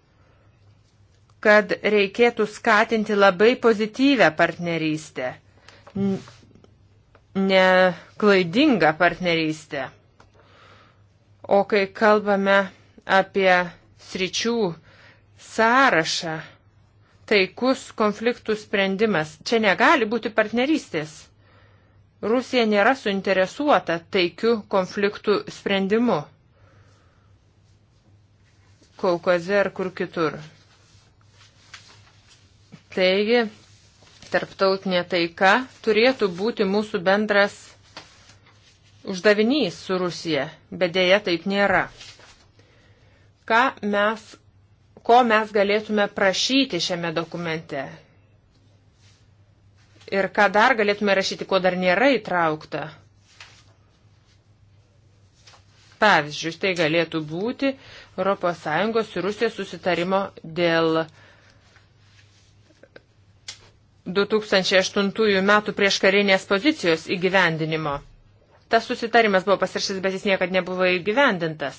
kad reikėtų skatinti labai pozityvę partnerystę, neklaidingą partnerystę. O kai kalbame apie sričių sąrašą, taikus konfliktų sprendimas, čia negali būti partnerystės. Rusija nėra suinteresuota taikių konfliktų sprendimu Kaukaze ar kur kitur. Taigi, tarptautinė taika turėtų būti mūsų bendras uždavinys su Rusija, bet dėja taip nėra. Ką mes, ko mes galėtume prašyti šiame dokumente? Ir ką dar galėtume rašyti, ko dar nėra įtraukta. Pavyzdžiui, tai galėtų būti ES ir Rusijos susitarimo dėl 2008 metų prieškarinės pozicijos įgyvendinimo. Tas susitarimas buvo pasirašytas, bet jis niekad nebuvo įgyvendintas.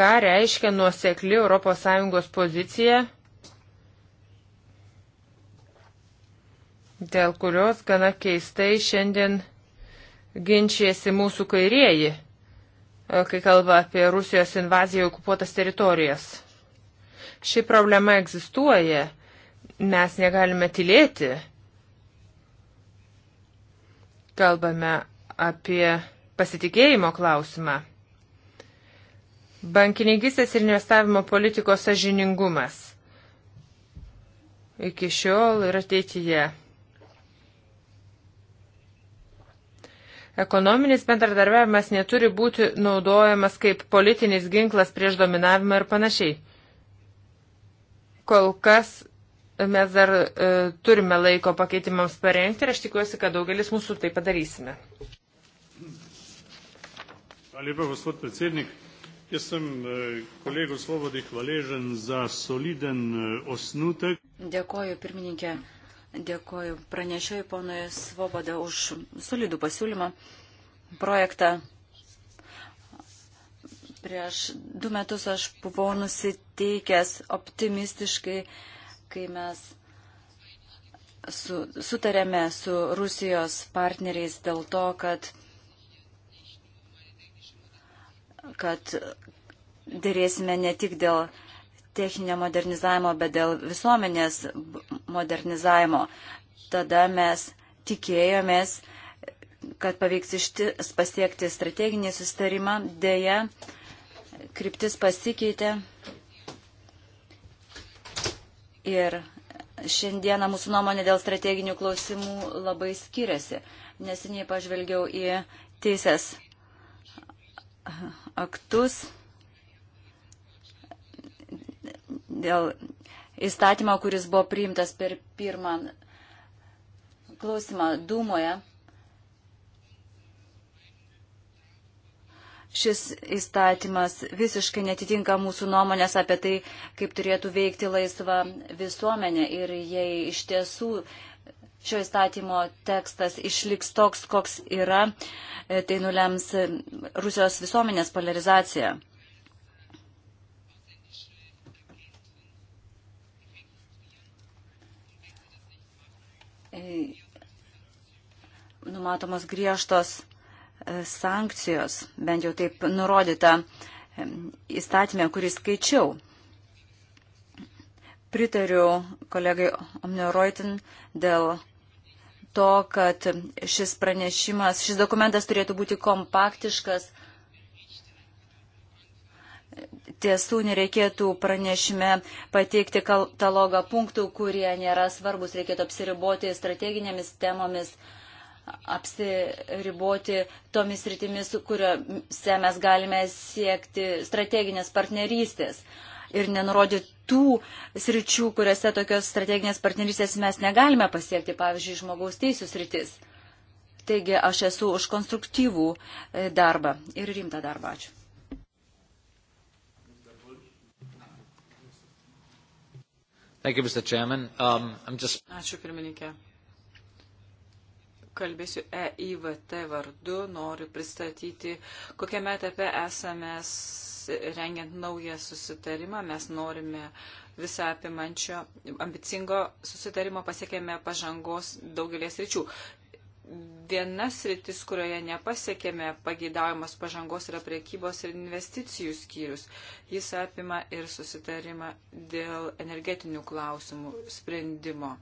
Ką reiškia nuosekli ES pozicija dėl kurios gana keistai šiandien ginčiasi mūsų kairieji, e, kai kalba apie Rusijos invaziją į okupuotas teritorijas. Ši problema egzistuoja, mes negalime tylėti. Kalbame apie pasitikėjimo klausimą. Bankininkistės ir investavimo politikos sažiningumas. Iki šiol ir ateityje Ekonominis bendradarbiavimas neturi būti naudojamas kaip politinis ginklas prieš dominavimą ir panašiai. Kol kas mes dar e, turime laiko pakeitimams parengti ir aš tikiuosi, kad daugelis mūsų tai padarysime. Lepa, gospod predsednik. Jaz sem e, kolegu Svobodi hvaležen za soliden e, osnutek. Dėkoju, pirmininkė. Dėkoju pranešėjai ponui Svoboda už solidų pasiūlymą projektą. Prieš du metus aš buvau nusiteikęs optimistiškai, kai mes su, sutarėme su Rusijos partneriais dėl to, kad, kad dėrėsime ne tik dėl techninio modernizavimo, bet dėl visuomenės modernizavimo. Tada mes tikėjomės, kad pavyks išti, pasiekti strateginį sustarimą. Deja, kryptis pasikeitė. Ir šiandieną mūsų nuomonė dėl strateginių klausimų labai skiriasi. Neseniai pažvelgiau į teisės aktus dėl įstatymą, kuris buvo priimtas per pirmą klausimą Dūmoje. šis įstatymas visiškai netitinka mūsų nuomonės apie tai, kaip turėtų veikti laisva visuomenė. Ir jei iš tiesų šio įstatymo tekstas išliks toks, koks yra, e, tai nulems Rusijos visuomenės polarizacija. numatomos griežtos e, sankcijos, bent jau taip nurodyta e, įstatymė, kurį skaičiau. Pritariu kolegai Omnioroitin dėl to, kad šis pranešimas, šis dokumentas turėtų būti kompaktiškas tiesų nereikėtų pranešime pateikti katalogą punktų, kurie nėra svarbus, reikėtų apsiriboti strateginėmis temomis apsiriboti tomis rytimis, kuriuose mes galime siekti strateginės partnerystės ir nenurodyti tų sričių, kuriuose tokios strateginės partnerystės mes negalime pasiekti, pavyzdžiui, žmogaus teisų sritis. Taigi aš esu už konstruktyvų e, darbą ir rimtą darbą. Ačiū. Thank you, Mr. Chairman. Um, I'm just... Ačiū, pirmininkė. Kalbėsiu EIVT vardu, noriu pristatyti, kokiame etape esame rengiant naują susitarimą. Mes norime visą apimančio ambicingo susitarimo pasiekėme pažangos daugelės ryčių vienas rytis, kurioje nepasiekėme pageidaujamos pažangos, yra priekybos ir investicijų skyrius. Jis apima ir susitarimą dėl energetinių klausimų sprendimo.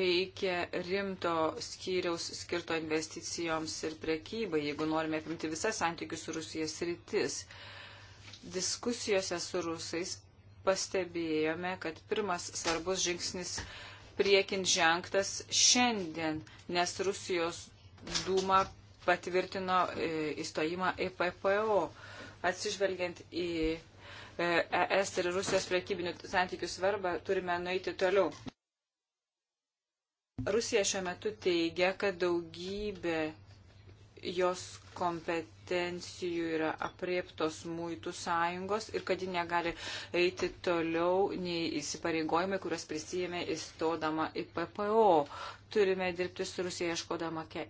Reikia rimto skyriaus skirto investicijoms ir priekybai, jeigu norime apimti visas santykius su Rusijas rytis. Diskusijose su rusais pastebėjome, kad pirmas svarbus žingsnis uh, priekin žengtas šiandien, nes Rusijos Dūma patvirtino e, įstojimą į PPO. Atsižvelgiant į ES e ir Rusijos priekybinių santykių svarbą, turime nueiti toliau. Rusija šiuo metu teigia, kad daugybė jos kompetencijų yra apriektos muitų sąjungos ir kad ji negali eiti toliau nei įsipareigojimai, kuriuos prisijėmė įstodama į PPO turime dirbti su Rusija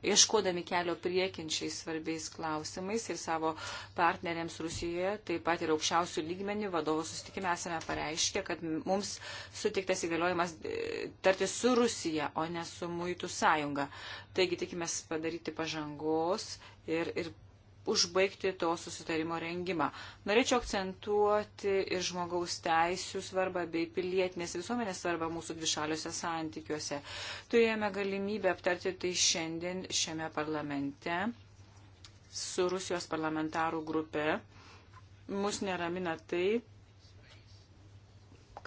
ieškodami kelio priekinčiais svarbiais klausimais ir savo partneriams Rusijoje, taip pat ir aukščiausių lygmenių vadovo susitikime esame pareiškę, kad mums sutiktas įgaliojimas e, tarti su Rusija, o ne su Muitų sąjunga. Taigi tikimės padaryti pažangos ir, ir užbaigti to susitarimo rengimą. Norėčiau akcentuoti ir žmogaus teisų svarbą bei pilietinės visuomenės svarbą mūsų dvišaliuose santykiuose. Turėjome galimybę aptarti tai šiandien šiame parlamente su Rusijos parlamentarų grupe. Mus neramina tai,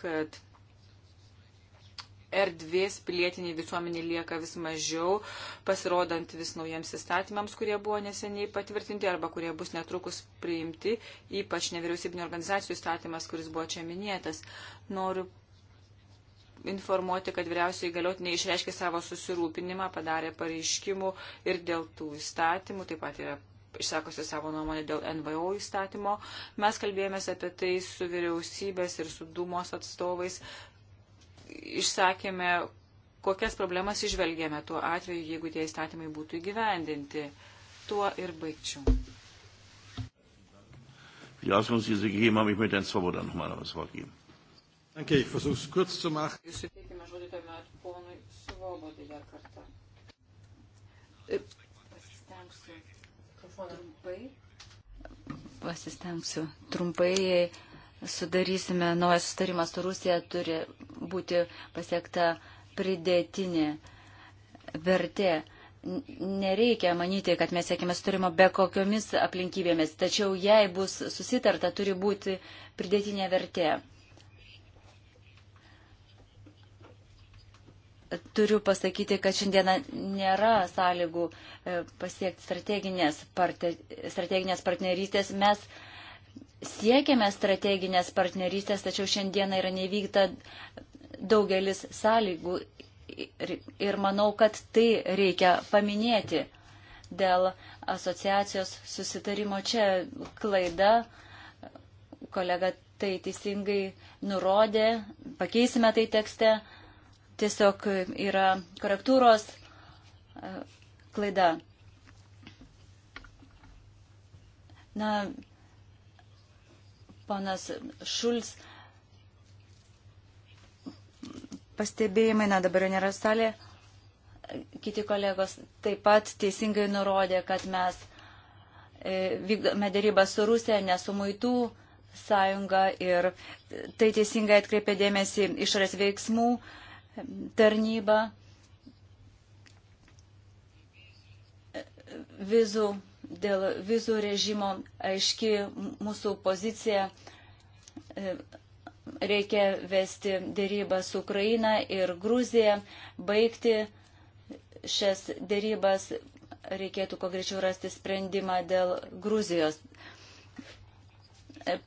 kad erdvės pilietiniai visuomeniai lieka vis mažiau, pasirodant vis naujiems įstatymams, kurie buvo neseniai patvirtinti arba kurie bus netrukus priimti, ypač nevyriausybinio organizacijų įstatymas, kuris buvo čia minėtas. Noriu informuoti, kad vyriausiai galiotinė išreiškė savo susirūpinimą, padarė pareiškimų ir dėl tų įstatymų, taip pat yra išsakosi savo nuomonę dėl NVO įstatymo. Mes kalbėjomės apie tai su vyriausybės ir su Dumos atstovais, išsakėme, kokias problemas išvelgėme tuo atveju, jeigu tie įstatymai būtų įgyvendinti. Tuo ir baigčiau. Danke, ich versuche es kurz zu machen. Jūs suteikime žodį tuomet ponui Svobodai dar kartą. Pasistengsiu trumpai. Pasistengsiu trumpai sudarysime naują sustarimą su Rusija, turi būti pasiekta pridėtinė vertė. Nereikia manyti, kad mes siekime sutarimo be kokiomis aplinkybėmis, tačiau jei bus susitarta, turi būti pridėtinė vertė. Turiu pasakyti, kad šiandieną nėra sąlygų e, pasiekti strateginės, parte, strateginės partnerystės. Mes uh, siekiame strateginės partnerystės, tačiau šiandieną yra nevykta daugelis sąlygų ir, ir manau, kad tai reikia paminėti dėl asociacijos susitarimo. Čia klaida, kolega tai teisingai nurodė, pakeisime tai tekste, tiesiog yra korektūros e, klaida. Na, Ponas Šuls pastebėjimai, na dabar jau nėra salė, kiti kolegos taip pat teisingai nurodė, kad mes e, vykdome dėrybą su Rusija, ne su muitų sąjunga ir tai teisingai atkreipė dėmesį išorės veiksmų tarnyba. Vizų dėl vizų režimo aiški mūsų pozicija. E, Reikia vesti dėrybą su Ukraina ir Gruzija, baigti šias dėrybas, reikėtų kuo greičiau rasti sprendimą dėl Gruzijos.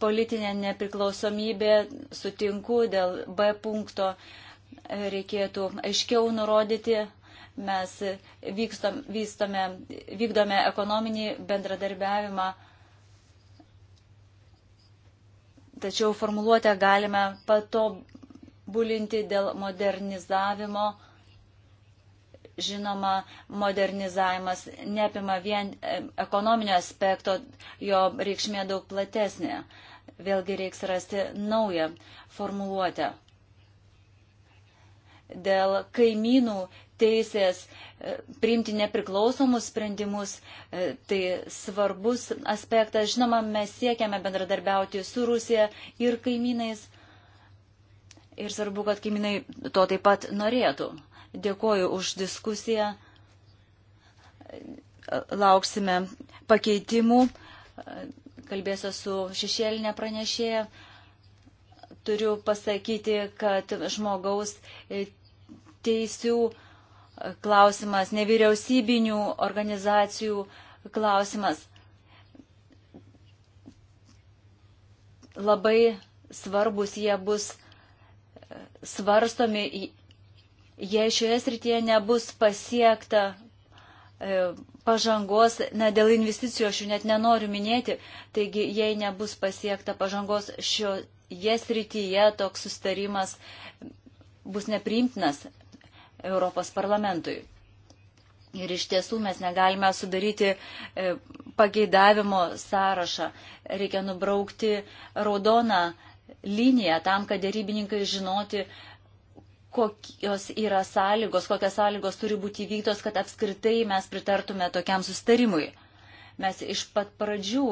Politinė nepriklausomybė, sutinku, dėl B punkto reikėtų aiškiau nurodyti Mes vykstom, vystome, vykdome ekonominį bendradarbiavimą, tačiau formuluotę galime patobulinti dėl modernizavimo žinoma, modernizavimas neapima vien e, ekonominio aspekto, jo reikšmė daug platesnė. Vėlgi reiks rasti naują formuluotę. Dėl kaimynų teisės e, priimti nepriklausomus sprendimus, e, tai svarbus aspektas. Žinoma, mes siekiame bendradarbiauti su Rusija ir kaimynais. Ir svarbu, kad kaimynai to taip pat norėtų. Dėkoju už diskusiją. Lauksime pakeitimų. Kalbėsiu su šešėlinė pranešėja. Turiu pasakyti, kad žmogaus teisių klausimas, nevyriausybinių organizacijų klausimas. Labai svarbus jie bus svarstomi, jei šioje srityje nebus pasiekta e, pažangos, ne dėl investicijų aš jų net nenoriu minėti, taigi jei nebus pasiekta pažangos šioje srityje, toks sustarimas bus nepriimtinas Europos parlamentui. Ir iš tiesų mes negalime sudaryti e, pageidavimo sąrašą. Reikia nubraukti raudoną liniją tam, kad dėrybininkai žinoti, kokios yra sąlygos, kokios sąlygos turi būti įvyktos, kad apskritai mes pritartume tokiam sustarimui. Mes iš pat pradžių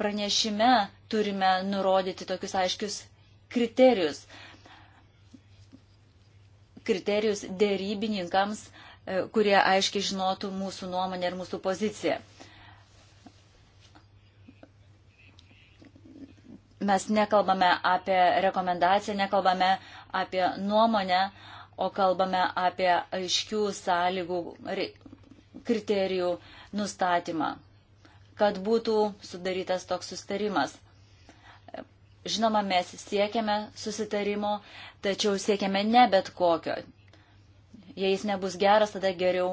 pranešime turime nurodyti tokius aiškius kriterijus kriterijus dėrybininkams, e, kurie aiškiai žinotų mūsų nuomonę ir mūsų poziciją. Mes nekalbame apie rekomendaciją, nekalbame apie nuomonę, o kalbame apie aiškių sąlygų kriterijų nustatymą, kad būtų sudarytas toks sustarimas. Žinoma, mes siekiame susitarimo, tačiau siekiame ne bet kokio. Jei jis nebus geras, tada geriau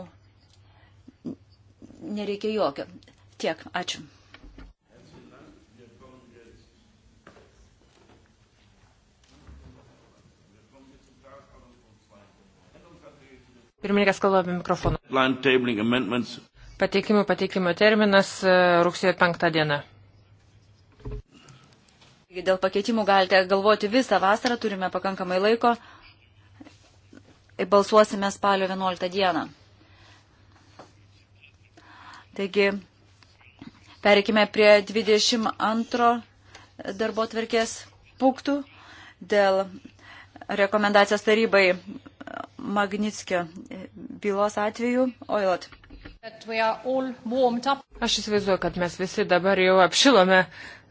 nereikia jokio. Tiek, ačiū. Pirmininkas kalba apie mikrofoną. Pateikimų pateikimo terminas e, rugsėjo 5 diena. Dėl pakeitimų galite galvoti visą vasarą, turime pakankamai laiko. Balsuosime spalio 11 dieną. Taigi, pereikime prie 22 darbo tvarkės punktų dėl rekomendacijos tarybai Magnitskio bylos atveju. Oilat. Aš įsivaizduoju, kad mes visi dabar jau apšilome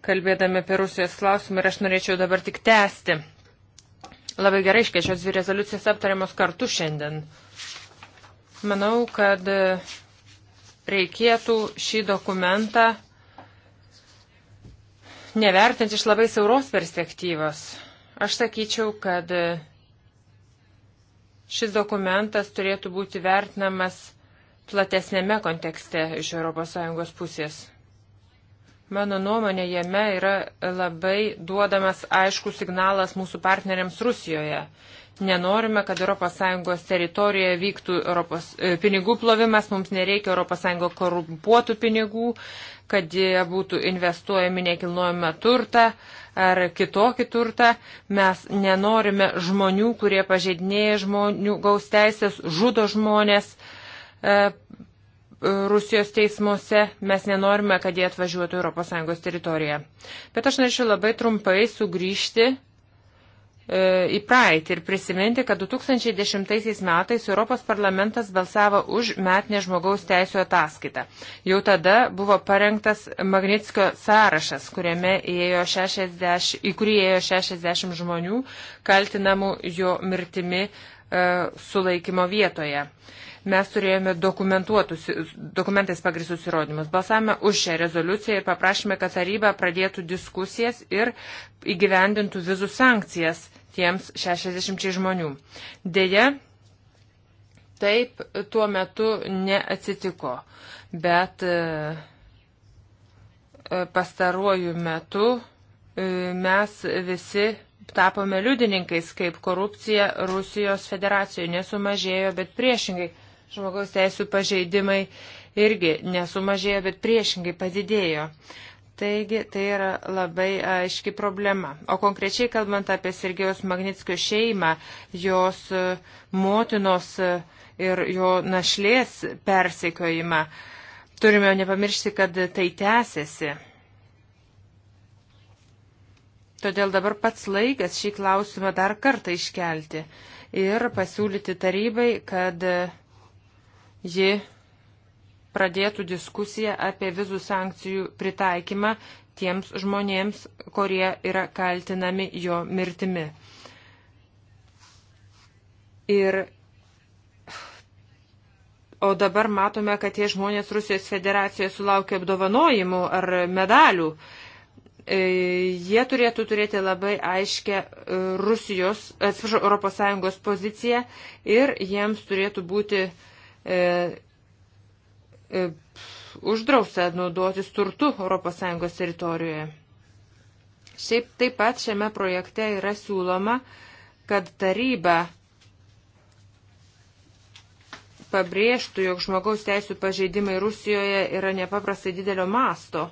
kalbėdami apie Rusijos klausimą ir aš norėčiau dabar tik tęsti. Labai gerai, kad šios dvi rezoliucijas aptariamos kartu šiandien. Manau, kad reikėtų šį dokumentą nevertinti iš labai siauros perspektyvos. Aš sakyčiau, kad šis dokumentas turėtų būti vertinamas platesnėme kontekste iš ES pusės. Mano nuomonė jame yra labai duodamas aiškus signalas mūsų partneriams Rusijoje. Nenorime, kad ES teritorijoje vyktų Europos, e, pinigų plovimas, mums nereikia ES korumpuotų pinigų, kad jie būtų investuojami nekilnojame turtą ar kitokį turtą. Mes nenorime žmonių, kurie pažeidinėja žmonių gaus teisės, žudo žmonės, e, Rusijos teismuose, mes nenorime, kad jie atvažiuotų ES teritoriją. Bet aš norėčiau labai trumpai sugrįžti e, į praeitį ir prisiminti, kad 2010 metais Europos parlamentas balsavo už metinę žmogaus teisų ataskaitą. Jau tada buvo parengtas Magnitskio sąrašas, įėjo 60, į kurį įėjo 60 žmonių kaltinamų jo mirtimi e, sulaikymo vietoje. E, Mes turėjome dokumentais pagristus įrodymus. Balsavome už šią rezoliuciją ir paprašėme, kad taryba pradėtų diskusijas ir įgyvendintų vizų sankcijas tiems 60 žmonių. Deja, taip tuo metu neatsitiko, bet e, pastaruoju metu e, mes visi tapome liudininkais, kaip korupcija Rusijos federacijoje nesumažėjo, bet priešingai žmogaus teisų pažeidimai irgi nesumažėjo, bet priešingai padidėjo. Taigi tai yra labai aiški problema. O konkrečiai kalbant apie Sergejos Magnitskio šeimą, jos e, motinos e, ir jo našlės persekiojimą, turime nepamiršti, kad tai tęsiasi. Todėl dabar pats laikas šį klausimą dar kartą iškelti ir pasiūlyti tarybai, kad ji pradėtų diskusiją apie vizų sankcijų pritaikymą tiems žmonėms, kurie yra kaltinami jo mirtimi. Ir o dabar matome, kad tie žmonės Rusijos federacijoje sulaukia apdovanojimų ar medalių. E, jie turėtų turėti labai aiškę e, Rusijos, atsiprašau, ES poziciją ir jiems turėtų būti uh, E, e, uždrausta naudotis turtu ES teritorijoje. Šiaip taip pat šiame projekte yra siūloma, kad taryba pabrėžtų, jog žmogaus teisų pažeidimai Rusijoje yra nepaprastai didelio masto.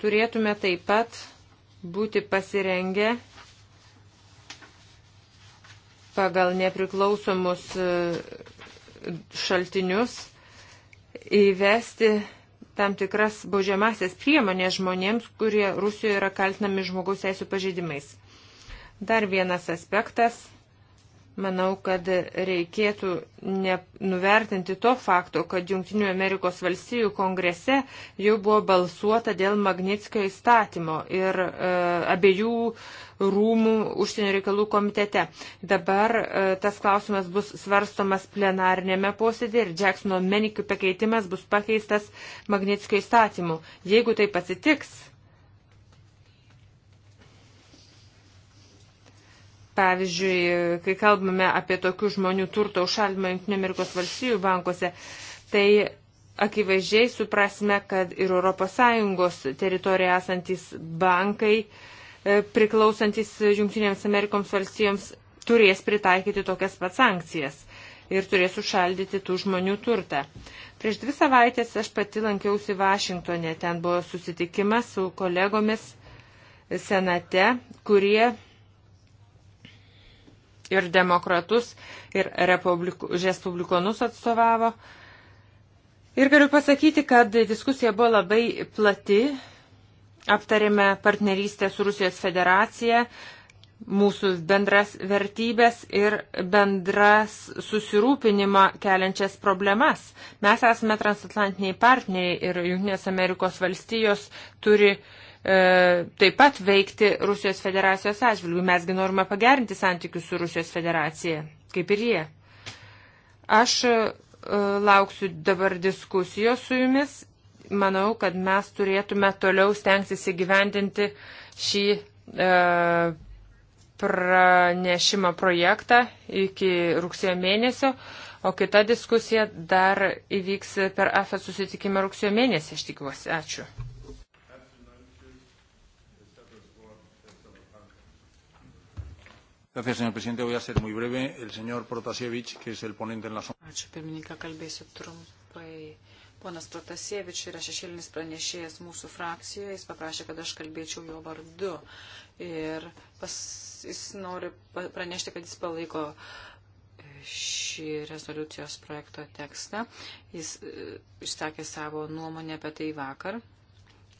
Turėtume taip pat būti pasirengę pagal nepriklausomus šaltinius, įvesti tam tikras baudžiamasias priemonės žmonėms, kurie Rusijoje yra kaltinami žmogaus teisų pažeidimais. Dar vienas aspektas Manau, kad reikėtų nuvertinti to fakto, kad Junktinių Amerikos valstijų kongrese jau buvo balsuota dėl Magnitskio įstatymo ir e, abiejų rūmų užsienio reikalų komitete. Dabar e, tas klausimas bus svarstomas plenarinėme posėdėje ir Jacksono Menikių pakeitimas bus pakeistas Magnitskio įstatymu. Jeigu tai pasitiks, Pavyzdžiui, kai kalbame apie tokių žmonių turto užšaldimą JAV bankuose, tai akivaizdžiai suprasime, kad ir ES teritorijoje esantis bankai e, priklausantis Junktinėms Amerikoms valstijoms turės pritaikyti tokias pat sankcijas ir turės užšaldyti tų žmonių turtą. Prieš dvi savaitės aš pati lankiausi Vašingtonė, ten buvo susitikimas su kolegomis senate, kurie ir demokratus, ir respublikonus atstovavo. Ir galiu pasakyti, kad diskusija buvo labai plati. Aptarėme partnerystę su Rusijos federacija, mūsų bendras vertybės ir bendras susirūpinimą keliančias problemas. Mes esame transatlantiniai partneriai ir Junktinės Amerikos valstijos turi uh, E, taip pat veikti Rusijos federacijos atžvilgių. Mesgi norime pagerinti santykius su Rusijos federacija, kaip ir jie. Aš e, lauksiu dabar diskusijos su jumis. Manau, kad mes turėtume toliau stengtis įgyvendinti šį e, pranešimą projektą iki rugsėjo mėnesio, o kita diskusija dar įvyks per AFE susitikimą rugsėjo mėnesį, aš tikiuosi. Ačiū. Gracias, señor presidente. Voy a ser muy breve. El señor Protasevich, que es el ponente en la sombra. Ačiū, pirmininką, kalbėsiu trumpai. Ponas Protasievič yra šešėlinis pranešėjas mūsų frakcijoje. Jis paprašė, kad aš kalbėčiau jo vardu. Ir pas, jis nori pranešti, kad jis palaiko e, šį rezoliucijos projekto tekstą. Jis e, išsakė savo nuomonę apie tai vakar.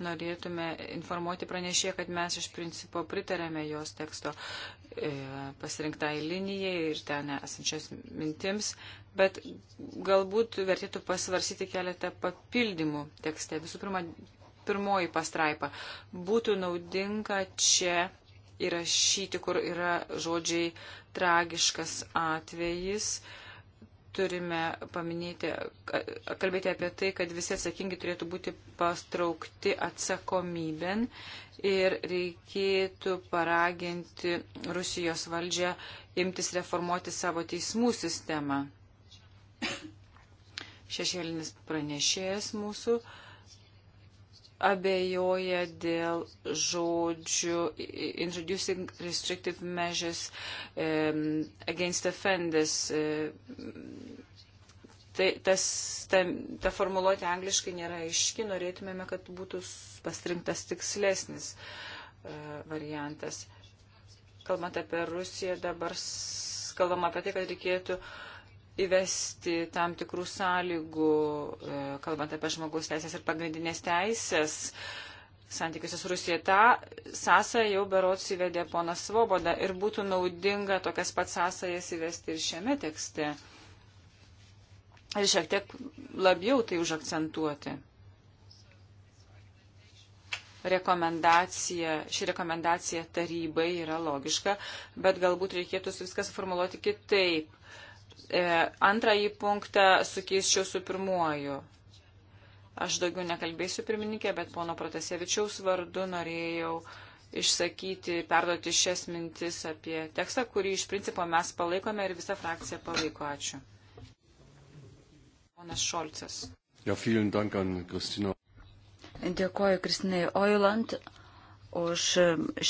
Norėtume informuoti pranešėją, kad mes iš principo pritarėme jos teksto E, pasirinktai linijai ir ten esančias mintims, bet galbūt vertėtų pasvarsyti keletą papildymų tekste. Visų pirma, pirmoji pastraipa. Būtų naudinga čia įrašyti, kur yra žodžiai tragiškas atvejis. E, turime paminėti, kalbėti apie tai, kad visi atsakingi turėtų būti pastraukti atsakomybėn ir reikėtų paraginti Rusijos valdžią imtis reformuoti savo teismų sistemą. Šešėlinis pranešėjas mūsų uh, abejoja dėl žodžių introducing restrictive measures um, against offenders. Tai, tas, ta, ta formuluotė angliškai nėra aiški, norėtumėme, kad būtų pasirinktas tikslesnis uh, variantas. Kalbant apie Rusiją, dabar kalbam apie tai, kad reikėtų uh, įvesti tam tikrų sąlygų, e, kalbant apie žmogaus teisės ir pagrindinės teisės santykiuose su Rusija. Ta sąsą jau berots įvedė ponas Svoboda ir būtų naudinga tokias pat sąsajas įvesti ir šiame tekste. Ir šiek tiek labiau tai užakcentuoti. Rekomendacija, ši rekomendacija tarybai yra logiška, bet galbūt reikėtų viską suformuoluoti kitaip. Uh, E, antrąjį punktą sukeisčiau su pirmuoju. Aš daugiau nekalbėsiu pirmininkė, bet pono Protasevičiaus vardu norėjau išsakyti, perduoti šias mintis apie tekstą, kurį iš principo mes palaikome ir visa frakcija palaiko. Ačiū. Ponas Šolcas. Ja, dank an Kristina. Dėkuoju Kristinai Oiland už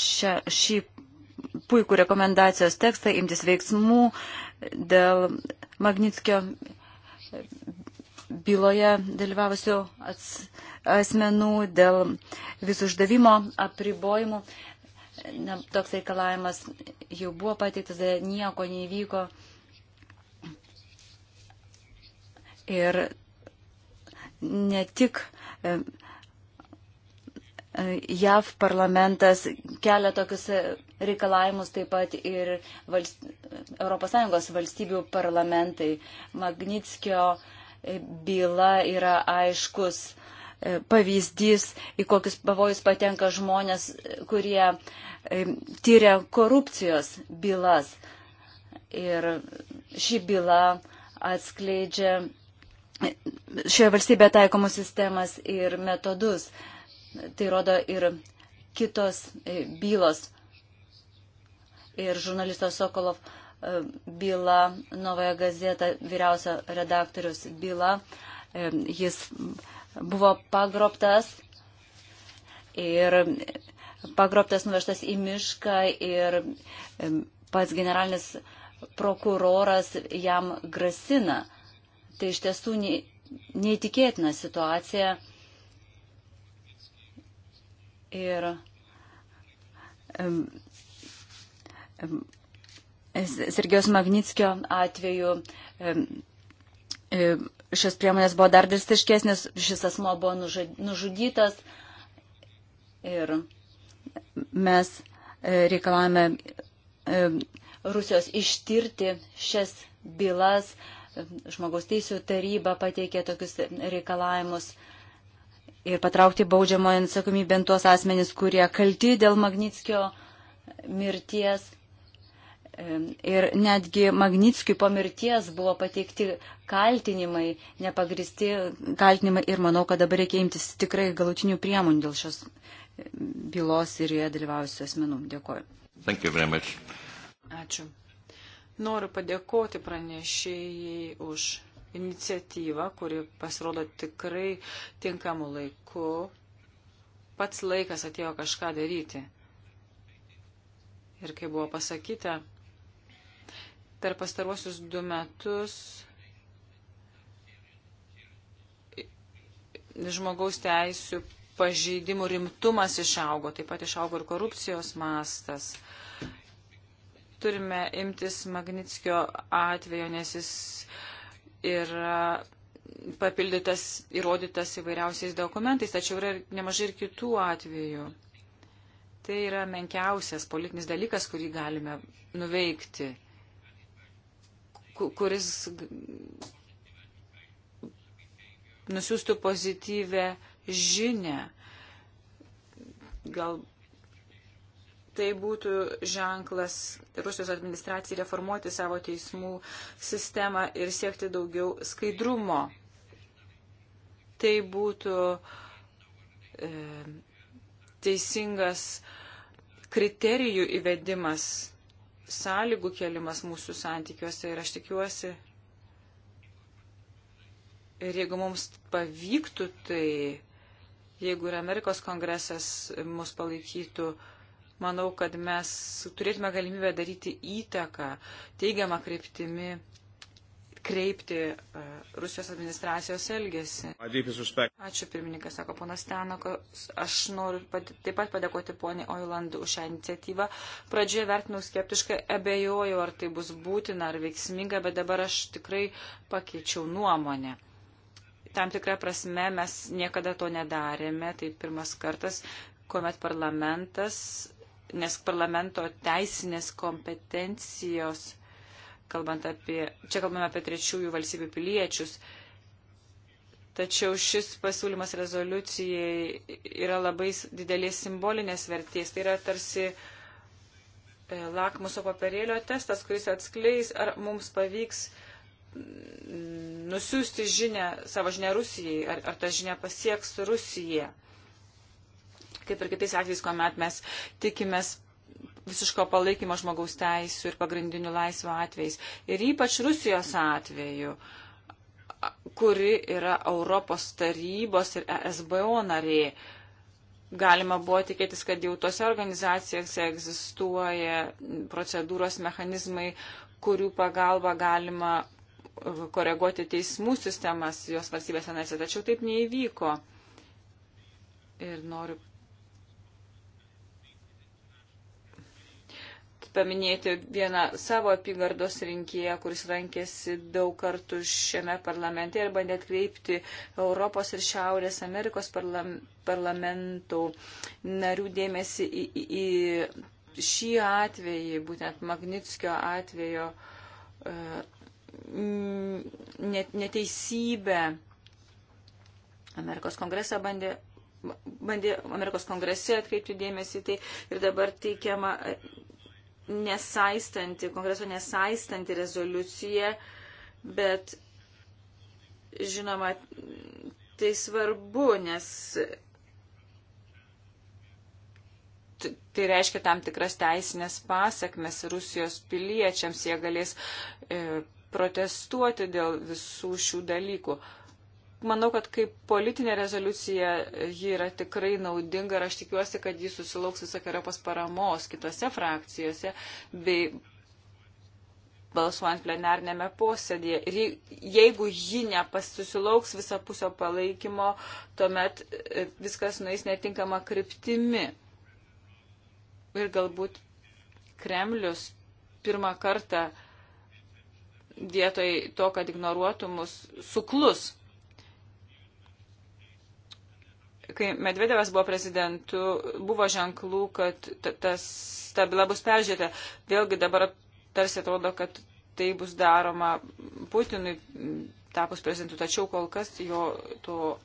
šią, šį puikų rekomendacijos tekstą imtis veiksmų dėl Magnitskio byloje dalyvavusių asmenų, dėl visų uždavimo apribojimų. Ne, toks reikalavimas jau buvo pateiktas, nieko neįvyko. Ir ne tik JAV parlamentas kelia tokius reikalavimus taip pat ir valst... ES valstybių parlamentai. Magnitskio e, byla yra aiškus e, pavyzdys, į kokius pavojus patenka žmonės, kurie e, tyria korupcijos bylas. Ir ši byla atskleidžia šioje valstybėje taikomus sistemas ir metodus. Tai rodo ir kitos e, bylos. Ir žurnalisto Sokolov e, byla, Novoje gazeta vyriausio redaktorius byla. E, jis buvo pagroptas ir pagroptas nuvežtas į mišką ir pats generalinis prokuroras jam grasina. Tai iš tiesų neįtikėtina situacija ir Sergijos Magnitskio atveju šios priemonės buvo dar drastiškesnės, šis asmo buvo nužudytas ir mes e, reikalavome Rusijos ištirti šias bylas. Žmogaus teisų taryba pateikė tokius reikalavimus ir patraukti baudžiamojo atsakomybę tuos asmenys, kurie kalti dėl Magnitskio mirties. Ir netgi Magnitskiui po mirties buvo pateikti kaltinimai, nepagristi kaltinimai ir manau, kad dabar reikia imtis tikrai galutinių priemonių dėl šios bylos ir joje dalyvavusių asmenų. Dėkoju. Ačiū. Noriu padėkoti pranešėjai už iniciatyvą, kuri pasirodo tikrai tinkamu laiku. Pats laikas atėjo kažką daryti. Ir kaip buvo pasakyta, per pastaruosius du metus žmogaus teisų pažeidimų rimtumas išaugo, taip pat išaugo ir korupcijos mastas. Turime imtis Magnitskio atvejo, nes jis uh, yra e, papildytas, įrodytas įvairiausiais dokumentais, tačiau yra nemažai ir kitų atvejų. Tai yra menkiausias politinis dalykas, kurį galime nuveikti, kuris nusiųstų pozityvę žinę. Gal tai būtų ženklas Rusijos administracijai reformuoti savo teismų sistemą ir siekti daugiau skaidrumo. Tai būtų e, teisingas kriterijų įvedimas, sąlygų kelimas mūsų santykiuose ir aš tikiuosi. Ir jeigu mums pavyktų, tai jeigu ir Amerikos kongresas mus palaikytų, manau, kad mes turėtume galimybę daryti įtaką teigiamą kryptimi kreipti uh, Rusijos administracijos elgesį. Ačiū pirmininkas, sako ponas Tenakas. Aš noriu pat, taip pat padėkoti poniai Oiland už šią iniciatyvą. Pradžioje vertinau skeptiškai, abejojau, ar tai bus būtina ar veiksminga, bet dabar aš tikrai pakeičiau nuomonę. Tam tikrą prasme mes niekada to nedarėme, tai pirmas kartas, kuomet parlamentas nes parlamento teisinės kompetencijos, kalbant apie, čia kalbame apie trečiųjų valstybių piliečius, tačiau šis pasiūlymas rezoliucijai yra labai didelės simbolinės vertės. Tai yra tarsi e, lakmuso papirėlio testas, kuris atskleis, ar mums pavyks nusiųsti žinę, savo žinę Rusijai, ar, ar ta žinia pasieks Rusiją kaip ir kitais atvejais, kuomet mes tikimės visiško palaikymo žmogaus teisų ir pagrindinių laisvų atvejais. Ir ypač Rusijos atveju, kuri yra Europos tarybos ir ESBO narė. Galima buvo tikėtis, kad jau tose organizacijose egzistuoja procedūros mechanizmai, kurių pagalba galima koreguoti teismų sistemas jos valstybėse narėse, tačiau taip neįvyko. Ir noriu paminėti vieną savo apygardos rinkėją, kuris rankėsi daug kartų šiame parlamente ir bandė atkreipti Europos ir Šiaurės Amerikos parlam, parlamentų narių dėmesį į, į, į šį atvejį, būtent Magnitskio atvejo e, neteisybę. Amerikos kongresą bandė bandė Amerikos kongrese atkreipti dėmesį tai ir dabar teikiama nesaistanti, kongreso nesaistanti rezoliucija, bet žinoma, tai svarbu, nes tai reiškia tam tikras teisinės pasiekmes Rusijos piliečiams, jie galės e, protestuoti dėl visų šių dalykų. E, manau, kad kaip politinė rezoliucija ji yra tikrai naudinga ir aš tikiuosi, kad ji susilauks visokiojopos paramos kitose frakcijose bei balsuojant plenarnėme posėdėje. Ir jeigu ji nepasusilauks visapusio palaikymo, tuomet e, viskas nueis netinkama kryptimi. Ir galbūt Kremlius pirmą kartą vietoj to, kad ignoruotų mus, suklus kai Medvedevas buvo prezidentu, buvo ženklų, kad tas ta byla bus peržiūrėta. Vėlgi dabar tarsi atrodo, kad tai bus daroma Putinui tapus prezidentu, tačiau kol kas jo to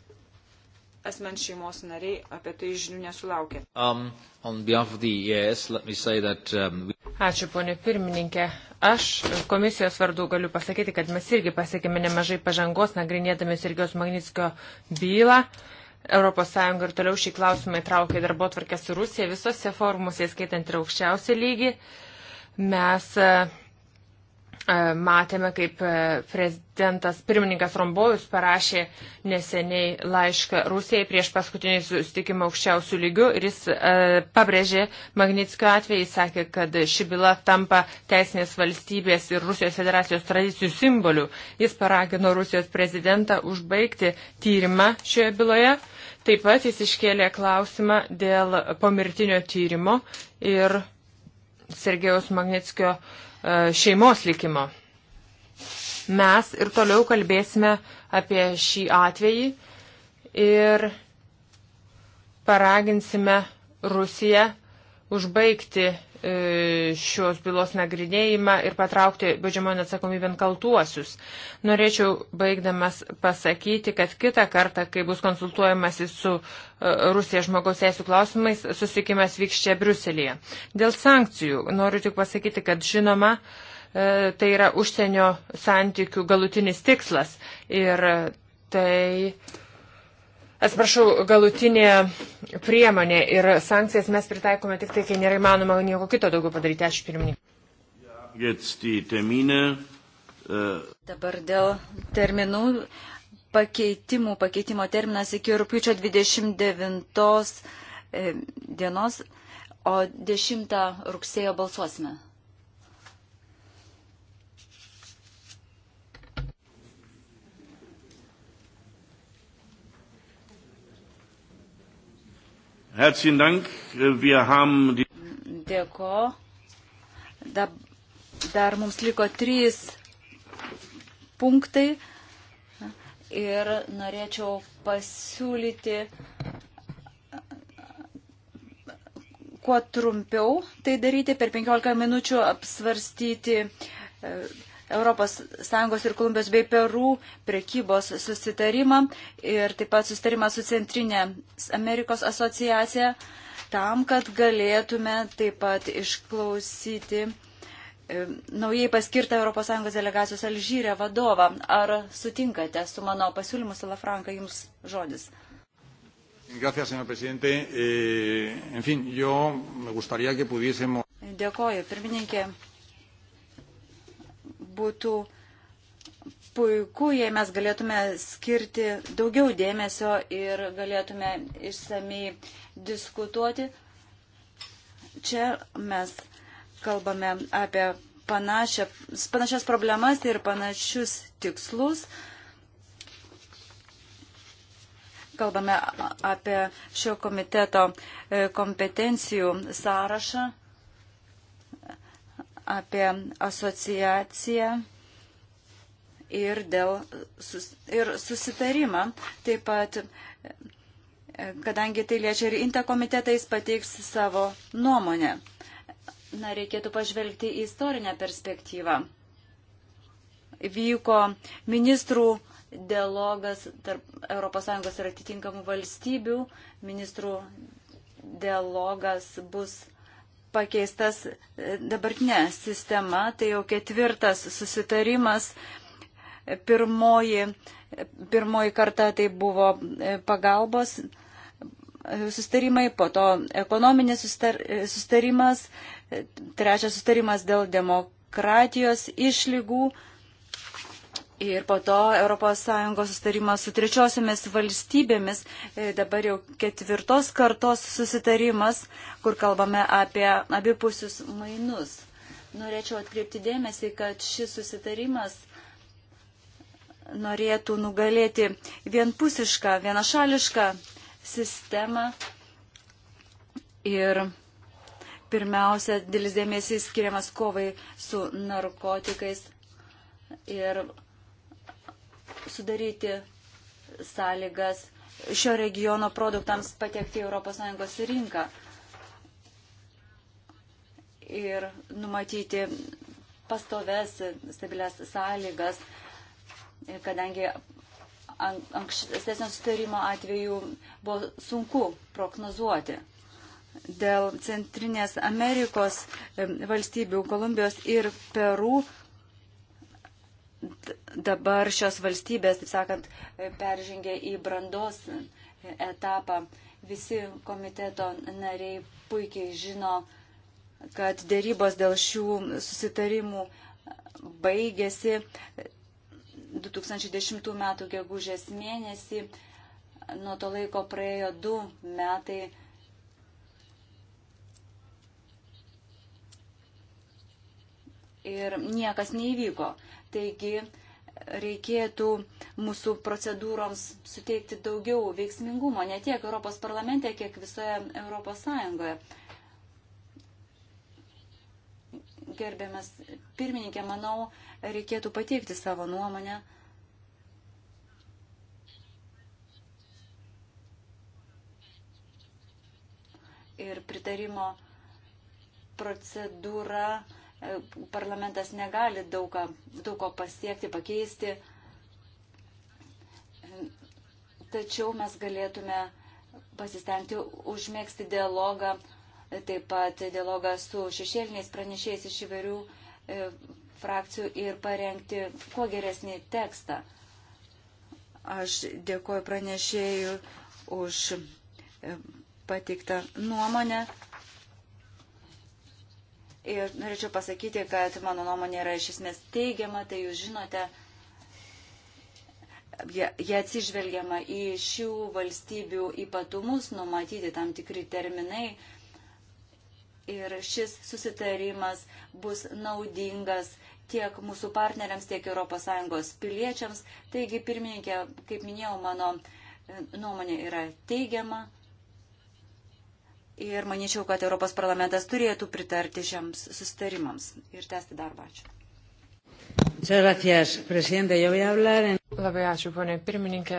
asmens šeimos nariai apie tai žinių nesulaukė. Um, ES, e that, um... Ačiū, ponė pirmininkė. Aš komisijos vardu galiu pasakyti, kad mes irgi pasiekėme nemažai pažangos, nagrinėdami Sergijos Magnitskio bylą. Uh, ES ir toliau šį klausimą įtraukia darbo tvarkę su Rusija visose formuose, skaitant ir aukščiausią lygį. Mes e, e, matėme, kaip e, prezidentas pirmininkas Rombojus parašė neseniai laišką Rusijai prieš paskutinį susitikimą aukščiausių lygių ir jis pabrėžė Magnitskio atvejį, sakė, kad ši byla tampa teisinės valstybės ir Rusijos federacijos tradicijų simboliu. Jis paragino Rusijos prezidentą užbaigti tyrimą šioje byloje Taip pat jis iškėlė klausimą dėl pomirtinio tyrimo ir Sergejaus Magnetskio e, šeimos likimo. Mes ir toliau kalbėsime apie šį atvejį ir paraginsime Rusiją užbaigti E, šios bylos nagrinėjimą ir patraukti baudžiamojo atsakomybėn kaltuosius. Norėčiau baigdamas pasakyti, kad kitą kartą, kai bus konsultuojamasi su e, Rusija žmogaus teisų klausimais, susikimas vyks čia Briuselėje. Dėl sankcijų noriu tik pasakyti, kad žinoma, e, tai yra užsienio santykių galutinis tikslas ir tai Atsiprašau, galutinė priemonė ir sankcijas mes pritaikome tik tai, kai nėra įmanoma nieko kito daugiau padaryti. Ačiū pirmininkai. Äh, Dabar dėl terminų pakeitimų. Pakeitimo terminas iki rūpiučio 29 e, dienos, o 10 rugsėjo balsuosime. Herzlichen Dank. Wir haben die. Dėko. Da, dar mums liko trys punktai ir norėčiau pasiūlyti kuo trumpiau tai daryti, per 15 minučių apsvarstyti e, ES ir Kolumbijos bei Perų prekybos susitarimą ir taip pat susitarimą su Centrinė Amerikos asociacija tam, kad galėtume taip pat išklausyti e, naujai paskirtą ES delegacijos Alžyrę vadovą. Ar sutinkate su mano pasiūlymu, Salafranka, jums žodis? Gracias, señor presidente. Eh, en fin, yo me gustaría que pudiésemos. Dėkoju, pirmininkė būtų puiku, jei mes galėtume skirti daugiau dėmesio ir galėtume išsamei diskutuoti. Čia mes kalbame apie panašia, panašias problemas ir panašius tikslus. Kalbame apie šio komiteto e, kompetencijų sąrašą apie asociaciją ir, dėl, sus, ir susitarimą. Taip pat, kadangi tai liečia ir INTA komitetą, jis pateiks savo nuomonę. Na, reikėtų pažvelgti į istorinę perspektyvą. Vyko ministrų dialogas tarp ES ir atitinkamų valstybių. Ministrų dialogas bus pakeistas e, dabartinė sistema, tai jau ketvirtas susitarimas. Pirmoji, pirmoji karta tai buvo e, pagalbos e, sustarimai, po to ekonominis sustar, sustarimas, trečias sustarimas dėl demokratijos išlygų, Ir po to ES susitarimas su trečiosiomis valstybėmis, e, dabar jau ketvirtos kartos susitarimas, kur kalbame apie abipusius mainus. Norėčiau atkreipti dėmesį, kad šis susitarimas norėtų nugalėti vienpusišką, vienašališką sistemą ir pirmiausia, dėlis dėmesys skiriamas kovai su narkotikais ir sudaryti sąlygas šio regiono produktams patekti į ES rinką ir numatyti pastoves stabilias sąlygas, kadangi ankstesnio sutarimo atveju buvo sunku prognozuoti. Dėl Centrinės Amerikos valstybių Kolumbijos ir Peru dabar šios valstybės, taip sakant, peržengė į brandos etapą. Visi komiteto nariai puikiai žino, kad dėrybos dėl šių susitarimų baigėsi 2010 m. gegužės mėnesį. Nuo to laiko praėjo du metai. Ir niekas neįvyko. Taigi reikėtų mūsų procedūroms suteikti daugiau veiksmingumo, ne tiek Europos parlamente, kiek visoje Europos Sąjungoje. Gerbiamas pirmininkė, manau, reikėtų pateikti savo nuomonę. Ir pritarimo procedūra parlamentas negali daug ko, daug ko pasiekti, pakeisti. Tačiau mes galėtume pasistengti užmėgsti dialogą, taip pat dialogą su šešėliniais pranešėjais iš įvairių e, frakcijų ir parengti kuo geresnį tekstą. Aš dėkoju pranešėjų už e, pateiktą nuomonę. Ir norėčiau pasakyti, kad mano nuomonė yra iš esmės teigiama, tai jūs žinote, jie atsižvelgiama į šių valstybių ypatumus, numatyti tam tikri terminai. Ir šis susitarimas bus naudingas tiek mūsų partneriams, tiek ES piliečiams. Taigi, pirmininkė, kaip minėjau, mano nuomonė yra teigiama ir manyčiau, kad Europos parlamentas turėtų pritarti šiems sustarimams ir tęsti darbą. Ačiū. Labai ačiū, ponė pirmininkė.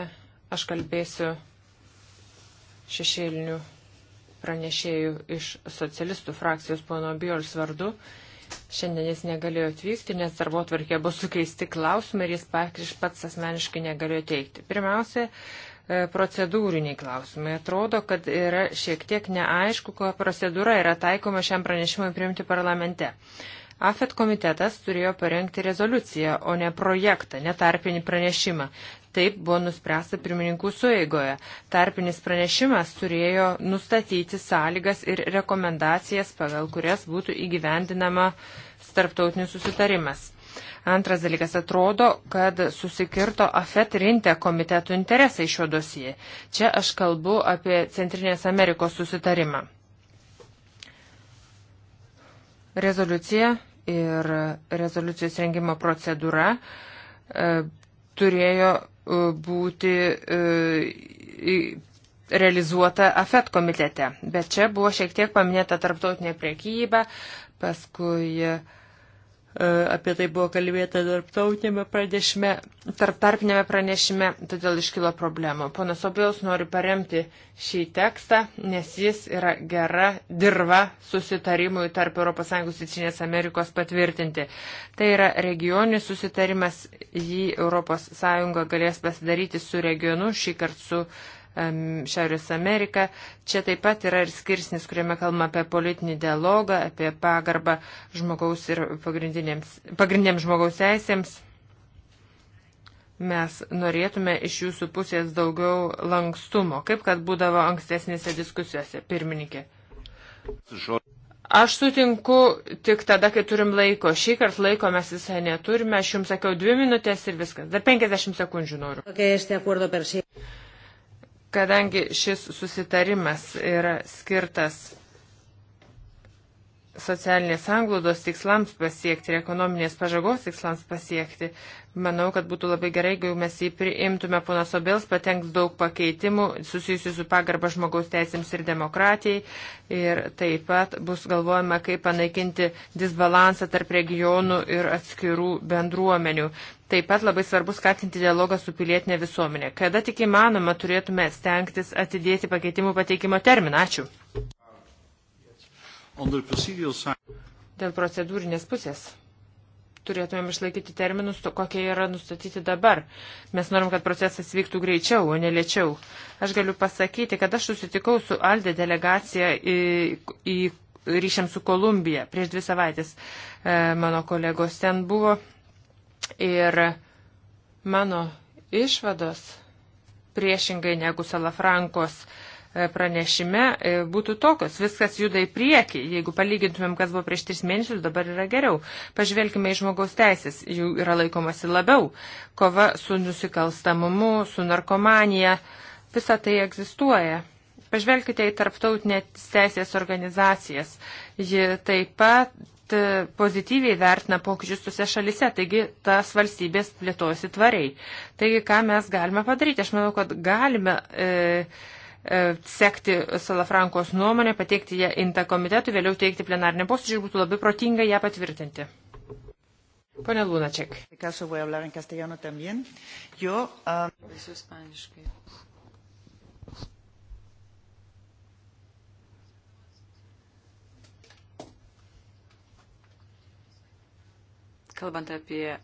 Aš kalbėsiu šešėlinių pranešėjų iš socialistų frakcijos pono Biols vardu. Šiandien jis negalėjo atvykti, nes darbo tvarkė buvo sukeisti klausimai ir jis pats asmeniškai negalėjo teikti. Pirmiausia, E, procedūriniai klausimai. Atrodo, kad yra šiek tiek neaišku, kokia procedūra yra taikoma šiam pranešimui priimti parlamente. AFET komitetas turėjo parengti rezoliuciją, o ne projektą, netarpinį pranešimą. Taip buvo nuspręsta pirmininkų sueigoje. Tarpinis pranešimas turėjo nustatyti sąlygas ir rekomendacijas, pagal kurias būtų įgyvendinama tarptautinis susitarimas. Antras dalykas atrodo, kad susikirto AFET rinte komitetų interesai šio dosijai. Čia aš kalbu apie Centrinės Amerikos susitarimą. Rezoliucija ir rezoliucijos rengimo procedūra e, turėjo e, būti e, realizuota AFET komitete. Bet čia buvo šiek tiek paminėta tarptautinė priekyba, paskui e, E, apie tai buvo kalbėta tarptautinėme pranešime, tarptarpinėme pranešime, todėl iškilo problema. Ponas Obėls nori paremti šį tekstą, nes jis yra gera dirba susitarimui tarp ES ir Činės Amerikos patvirtinti. Tai yra regioninis susitarimas, jį ES galės pasidaryti su regionu, šį kartą su Šiaurės Ameriką. Čia taip pat yra ir skirsnis, kuriame kalbama apie politinį dialogą, apie pagarbą žmogaus ir pagrindiniams žmogaus teisėms. Mes norėtume iš jūsų pusės daugiau lankstumo, kaip kad būdavo ankstesnėse diskusijose, pirmininkė. Aš sutinku tik tada, kai turim laiko. Šį kartą laiko mes visai neturime. Aš jums sakiau dvi minutės ir viskas. Dar 50 sekundžių noriu. Okay, Kadangi šis susitarimas yra skirtas socialinės sanglaudos tikslams pasiekti ir ekonominės pažagos tikslams pasiekti. Manau, kad būtų labai gerai, jeigu mes jį priimtume, ponas Obels patenks daug pakeitimų susijusių su pagarba žmogaus teisėms ir demokratijai. Ir taip pat bus galvojama, kaip panaikinti disbalansą tarp regionų ir atskirų bendruomenių. Taip pat labai svarbu skatinti dialogą su pilietinė visuomenė. Kada tik įmanoma, turėtume stengtis atidėti pakeitimų pateikimo terminą. Ačiū. Dėl procedūrinės pusės turėtumėm išlaikyti terminus, to, kokie yra nustatyti dabar. Mes norim, kad procesas vyktų greičiau, o ne lėčiau. Aš galiu pasakyti, kad aš susitikau su Aldė delegacija į, į ryšiam su Kolumbija prieš dvi savaitės. E, mano kolegos ten buvo ir mano išvados priešingai negu Salafrankos e, pranešime e, būtų tokios. Viskas juda į priekį. Jeigu palygintumėm, kas buvo prieš tris mėnesius, dabar yra geriau. Pažvelkime į žmogaus teisės. Jų yra laikomasi labiau. Kova su nusikalstamumu, su narkomanija. Visa tai egzistuoja. Pažvelkite į tarptautinės teisės organizacijas. Ji taip pat e, pozityviai vertina pokyčius tose šalise, taigi tas valstybės plėtojasi tvariai. Taigi, ką mes galime padaryti? Aš manau, kad galime. E, E, sekti Salafrankos nuomonę, pateikti ją inta komitetui, vėliau teikti plenarinę posėdžią ir būtų labai protinga ją patvirtinti. Pone Lunaček. Caso voy a hablar en castellano también. Yo. Um... Ah, Eso hispaniškai. Kalbant apie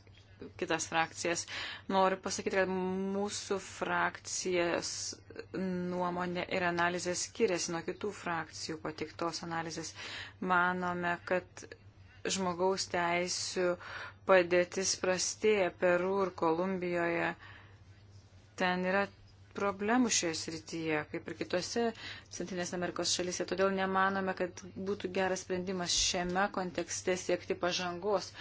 kitas frakcijas, noriu pasakyti, kad mūsų frakcijas nuomonė ir analizė skiriasi nuo kitų frakcijų patiktos analizės. Manome, kad žmogaus teisų padėtis prastėja Peru ir Kolumbijoje. Ten yra problemų šioje srityje, kaip ir kitose Centrinės Amerikos šalyse. Todėl nemanome, kad būtų geras sprendimas šiame kontekste siekti pažangos.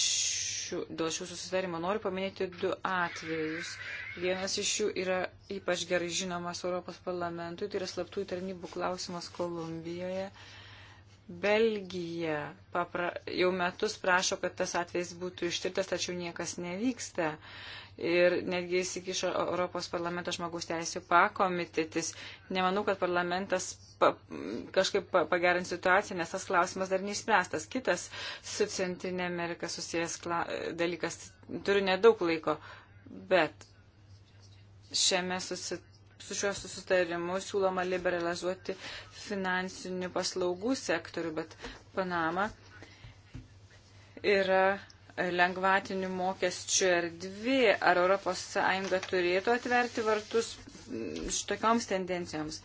Šių, dėl šių susidarimo noriu paminėti du atvejus. Uh, Vienas iš jų yra ypač gerai žinomas Europos parlamentui, tai yra slaptųjų tarnybų klausimas Kolumbijoje. Belgija papra, jau metus prašo, kad tas atvejs būtų ištirtas, tačiau niekas nevyksta. Ir netgi įsikišo Europos parlamento žmogaus teisų pakomitetis. Nemanau, kad parlamentas pa, kažkaip pa, pagerins situaciją, nes tas klausimas dar neišspręstas. Kitas su Centrinė Amerika susijęs kla, dalykas. Turiu nedaug laiko, bet šiame susitarimu su šiuo susitarimu siūloma liberalizuoti finansinių paslaugų sektorių, bet Panama yra lengvatinių mokesčių erdvė. Ar ES turėtų atverti vartus šitokioms tendencijoms?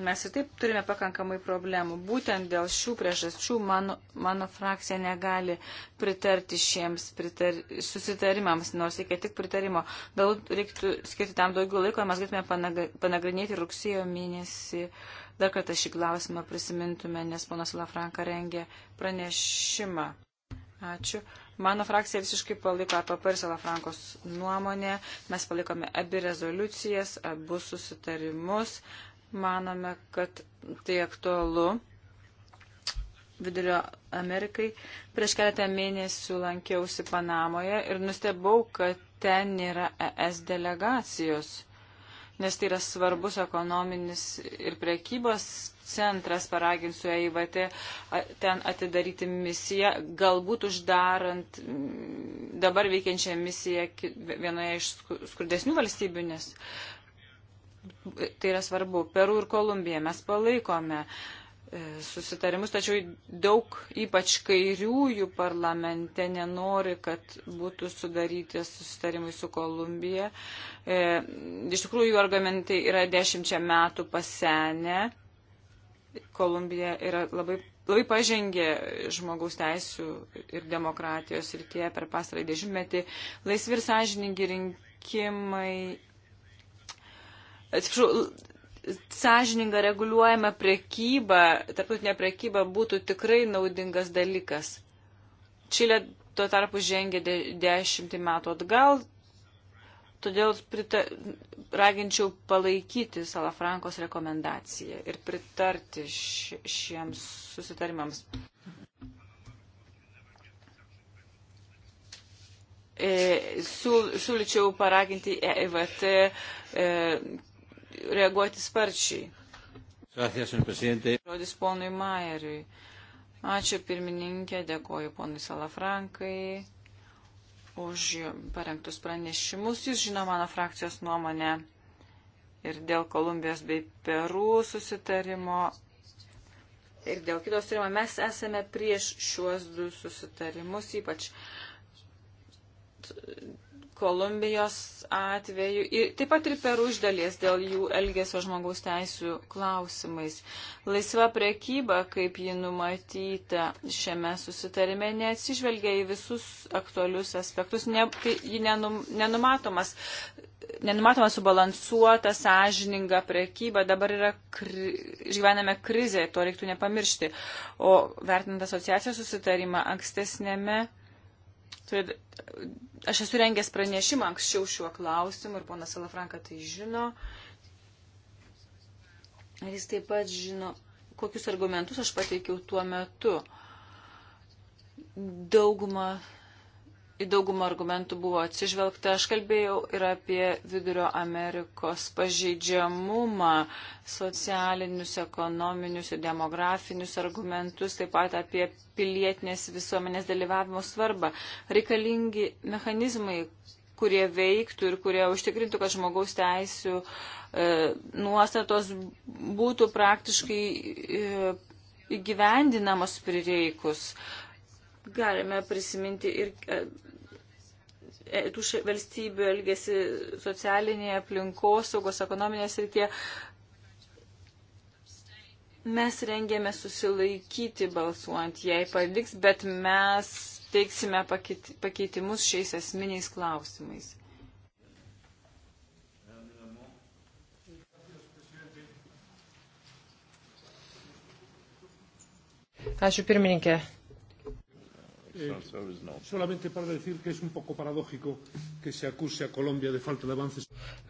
Mes ir taip turime pakankamai problemų. Būtent dėl šių priežasčių mano, mano frakcija negali pritarti šiems pritar, susitarimams, nors reikia tik pritarimo. Galbūt reiktų skirti tam daugiau laiko, mes galėtume panagrinėti rugsėjo mėnesį. Dar kartą šį klausimą prisimintume, nes ponas Lafranka rengė pranešimą. Ačiū. Mano frakcija visiškai palaiko APP ir Salafrankos nuomonę. Mes palaikome abi rezoliucijas, abu susitarimus. Manome, kad tai aktualu Vidurio Amerikai. Prieš keletą mėnesių lankiausi Panamoje ir nustebau, kad ten nėra ES delegacijos, nes tai yra svarbus ekonominis ir prekybos centras, paraginsiu EIVT ten atidaryti misiją, galbūt uždarant dabar veikiančią misiją vienoje iš skurdesnių valstybių, nes tai yra svarbu. Peru ir Kolumbija mes palaikome e, susitarimus, tačiau daug ypač kairiųjų parlamente nenori, kad būtų sudaryti susitarimai su Kolumbija. E, iš tikrųjų, jų argumentai yra dešimčia metų pasenę. Kolumbija yra labai, labai pažengė žmogaus teisų ir demokratijos rytie per pastarąjį dešimtmetį. Laisvi ir sąžiningi rinkimai atsiprašau, sąžininga reguliuojama prekyba, tarptautinė prekyba būtų tikrai naudingas dalykas. Čilė tuo tarpu žengė de, dešimtį metų atgal, todėl prita, raginčiau palaikyti Salafrankos rekomendaciją ir pritarti š, šiems susitarimams. E, siūlyčiau paraginti EIVT e, reaguoti sparčiai. Žodis ponui Maieriui. Ačiū pirmininkė, dėkoju ponui Salafrankai už parengtus pranešimus. Jūs žino mano frakcijos nuomonę ir dėl Kolumbijos bei Perų susitarimo. Ir dėl kitos turimo mes esame prieš šiuos du susitarimus, ypač Kolumbijos atveju ir taip pat ir per uždalies dėl jų elgesio žmogaus teisų klausimais. Laisva priekyba, kaip ji numatyta šiame susitarime, neatsižvelgia į visus aktualius aspektus, ne, tai ji nenum, nenumatomas. Nenumatoma subalansuota, sąžininga prekyba, dabar yra, kri, išgyvename krizę, to reiktų nepamiršti. O vertinant asociacijos susitarimą, ankstesnėme Tai aš esu rengęs pranešimą anksčiau šiuo klausimu ir ponas Salafranka tai žino. Ir jis taip pat žino, kokius argumentus aš pateikiau tuo metu. Dauguma į daugumą argumentų buvo atsižvelgta. Aš kalbėjau ir apie Vidurio Amerikos pažeidžiamumą, socialinius, ekonominius ir demografinius argumentus, taip pat apie pilietinės visuomenės dalyvavimo svarbą. Reikalingi mechanizmai, kurie veiktų ir kurie užtikrintų, kad žmogaus teisų e, nuostatos būtų praktiškai e, įgyvendinamos prireikus. Galime prisiminti ir e, E, tų valstybių elgesi socialinėje aplinkosaugos, ekonominėje srityje. Mes rengėme susilaikyti balsuojant, jei pavyks, bet mes teiksime pakeitimus šiais esminiais klausimais. Ačiū pirmininkė eh, solamente para decir que es un poco paradójico que se acuse a Colombia de falta de avances.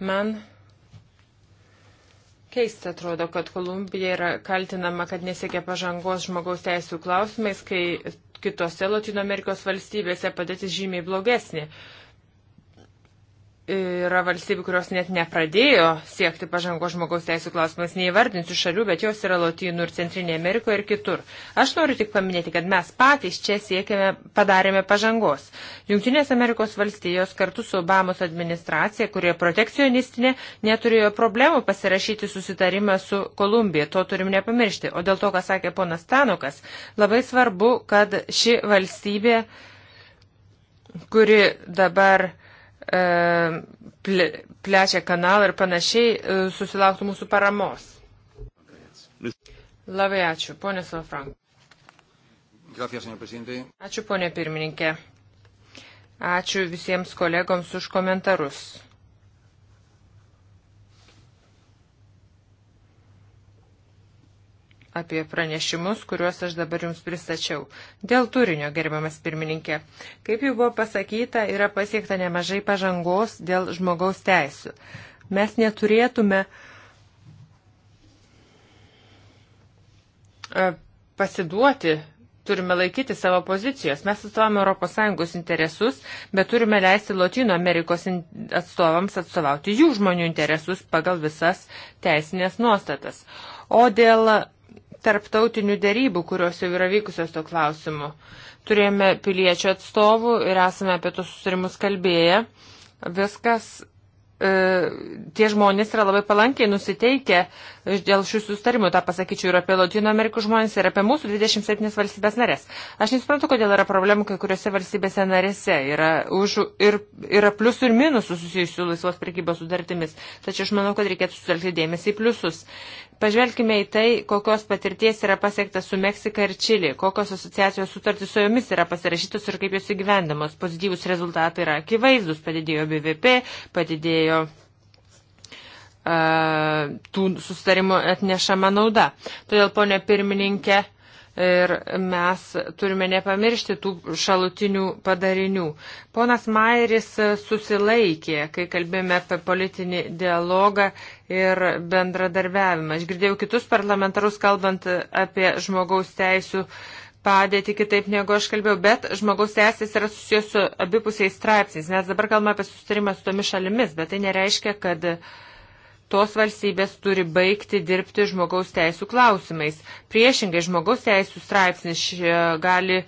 Man keista atrodo, kad Kolumbija yra kaltinama, kad nesiekia pažangos žmogaus teisų klausimais, kai kitose Latino Amerikos valstybėse padėtis žymiai blogesnė. Uh, yra valstybių, kurios net nepradėjo siekti pažangos žmogaus teisų klausimais, neįvardinsiu šalių, bet jos yra Lotynų ir Centrinėje Amerikoje ir kitur. Aš noriu tik paminėti, kad mes patys čia siekėme, padarėme pažangos. Junktinės Amerikos valstijos kartu su Obamos administracija, kurie protekcionistinė, neturėjo problemų pasirašyti susitarimą su Kolumbija. To turim nepamiršti. O dėl to, ką sakė ponas Tanukas, labai svarbu, kad ši valstybė, kuri dabar E, plečia kanalą ir panašiai e, susilauktų mūsų paramos. Labai ačiū, ponė Salafrank. Ačiū, ponė pirmininkė. Ačiū visiems kolegoms už komentarus. apie pranešimus, kuriuos aš dabar jums pristačiau. Dėl turinio, gerbiamas pirmininkė, kaip jau buvo pasakyta, yra pasiekta nemažai pažangos dėl žmogaus teisų. Mes neturėtume e, pasiduoti, turime laikyti savo pozicijos. Mes atstovame ES interesus, bet turime leisti Latino Amerikos atstovams atstovauti jų žmonių interesus pagal visas teisinės nuostatas. O dėl tarptautinių dėrybų, kurios jau yra vykusios to klausimu. Turėjome piliečių atstovų ir esame apie tos susirimus kalbėję. Viskas, e, tie žmonės yra labai palankiai nusiteikę dėl šių sustarimų, tą pasakyčiau ir apie Latino Amerikos žmonės, ir apie mūsų 27 valstybės narės. Aš nesuprantu, kodėl yra problemų kai kuriuose valstybėse narėse. Yra, už, ir, yra pliusų ir minusų susijusių laisvos prekybos sudartimis. Tačiau aš manau, kad reikėtų sutelkti dėmesį į pliusus. Pažvelkime į tai, kokios patirties yra pasiektas su Meksika ir Čili, kokios asociacijos sutartys su jomis yra pasirašytos ir kaip jos įgyvendamos. Pozityvus rezultatai yra akivaizdus, padidėjo BVP, padidėjo uh, tų sustarimų atnešama nauda. Todėl, ponė pirmininkė, ir mes turime nepamiršti tų šalutinių padarinių. Ponas Mairis susilaikė, kai kalbėjome apie politinį dialogą ir bendradarbiavimą. Aš girdėjau kitus parlamentarus kalbant apie žmogaus teisų padėti kitaip negu aš kalbėjau, bet žmogaus teisės yra susijęs su abipusiais straipsniais. Mes dabar kalbame apie sustarimą su tomis šalimis, bet tai nereiškia, kad uh, Tos valstybės turi baigti dirbti žmogaus teisų klausimais. Priešingai, žmogaus teisų straipsnis gali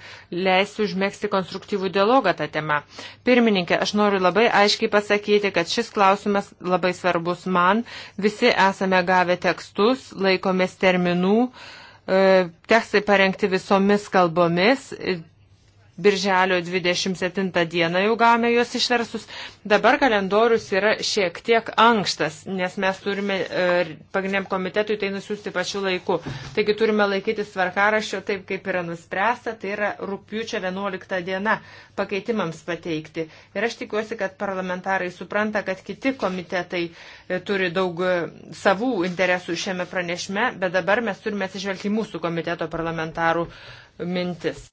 leisti užmėgsti konstruktyvų dialogą tą temą. Pirmininkė, aš noriu labai aiškiai pasakyti, kad šis klausimas labai svarbus man. Visi esame gavę tekstus, laikomės terminų e, tekstai parengti visomis kalbomis, Birželio 27 dieną jau gavome juos išversus. Dabar kalendorius yra šiek tiek ankštas, nes mes turime e, pagrindiniam komitetui tai nusiųsti pačiu laiku. Taigi turime laikytis tvarkaraščio taip, kaip yra nuspręsta, tai yra rūpiučio 11 diena pakeitimams pateikti. Ir aš tikiuosi, kad parlamentarai supranta, kad kiti komitetai e, turi daug e, savų interesų šiame pranešme, bet dabar mes turime atsižvelgti mūsų komiteto parlamentarų mintis.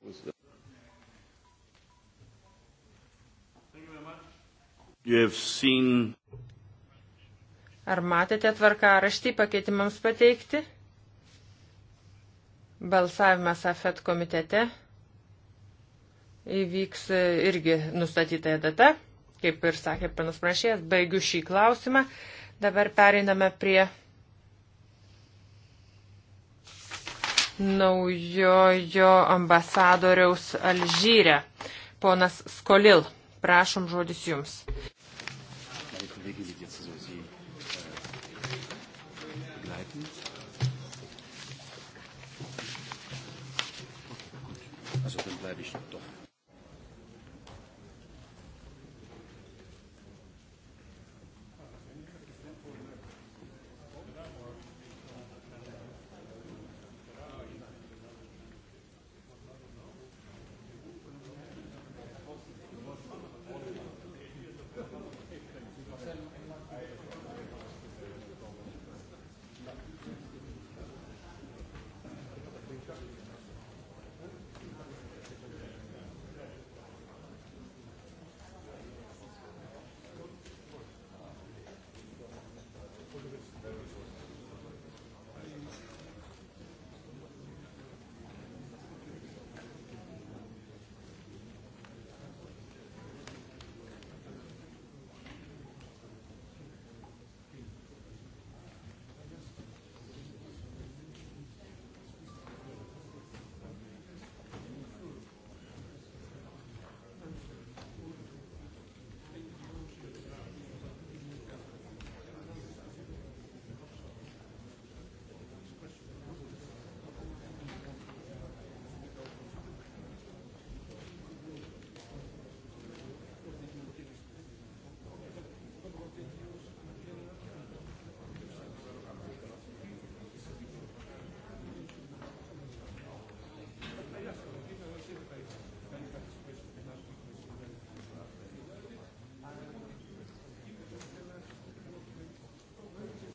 Seen... Ar matėte tvarkaraštį pakeitimams pateikti? Balsavimas AFET komitete įvyks irgi nustatytąją datą, kaip ir sakė panas prašėjas, baigiu šį klausimą. Dabar pereiname prie naujojo ambasadoriaus Alžyre, ponas Skolil. Prašom žodis jums. Also dann bleibe ich doch.